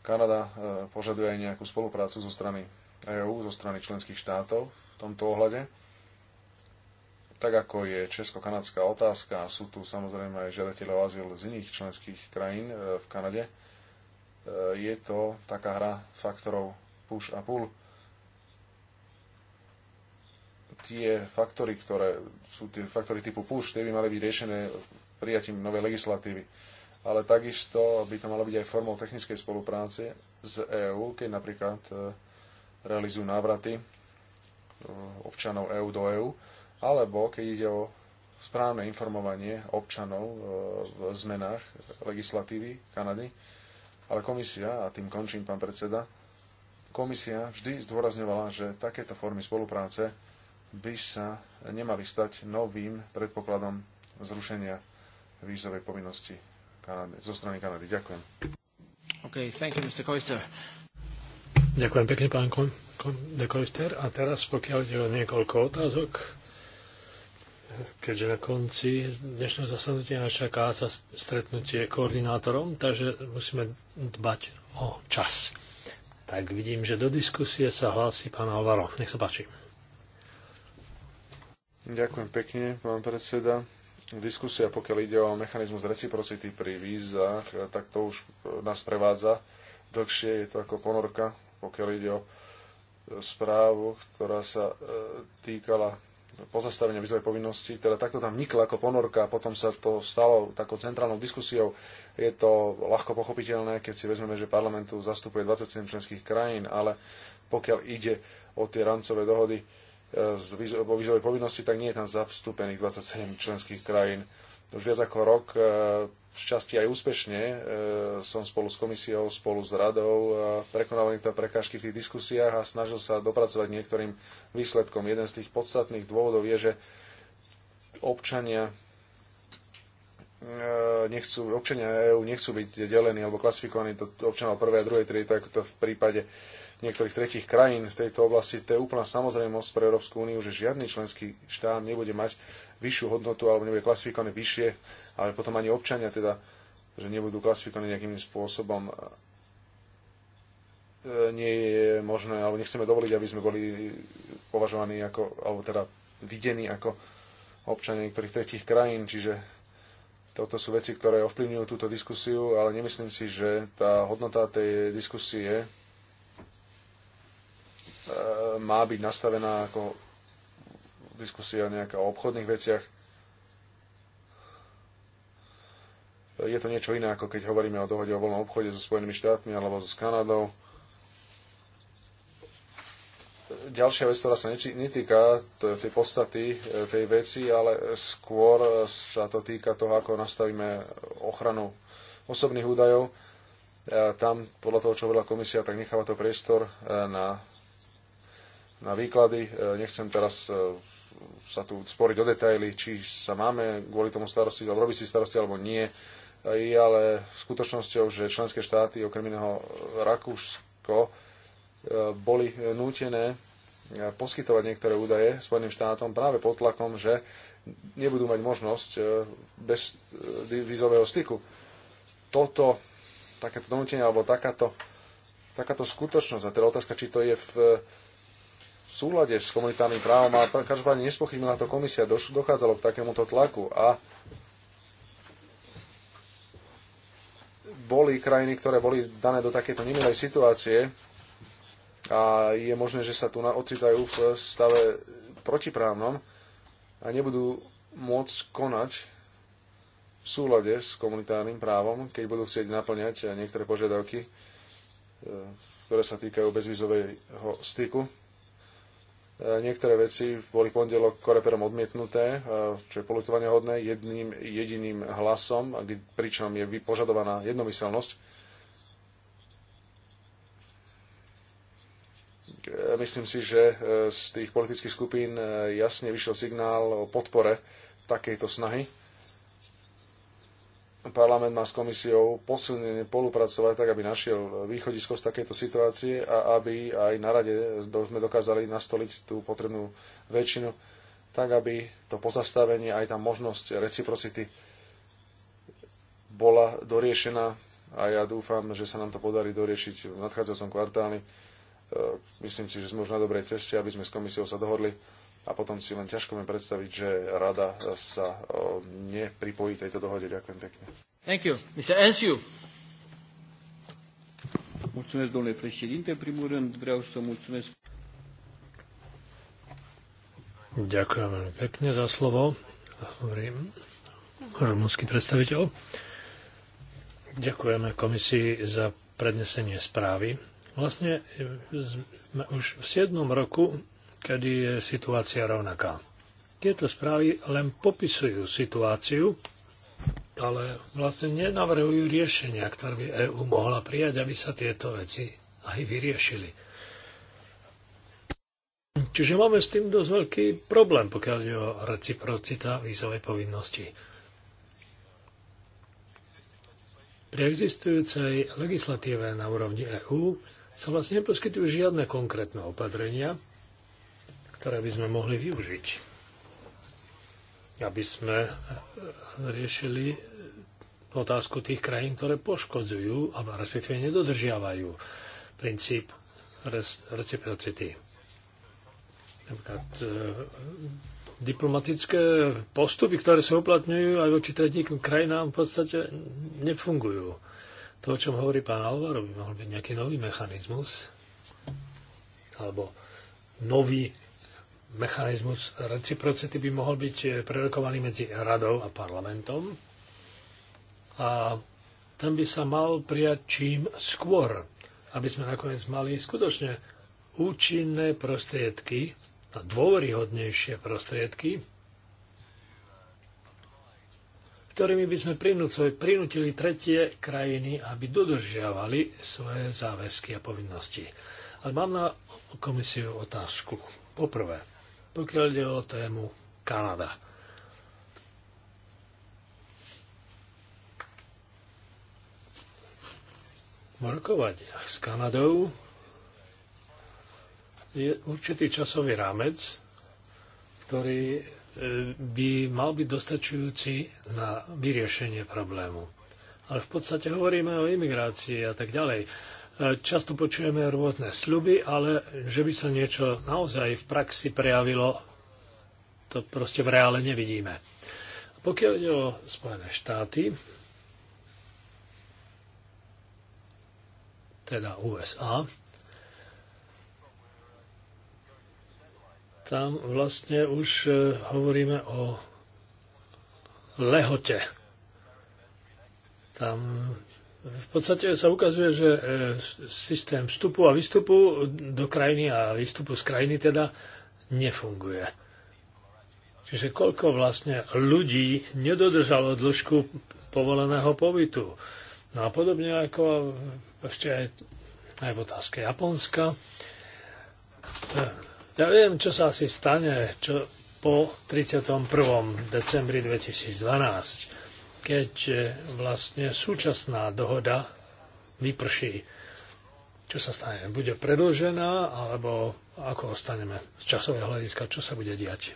Kanada eh, požaduje aj nejakú spoluprácu zo strany EÚ, zo strany členských štátov v tomto ohľade tak ako je česko-kanadská otázka, a sú tu samozrejme aj žiadateľe o azyl z iných členských krajín e, v Kanade, e, je to taká hra faktorov push a pull. Tie faktory, ktoré sú tie faktory typu push, tie by mali byť riešené prijatím novej legislatívy. Ale takisto by to malo byť aj formou technickej spolupráce z EÚ, keď napríklad e, realizujú návraty občanov EÚ do EÚ alebo keď ide o správne informovanie občanov e, v zmenách legislatívy Kanady. Ale komisia, a tým končím, pán predseda, komisia vždy zdôrazňovala, že takéto formy spolupráce by sa nemali stať novým predpokladom zrušenia vízovej povinnosti Kanady, zo strany Kanady. Ďakujem. Okay, thank you, Mr. Koister. Ďakujem pekne, pán Koister. A teraz, pokiaľ ide o niekoľko otázok, keďže na konci dnešného zasadnutia čaká sa stretnutie koordinátorom, takže musíme dbať o čas. Tak vidím, že do diskusie sa hlási pán Alvaro. Nech sa páči. Ďakujem pekne, pán predseda. Diskusia, pokiaľ ide o mechanizmus reciprocity pri vízach, tak to už e, nás prevádza dlhšie. Je to ako ponorka, pokiaľ ide o e, správu, ktorá sa e, týkala pozastavenia vizovej povinnosti, teda takto tam vnikla ako ponorka, a potom sa to stalo takou centrálnou diskusiou. Je to ľahko pochopiteľné, keď si vezmeme, že parlamentu zastupuje 27 členských krajín, ale pokiaľ ide o tie rancové dohody e, o vizovej povinnosti, tak nie je tam zastúpených 27 členských krajín už viac ako rok, šťastie e, aj úspešne, e, som spolu s komisiou, spolu s radou e, prekonal niektoré prekážky v tých diskusiách a snažil sa dopracovať niektorým výsledkom. Jeden z tých podstatných dôvodov je, že občania nechcú, občania EÚ nechcú byť delení alebo klasifikovaní do občanov prvej a druhej triedy, tak to v prípade niektorých tretích krajín v tejto oblasti, to je úplná samozrejmosť pre Európsku úniu, že žiadny členský štát nebude mať vyššiu hodnotu alebo nebude klasifikovaný vyššie, ale potom ani občania teda, že nebudú klasifikovaní nejakým spôsobom e, nie je možné, alebo nechceme dovoliť, aby sme boli považovaní ako, alebo teda videní ako občania niektorých tretích krajín, čiže toto sú veci, ktoré ovplyvňujú túto diskusiu, ale nemyslím si, že tá hodnota tej diskusie E, má byť nastavená ako diskusia nejaká o obchodných veciach. E, je to niečo iné, ako keď hovoríme o dohode o voľnom obchode so Spojenými štátmi alebo s Kanadou. Ďalšia vec, ktorá sa netýka tej podstaty e, tej veci, ale skôr sa to týka toho, ako nastavíme ochranu osobných údajov tam podľa toho, čo hovorila komisia, tak necháva to priestor na na výklady. E, nechcem teraz e, sa tu sporiť o detaily, či sa máme kvôli tomu starosti, alebo robiť si starosti, alebo nie. E, je ale skutočnosťou, že členské štáty, okrem iného Rakúsko, boli nútené poskytovať niektoré údaje Spojeným štátom práve pod tlakom, že nebudú mať možnosť bez vízového styku. Toto, takéto donútenie alebo takáto, takáto skutočnosť, a teda otázka, či to je v v súlade s komunitárnym právom a každopádne nespochybnila to komisia, dochádzalo k takémuto tlaku a boli krajiny, ktoré boli dané do takéto nemilej situácie a je možné, že sa tu ocitajú v stave protiprávnom a nebudú môcť konať v súlade s komunitárnym právom, keď budú chcieť naplňať niektoré požiadavky, e, ktoré sa týkajú bezvizového styku. E, niektoré veci boli v pondelok koreperom odmietnuté, e, čo je polutovania hodné, jedným jediným hlasom, pričom je vypožadovaná jednomyselnosť. E, myslím si, že z tých politických skupín jasne vyšiel signál o podpore takejto snahy parlament má s komisiou posilnene spolupracovať tak, aby našiel východisko z takejto situácie a aby aj na rade sme dokázali nastoliť tú potrebnú väčšinu, tak aby to pozastavenie, aj tá možnosť reciprocity bola doriešená a ja dúfam, že sa nám to podarí doriešiť v nadchádzajúcom kvartáli. E, myslím si, že sme už na dobrej ceste, aby sme s komisiou sa dohodli a potom si len ťažko mi predstaviť, že rada sa e, nepripojí tejto dohode. Ďakujem pekne. Thank you. Mr. Ensiu. Mulțumesc, domnule președinte. În primul rând vreau să mulțumesc. Ďakujem veľmi pekne za slovo. Hovorím rumúnsky predstaviteľ. Ďakujeme komisii za prednesenie správy. Vlastne e, už v 7. roku kedy je situácia rovnaká. Tieto správy len popisujú situáciu, ale vlastne nenavrhujú riešenia, ktoré by EÚ mohla prijať, aby sa tieto veci aj vyriešili. Čiže máme s tým dosť veľký problém, pokiaľ je o reciprocita vízovej povinnosti. Pri existujúcej legislatíve na úrovni EÚ sa vlastne neposkytujú žiadne konkrétne opatrenia, ktoré by sme mohli využiť, aby sme riešili otázku tých krajín, ktoré poškodzujú, alebo respektíve nedodržiavajú princíp reciprocity. Napríklad e, diplomatické postupy, ktoré sa uplatňujú aj voči tretím krajinám, v podstate nefungujú. To, o čom hovorí pán Alvaro, by mohol byť nejaký nový mechanizmus alebo nový mechanizmus reciprocity by mohol byť eh, prerokovaný medzi radou a parlamentom a ten by sa mal prijať čím skôr, aby sme nakoniec mali skutočne účinné prostriedky a no dôveryhodnejšie prostriedky, ktorými by sme prinútili tretie krajiny, aby dodržiavali svoje záväzky a povinnosti. Ale mám na komisiu otázku. Poprvé, pokiaľ ide o tému Kanada. Markovať s Kanadou je určitý časový rámec, ktorý e, by mal byť dostačujúci na vyriešenie problému. Ale v podstate hovoríme o imigrácii a tak ďalej. Často počujeme rôzne sľuby, ale že by sa niečo naozaj v praxi prejavilo, to proste v reále nevidíme. Pokiaľ ide o Spojené štáty, teda USA, tam vlastne už e, hovoríme o lehote. Tam v podstate sa ukazuje, že e, systém vstupu a výstupu do krajiny a výstupu z krajiny teda nefunguje. Čiže koľko vlastne ľudí nedodržalo dĺžku povoleného pobytu. No a podobne ako ešte aj, aj v otázke Japonska. E, ja viem, čo sa asi stane čo po 31. decembri 2012 keď e, vlastne súčasná dohoda vyprší. Čo sa stane? Bude predlžená, alebo ako ostaneme z časového hľadiska? Čo sa bude diať?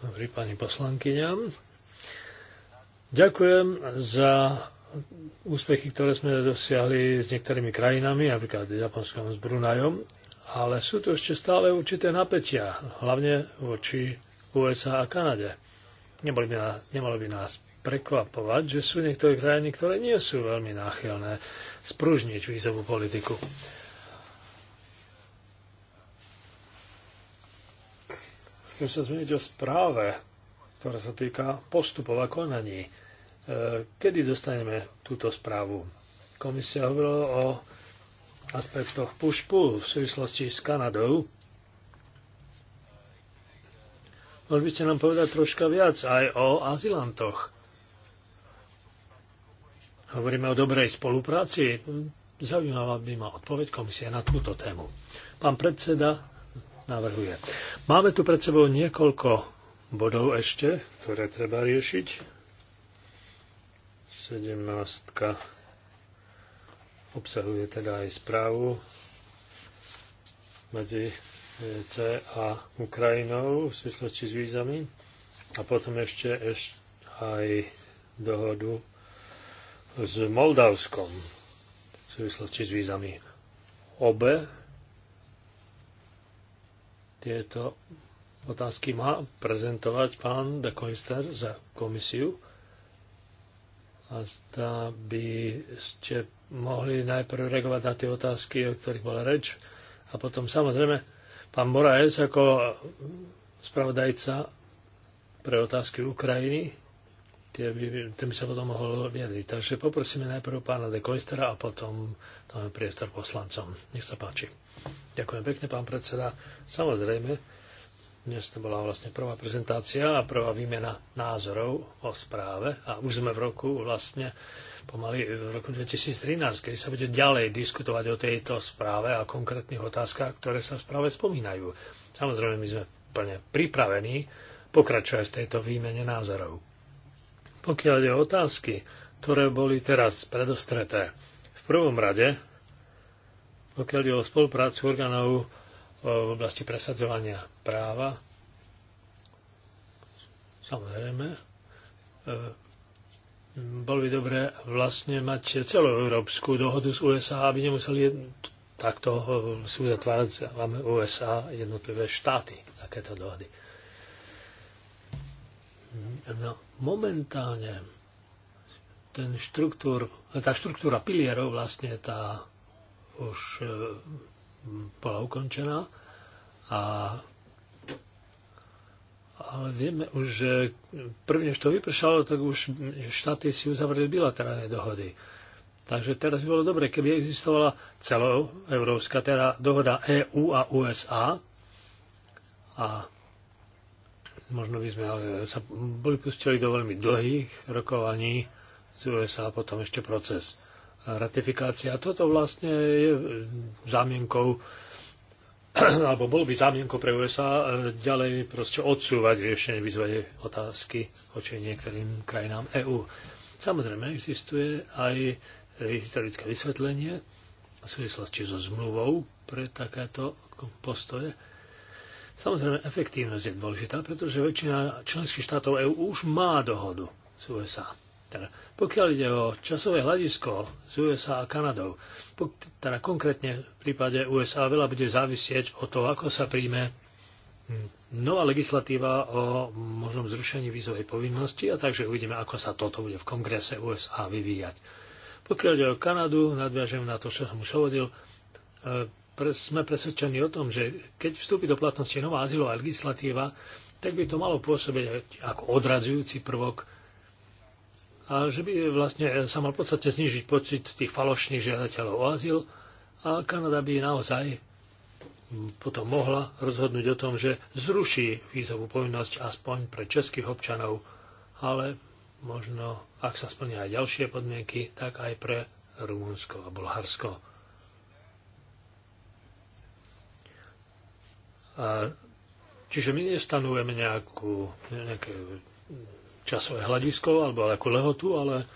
Dobrý pani poslankyňa. Ďakujem za úspechy, ktoré sme dosiahli s niektorými krajinami, napríklad Japonskom s Brunajom ale sú tu ešte stále určité napätia, hlavne voči USA a Kanade. Neboli by nás, nemalo by nás prekvapovať, že sú niektoré krajiny, ktoré nie sú veľmi náchylné spružniť vízovú politiku. Chcem sa zmeniť o správe, ktorá sa týka postupov a konaní. E, kedy dostaneme túto správu? Komisia hovorila o aspektoch push-pull v súvislosti s Kanadou. Mohli by ste nám povedať troška viac aj o azilantoch. Hovoríme o dobrej spolupráci. Zaujímavá by ma odpoveď komisie na túto tému. Pán predseda navrhuje. Máme tu pred sebou niekoľko bodov ešte, ktoré treba riešiť. 17 obsahuje teda aj správu medzi e, C a Ukrajinou v súvislosti s vízami a potom ešte, ešte aj dohodu s Moldavskom v súvislosti s vízami. Obe tieto otázky má prezentovať pán de Koister za komisiu a zda by ste mohli najprv reagovať na tie otázky, o ktorých bola reč. A potom samozrejme pán Moraes ako spravodajca pre otázky Ukrajiny, tie by, ten by sa potom mohol vyjadriť. Takže poprosíme najprv pána de Koistera a potom dáme priestor poslancom. Nech sa páči. Ďakujem pekne, pán predseda. Samozrejme, dnes to bola vlastne prvá prezentácia a prvá výmena názorov o správe a už sme v roku vlastne pomaly v roku 2013, keď sa bude ďalej diskutovať o tejto správe a konkrétnych otázkach, ktoré sa v správe spomínajú. Samozrejme, my sme plne pripravení pokračovať v tejto výmene názorov. Pokiaľ ide o otázky, ktoré boli teraz predostreté, v prvom rade, pokiaľ ide o spoluprácu orgánov v oblasti presadzovania práva. Samozrejme, e, bolo by dobré vlastne mať celoeurópsku dohodu z USA, aby nemuseli takto si uzatvárať USA jednotlivé štáty takéto dohody. No, momentálne ten štruktúr, tá štruktúra pilierov vlastne tá už e, bola ukončená a ale vieme už, že prvne, než to vypršalo, tak už štáty si uzavreli bilaterálne dohody. Takže teraz by bolo dobre, keby existovala celoeurópska, teda dohoda EU a USA. A možno by sme ale sa boli pustili do veľmi dlhých rokovaní z USA a potom ešte proces ratifikácia. a Toto vlastne je zámienkou alebo bol by zámienko pre USA e, ďalej proste odsúvať riešenie výzvej otázky voči niektorým krajinám EÚ. Samozrejme, existuje aj historické vysvetlenie v súvislosti so zmluvou pre takéto postoje. Samozrejme, efektívnosť je dôležitá, pretože väčšina členských štátov EÚ už má dohodu s USA teda, pokiaľ ide o časové hľadisko z USA a Kanadou, teda konkrétne v prípade USA veľa bude závisieť o to, ako sa príjme nová legislatíva o možnom zrušení vízovej povinnosti a takže uvidíme, ako sa toto bude v kongrese USA vyvíjať. Pokiaľ ide o Kanadu, nadviažem na to, čo som už hovoril, eh, sme presvedčení o tom, že keď vstúpi do platnosti nová azylová legislatíva, tak by to malo pôsobiť ako odradzujúci prvok a že by vlastne sa mal v podstate znižiť pocit tých falošných žiadateľov o azyl a Kanada by naozaj potom mohla rozhodnúť o tom, že zruší vízovú povinnosť aspoň pre českých občanov, ale možno, ak sa splnia aj ďalšie podmienky, tak aj pre Rumunsko a Bulharsko. A, čiže my nestanujeme nejakú, nejaké časové hľadisko alebo ako lehotu, ale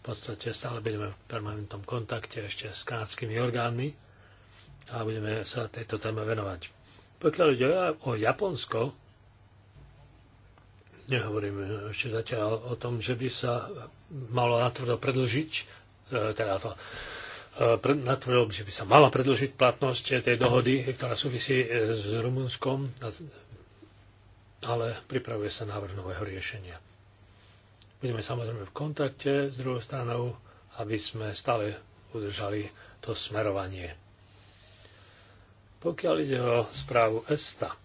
v podstate stále budeme v permanentnom kontakte ešte s kanadskými orgánmi a budeme sa tejto téme venovať. Pokiaľ ide o Japonsko, nehovorím ešte zatiaľ o tom, že by sa malo natvrdo predlžiť, e, teda to, e, natvrdil, že by sa mala predlžiť platnosť tej dohody, ktorá súvisí e, s Rumunskom, ale pripravuje sa návrh nového riešenia. Budeme samozrejme v kontakte s druhou stranou, aby sme stále udržali to smerovanie. Pokiaľ ide o správu ESTA,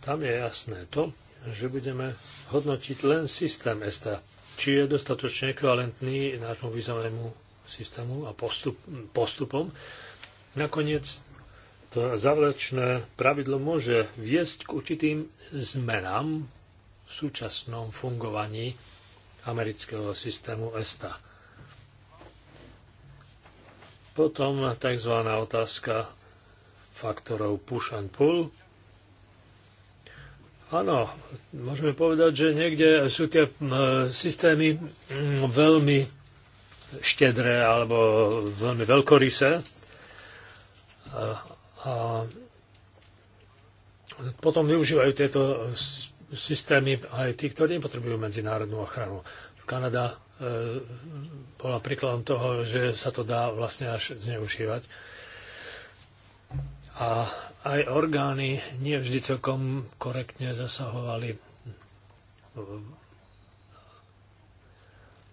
tam je jasné to, že budeme hodnotiť len systém ESTA, či je dostatočne ekvivalentný nášmu významnému systému a postup, postupom. Nakoniec to zavlečné pravidlo môže viesť k určitým zmenám v súčasnom fungovaní amerického systému ESTA. Potom tzv. otázka faktorov push and pull. Áno, môžeme povedať, že niekde sú tie systémy veľmi štedré alebo veľmi veľkorysé. A potom využívajú tieto systémy aj tí, ktorí nepotrebujú medzinárodnú ochranu. Kanada e, bola príkladom toho, že sa to dá vlastne až zneužívať. A aj orgány nie vždy celkom korektne zasahovali.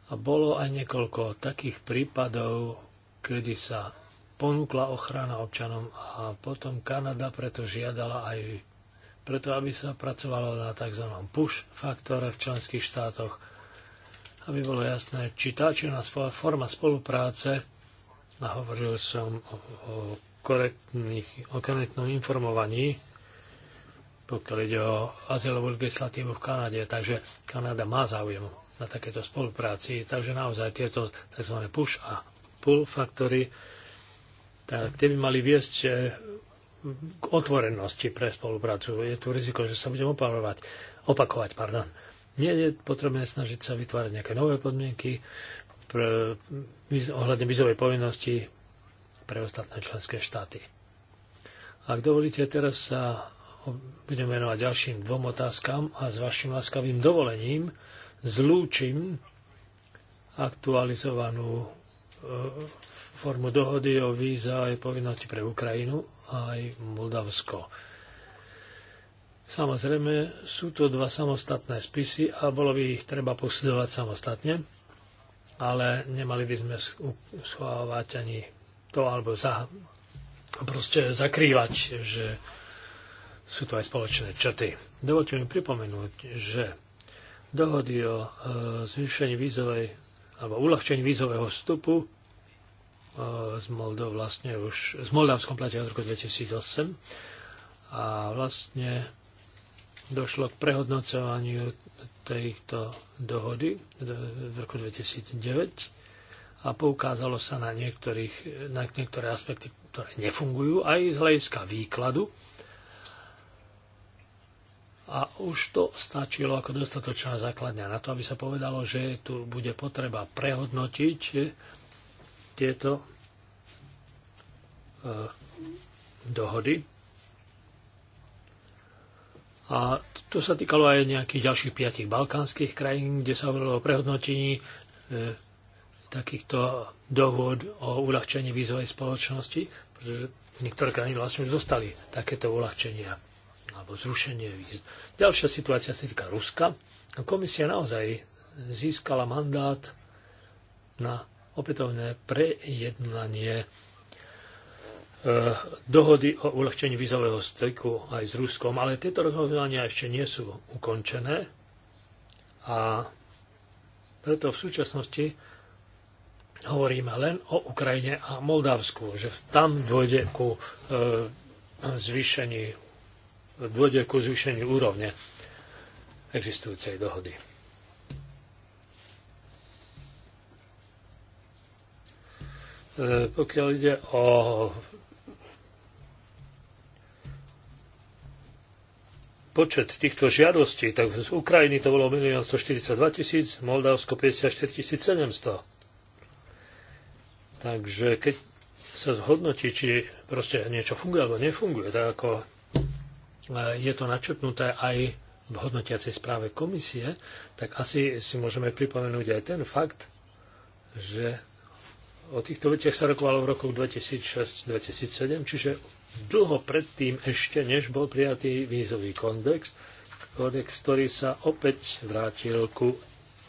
A bolo aj niekoľko takých prípadov, kedy sa ponúkla ochrana občanom a potom Kanada preto žiadala aj preto aby sa pracovalo na tzv. push faktore v členských štátoch, aby bolo jasné, či tá či nás forma spolupráce, a hovoril som o, korektných, o korektnom informovaní, pokiaľ ide o azylovú legislatívu v Kanade, takže Kanada má záujem na takéto spolupráci, takže naozaj tieto tzv. push a pull faktory, tak tie by mali viesť eh, k otvorenosti pre spoluprácu. Je tu riziko, že sa budem opakovať. opakovať pardon. Nie je potrebné snažiť sa vytvárať nejaké nové podmienky pre, ohľadne vizovej povinnosti pre ostatné členské štáty. Ak dovolíte, teraz sa budem venovať ďalším dvom otázkam a s vašim láskavým dovolením zlúčim aktualizovanú e, formu dohody o víza aj povinnosti pre Ukrajinu aj Moldavsko. Samozrejme, sú to dva samostatné spisy a bolo by ich treba posudovať samostatne, ale nemali by sme schovávať ani to, alebo za, proste zakrývať, že sú to aj spoločné čaty. Dovolte mi pripomenúť, že dohody o e, zvýšení vízovej alebo uľahčení vízového vstupu s Moldou vlastne už, s Moldavskom plate od roku 2008 a vlastne došlo k prehodnocovaniu tejto dohody v roku 2009 a poukázalo sa na, niektorých, na niektoré aspekty, ktoré nefungujú aj z hľadiska výkladu. A už to stačilo ako dostatočná základňa na to, aby sa povedalo, že tu bude potreba prehodnotiť tieto e, dohody. A to sa týkalo aj nejakých ďalších piatich balkánskych krajín, kde sa hovorilo o prehodnotení e, takýchto dohôd o uľahčení vízovej spoločnosti, pretože niektoré krajiny vlastne už dostali takéto uľahčenia alebo zrušenie víz. Ďalšia situácia sa týka Ruska. No, komisia naozaj získala mandát na opätovné prejednanie e, dohody o uľahčení výzového styku aj s Ruskom, ale tieto rozhodovania ešte nie sú ukončené a preto v súčasnosti hovoríme len o Ukrajine a Moldavsku, že tam dôjde ku e, zvýšení, dôjde ku zvýšení úrovne existujúcej dohody. E, pokiaľ ide o počet týchto žiadostí, tak z Ukrajiny to bolo 1 142 tisíc, Moldavsko 54 700. Takže keď sa zhodnotí, či proste niečo funguje alebo nefunguje, tak ako e, je to načrtnuté aj v hodnotiacej správe komisie, tak asi si môžeme pripomenúť aj ten fakt, že o týchto veciach sa rokovalo v roku 2006-2007, čiže dlho predtým ešte, než bol prijatý vízový kondex, kodex, ktorý sa opäť vrátil ku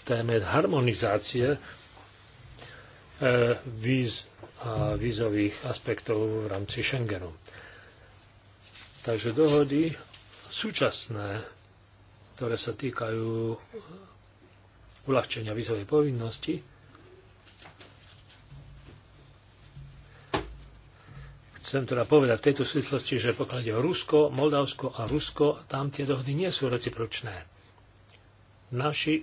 téme harmonizácie e, víz a vízových aspektov v rámci Schengenu. Takže dohody súčasné, ktoré sa týkajú uľahčenia vízovej povinnosti, Chcem teda povedať v tejto súvislosti, že pokiaľ ide o Rusko, Moldavsko a Rusko, tam tie dohody nie sú recipročné. Naši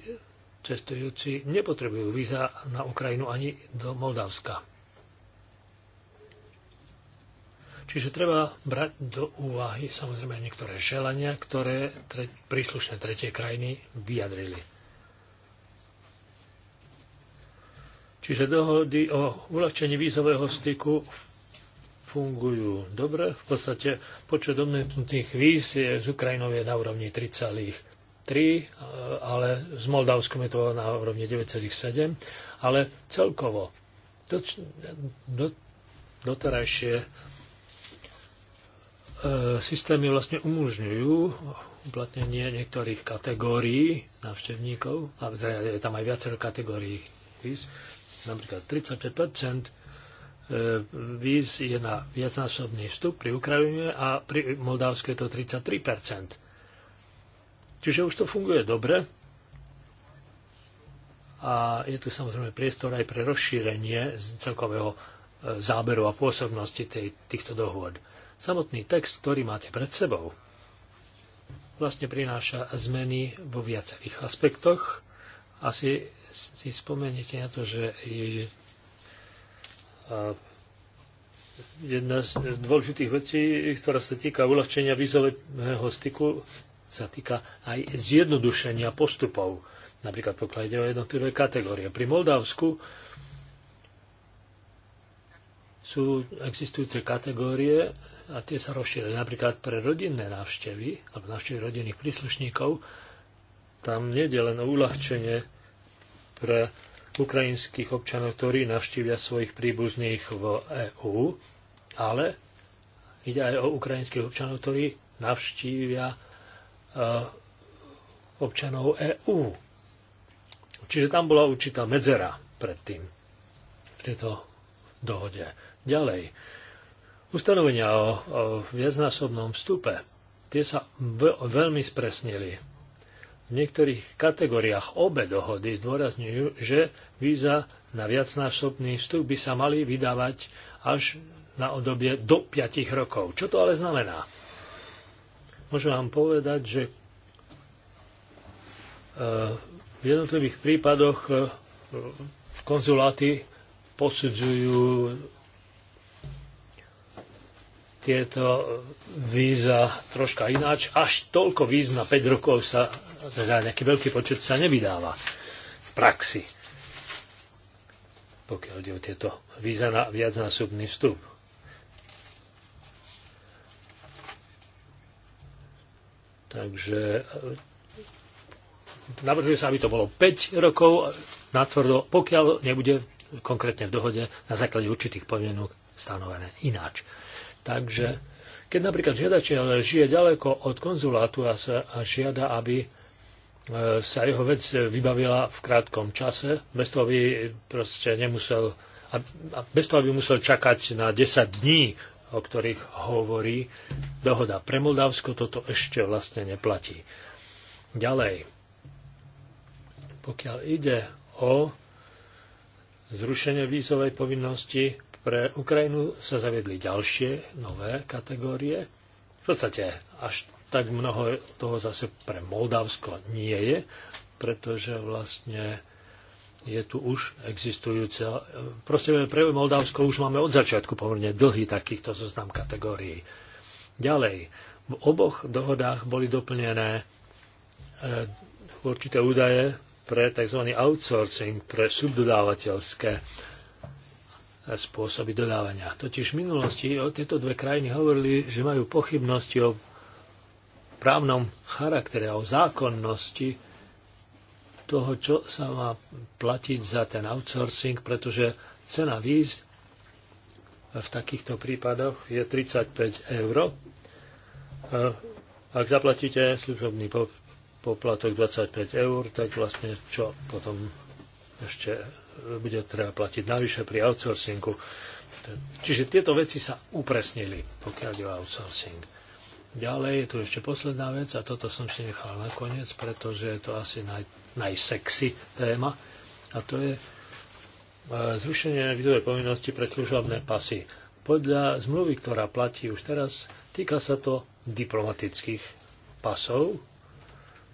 cestujúci nepotrebujú víza na Ukrajinu ani do Moldavska. Čiže treba brať do úvahy samozrejme aj niektoré želania, ktoré tre- príslušné tretie krajiny vyjadrili. Čiže dohody o uľahčení vízového styku v fungujú dobre. V podstate počet odmietnutých víz je z Ukrajinou je na úrovni 3,3, ale s Moldavskom je to na úrovni 9,7. Ale celkovo do, do, doterajšie e, systémy vlastne umožňujú uplatnenie niektorých kategórií návštevníkov, a je tam aj viacero kategórií víz, napríklad 35 E, víz je na viacnásobný vstup, pri Ukrajine a pri Moldavsku je to 33%. Čiže už to funguje dobre a je tu samozrejme priestor aj pre rozšírenie celkového e, záberu a pôsobnosti tej, týchto dohôd. Samotný text, ktorý máte pred sebou, vlastne prináša zmeny vo viacerých aspektoch. Asi si spomeniete na to, že a jedna z dôležitých vecí, ktorá sa týka uľahčenia vízového styku, sa týka aj zjednodušenia postupov. Napríklad pokiaľ ide o jednotlivé kategórie. Pri Moldavsku sú existujúce kategórie a tie sa rozšírili. Napríklad pre rodinné návštevy alebo návštevy rodinných príslušníkov tam nie je len uľahčenie pre ukrajinských občanov, ktorí navštívia svojich príbuzných v EÚ, ale ide aj o ukrajinských občanov, ktorí navštívia e, občanov EÚ. Čiže tam bola určitá medzera predtým v tejto dohode. Ďalej, ustanovenia o, o viacnásobnom vstupe, tie sa veľmi spresnili v niektorých kategóriách obe dohody zdôrazňujú, že víza na viacnásobný vstup by sa mali vydávať až na obdobie do 5 rokov. Čo to ale znamená? Môžem vám povedať, že eh, v jednotlivých prípadoch eh, konzuláty posudzujú tieto víza troška ináč. Až toľko víz na 5 rokov sa, teda nejaký veľký počet sa nevydáva v praxi, pokiaľ ide o tieto víza na viacnásobný vstup. Takže e, navrhuje sa, aby to bolo 5 rokov natvrdo, pokiaľ nebude konkrétne v dohode na základe určitých podmienok stanovené ináč. Takže keď napríklad žiadateľ žije ďaleko od konzulátu a, sa, a žiada, aby e, sa jeho vec vybavila v krátkom čase, bez toho by proste nemusel a, a bez toho by musel čakať na 10 dní, o ktorých hovorí dohoda. Pre Moldavsko toto ešte vlastne neplatí. Ďalej, pokiaľ ide o zrušenie vízovej povinnosti, pre Ukrajinu sa zaviedli ďalšie nové kategórie. V podstate až tak mnoho toho zase pre Moldavsko nie je, pretože vlastne je tu už existujúca. Proste pre Moldavsko už máme od začiatku pomerne dlhý takýchto zoznam kategórií. Ďalej, v oboch dohodách boli doplnené e, určité údaje pre tzv. outsourcing, pre subdodávateľské spôsoby dodávania. Totiž v minulosti o tieto dve krajiny hovorili, že majú pochybnosti o právnom charaktere, o zákonnosti toho, čo sa má platiť za ten outsourcing, pretože cena víz v takýchto prípadoch je 35 eur. Ak zaplatíte služobný poplatok 25 eur, tak vlastne čo potom ešte bude treba platiť navyše pri outsourcingu. Čiže tieto veci sa upresnili, pokiaľ ide o outsourcing. Ďalej je tu ešte posledná vec a toto som si nechal na koniec, pretože je to asi naj, najsexy téma a to je e, zrušenie vidovej povinnosti pre služobné pasy. Podľa zmluvy, ktorá platí už teraz, týka sa to diplomatických pasov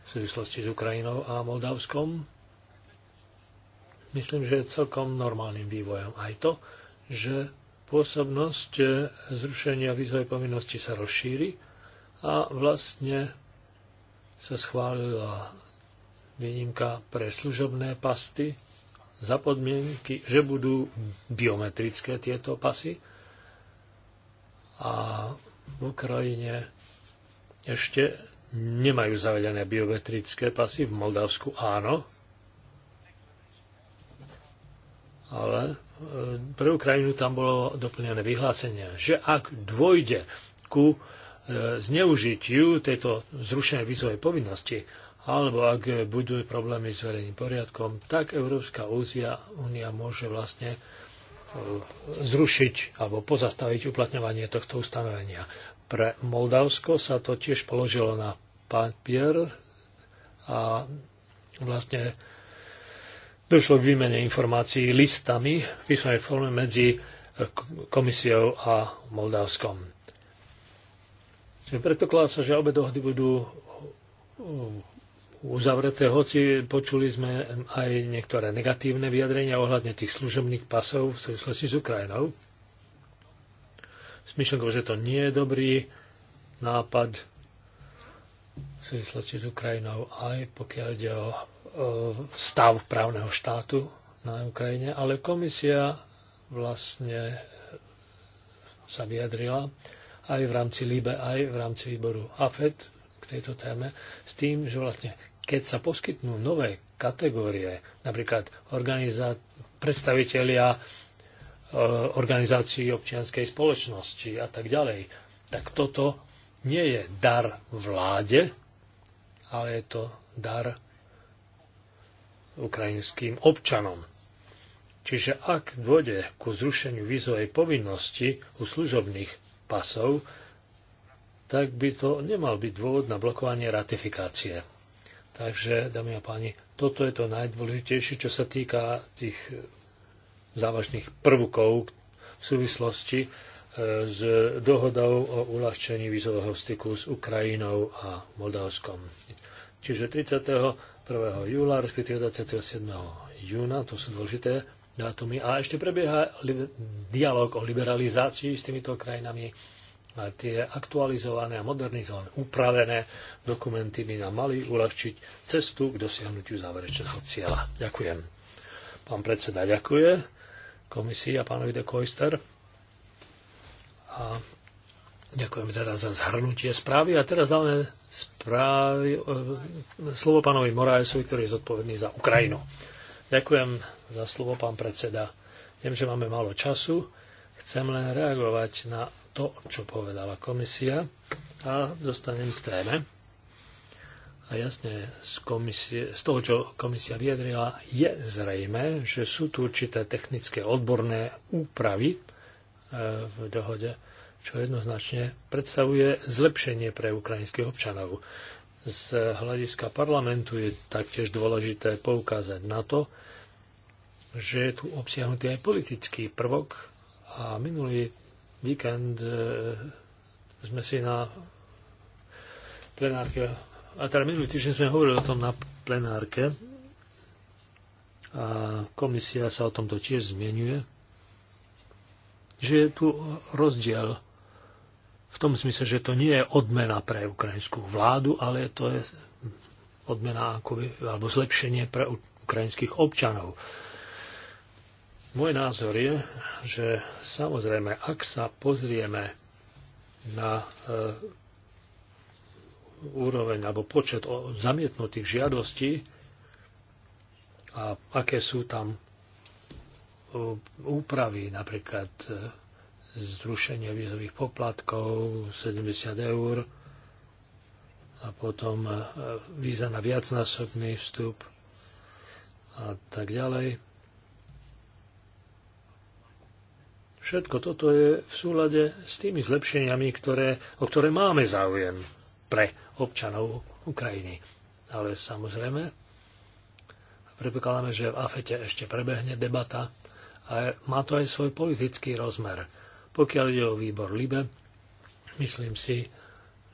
v súvislosti s Ukrajinou a Moldavskom myslím, že je celkom normálnym vývojom. Aj to, že pôsobnosť eh, zrušenia výzovej povinnosti sa rozšíri a vlastne sa schválila výnimka pre služobné pasty za podmienky, že budú biometrické tieto pasy. A v Ukrajine ešte nemajú zavedené biometrické pasy, v Moldavsku áno, ale e, pre Ukrajinu tam bolo doplnené vyhlásenie, že ak dôjde ku e, zneužitiu tejto zrušenej výzovej povinnosti, alebo ak budú problémy s verejným poriadkom, tak Európska úzia, únia môže vlastne e, zrušiť alebo pozastaviť uplatňovanie tohto ustanovenia. Pre Moldavsko sa to tiež položilo na papier a vlastne Došlo k výmene informácií listami v písomnej forme medzi komisiou a Moldavskom. predpokladá sa, že obe dohody budú uzavreté, hoci počuli sme aj niektoré negatívne vyjadrenia ohľadne tých služobných pasov v súvislosti s Ukrajinou. S myšlenkou, že to nie je dobrý nápad v súvislosti s Ukrajinou, aj pokiaľ ide o E, stav právneho štátu na Ukrajine, ale komisia vlastne sa vyjadrila aj v rámci LIBE, aj v rámci výboru AFED k tejto téme s tým, že vlastne keď sa poskytnú nové kategórie, napríklad organizá- predstavitelia e, organizácií občianskej spoločnosti a tak ďalej, tak toto nie je dar vláde, ale je to dar ukrajinským občanom. Čiže ak dôjde ku zrušeniu vízovej povinnosti u služobných pasov, tak by to nemal byť dôvod na blokovanie ratifikácie. Takže, dámy a páni, toto je to najdôležitejšie, čo sa týka tých závažných prvkov v súvislosti e, s dohodou o uľahčení vízového styku s Ukrajinou a Moldavskom. Čiže 30. 1. júla, respektíve 27. júna, to sú dôležité dátumy. A ešte prebieha dialog o liberalizácii s týmito krajinami a tie aktualizované a modernizované, upravené dokumenty by nám mali uľahčiť cestu k dosiahnutiu záverečného cieľa. Ďakujem. Pán predseda ďakuje komisii a pánovi de Koister. A Ďakujem teda za zhrnutie správy a teraz dáme správy, e, slovo pánovi Moraesovi, ktorý je zodpovedný za Ukrajinu. Ďakujem za slovo, pán predseda. Viem, že máme málo času. Chcem len reagovať na to, čo povedala komisia a dostanem k téme. A jasne, z, komisie, z toho, čo komisia vyjadrila, je zrejme, že sú tu určité technické odborné úpravy e, v dohode čo jednoznačne predstavuje zlepšenie pre ukrajinských občanov. Z hľadiska parlamentu je taktiež dôležité poukázať na to, že je tu obsiahnutý aj politický prvok a minulý víkend e, sme si na plenárke, a teda minulý týždeň sme hovorili o tom na plenárke a komisia sa o tomto tiež zmienuje, že je tu rozdiel v tom smysle, že to nie je odmena pre ukrajinskú vládu, ale to je odmena akoby, alebo zlepšenie pre ukrajinských občanov. Môj názor je, že samozrejme, ak sa pozrieme na e, úroveň alebo počet zamietnutých žiadostí a aké sú tam e, úpravy, napríklad e, zrušenie vízových poplatkov 70 eur a potom e, víza na viacnásobný vstup a tak ďalej. Všetko toto je v súlade s tými zlepšeniami, ktoré, o ktoré máme záujem pre občanov Ukrajiny. Ale samozrejme, predpokladáme, že v AFETE ešte prebehne debata a má to aj svoj politický rozmer. Pokiaľ ide o výbor LIBE, myslím si,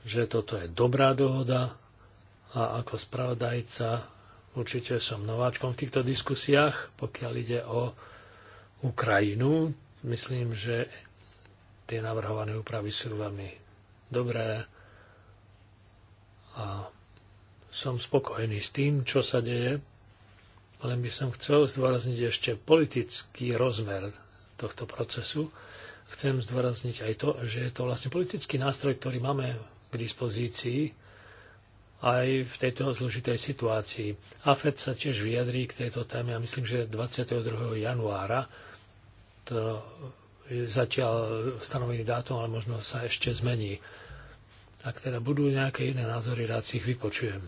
že toto je dobrá dohoda a ako spravodajca určite som nováčkom v týchto diskusiách, pokiaľ ide o Ukrajinu. Myslím, že tie navrhované úpravy sú veľmi dobré a som spokojný s tým, čo sa deje, len by som chcel zdôrazniť ešte politický rozmer tohto procesu chcem zdôrazniť aj to, že je to vlastne politický nástroj, ktorý máme k dispozícii aj v tejto zložitej situácii. AFED sa tiež vyjadrí k tejto téme a ja myslím, že 22. januára to je zatiaľ stanovený dátum, ale možno sa ešte zmení. Ak teda budú nejaké iné názory, rád si ich vypočujem.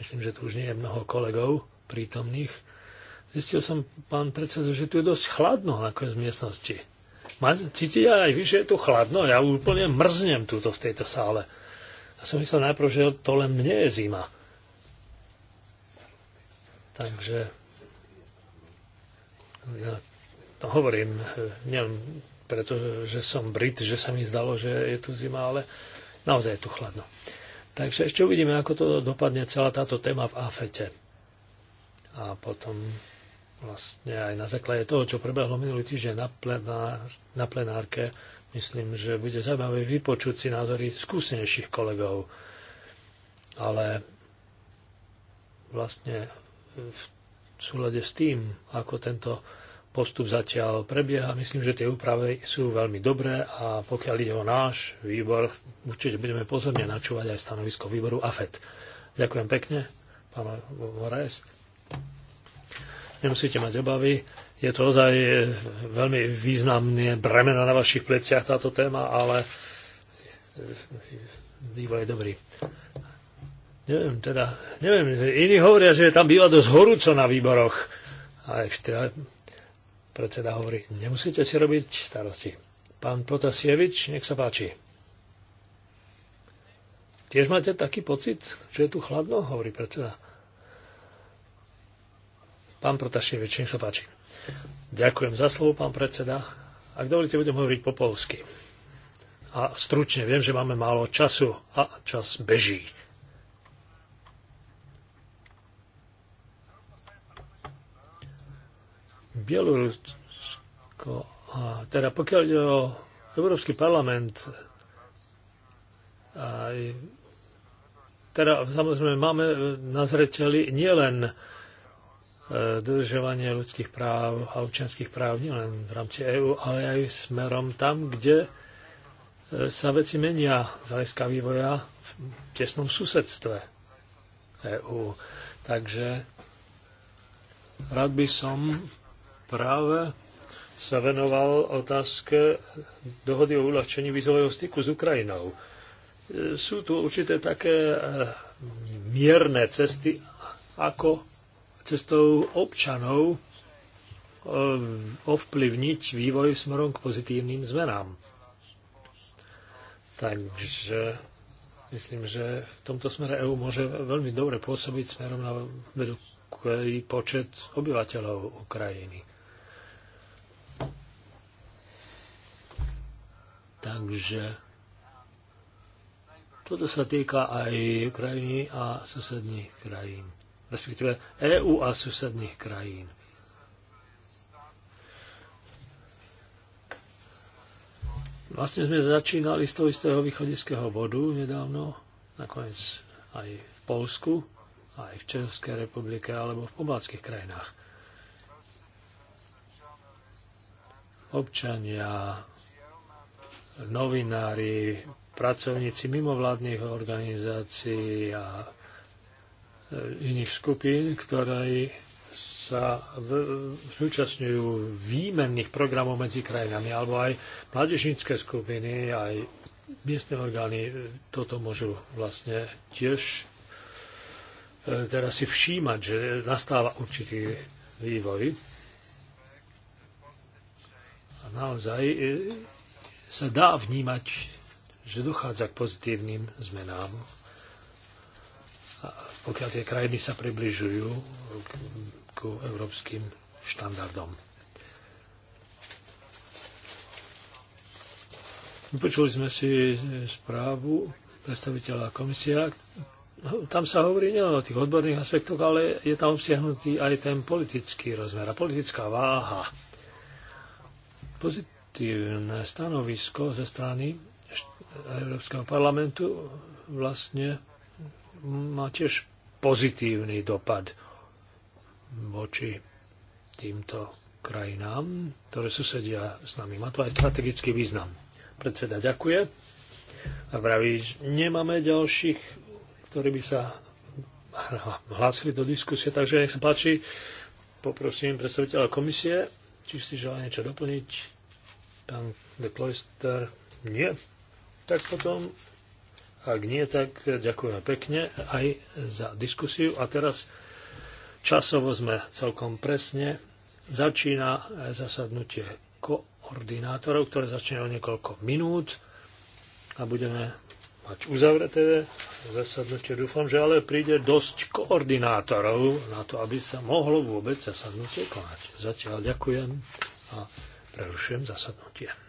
Myslím, že tu už nie je mnoho kolegov prítomných. Zistil som, pán predseda, že tu je dosť chladno na z miestnosti. Cítiť aj vy, že je tu chladno? Ja úplne mrznem túto v tejto sále. Ja som myslel najprv, že to len mne je zima. Takže... Ja to hovorím, e, neviem, pretože som Brit, že sa mi zdalo, že je tu zima, ale naozaj je tu chladno. Takže ešte uvidíme, ako to dopadne celá táto téma v AFETE. A potom vlastne aj na základe toho, čo prebehlo minulý týždeň na, plenár, na plenárke, myslím, že bude zaujímavé vypočuť si názory skúsenejších kolegov. Ale vlastne v súlade s tým, ako tento postup zatiaľ prebieha. Myslím, že tie úpravy sú veľmi dobré a pokiaľ ide o náš výbor, určite budeme pozorne načúvať aj stanovisko výboru AFET. Ďakujem pekne, pán Moraes nemusíte mať obavy. Je to ozaj e, veľmi významné bremeno na vašich pleciach táto téma, ale e, vývoj je dobrý. Neviem, teda, neviem, iní hovoria, že tam býva dosť horúco na výboroch. A teda predseda hovorí, nemusíte si robiť starosti. Pán Protasievič, nech sa páči. Tiež máte taký pocit, že je tu chladno, hovorí predseda. Pán Protaševič, nech sa páči. Ďakujem za slovo, pán predseda. Ak dovolíte, budem hovoriť po polsky. A stručne, viem, že máme málo času a čas beží. Bielorusko, teda pokiaľ ide o Európsky parlament, aj, teda samozrejme máme na zreteli nielen E, dodržovanie ľudských práv a občianských práv nielen v rámci EÚ, ale aj smerom tam, kde e, sa veci menia z hľadiska vývoja v tesnom susedstve EÚ. Takže rád by som práve sa venoval otázke dohody o uľahčení vízového styku s Ukrajinou. E, sú tu určité také mierne cesty, ako cestou občanov e, ovplyvniť vývoj smerom k pozitívnym zmenám. Takže myslím, že v tomto smere EU môže veľmi dobre pôsobiť smerom na veľký počet obyvateľov Ukrajiny. Takže toto sa týka aj Ukrajiny a susedných krajín respektíve EÚ a susedných krajín. Vlastne sme začínali z toho istého východiského bodu nedávno, nakoniec aj v Polsku, aj v Českej republike alebo v pobaltských krajinách. Občania, novinári, pracovníci mimovládnych organizácií a E, iných skupín, ktoré sa zúčastňujú výmenných programov medzi krajinami, alebo aj mladežnícke skupiny, aj miestne orgány e, toto môžu vlastne tiež e, teraz si všímať, že nastáva určitý vývoj. A naozaj sa dá vnímať, že dochádza k pozitívnym zmenám. A pokiaľ tie krajiny sa približujú k, k európskym štandardom. Vypočuli sme si správu predstaviteľa komisia. Tam sa hovorí nielen o tých odborných aspektoch, ale je tam obsiahnutý aj ten politický rozmer a politická váha. Pozitívne stanovisko ze strany Európskeho parlamentu vlastne má tiež pozitívny dopad voči týmto krajinám, ktoré susedia s nami. Má to aj strategický význam. Predseda ďakuje a vraví, že nemáme ďalších, ktorí by sa hlásili do diskusie, takže nech sa páči, poprosím predstaviteľa komisie, či si želá niečo doplniť. Pán de Cloister, nie. Tak potom ak nie, tak ďakujeme pekne aj za diskusiu. A teraz časovo sme celkom presne. Začína zasadnutie koordinátorov, ktoré začne o niekoľko minút a budeme mať uzavreté zasadnutie. Dúfam, že ale príde dosť koordinátorov na to, aby sa mohlo vôbec zasadnutie konať. Zatiaľ ďakujem a prerušujem zasadnutie.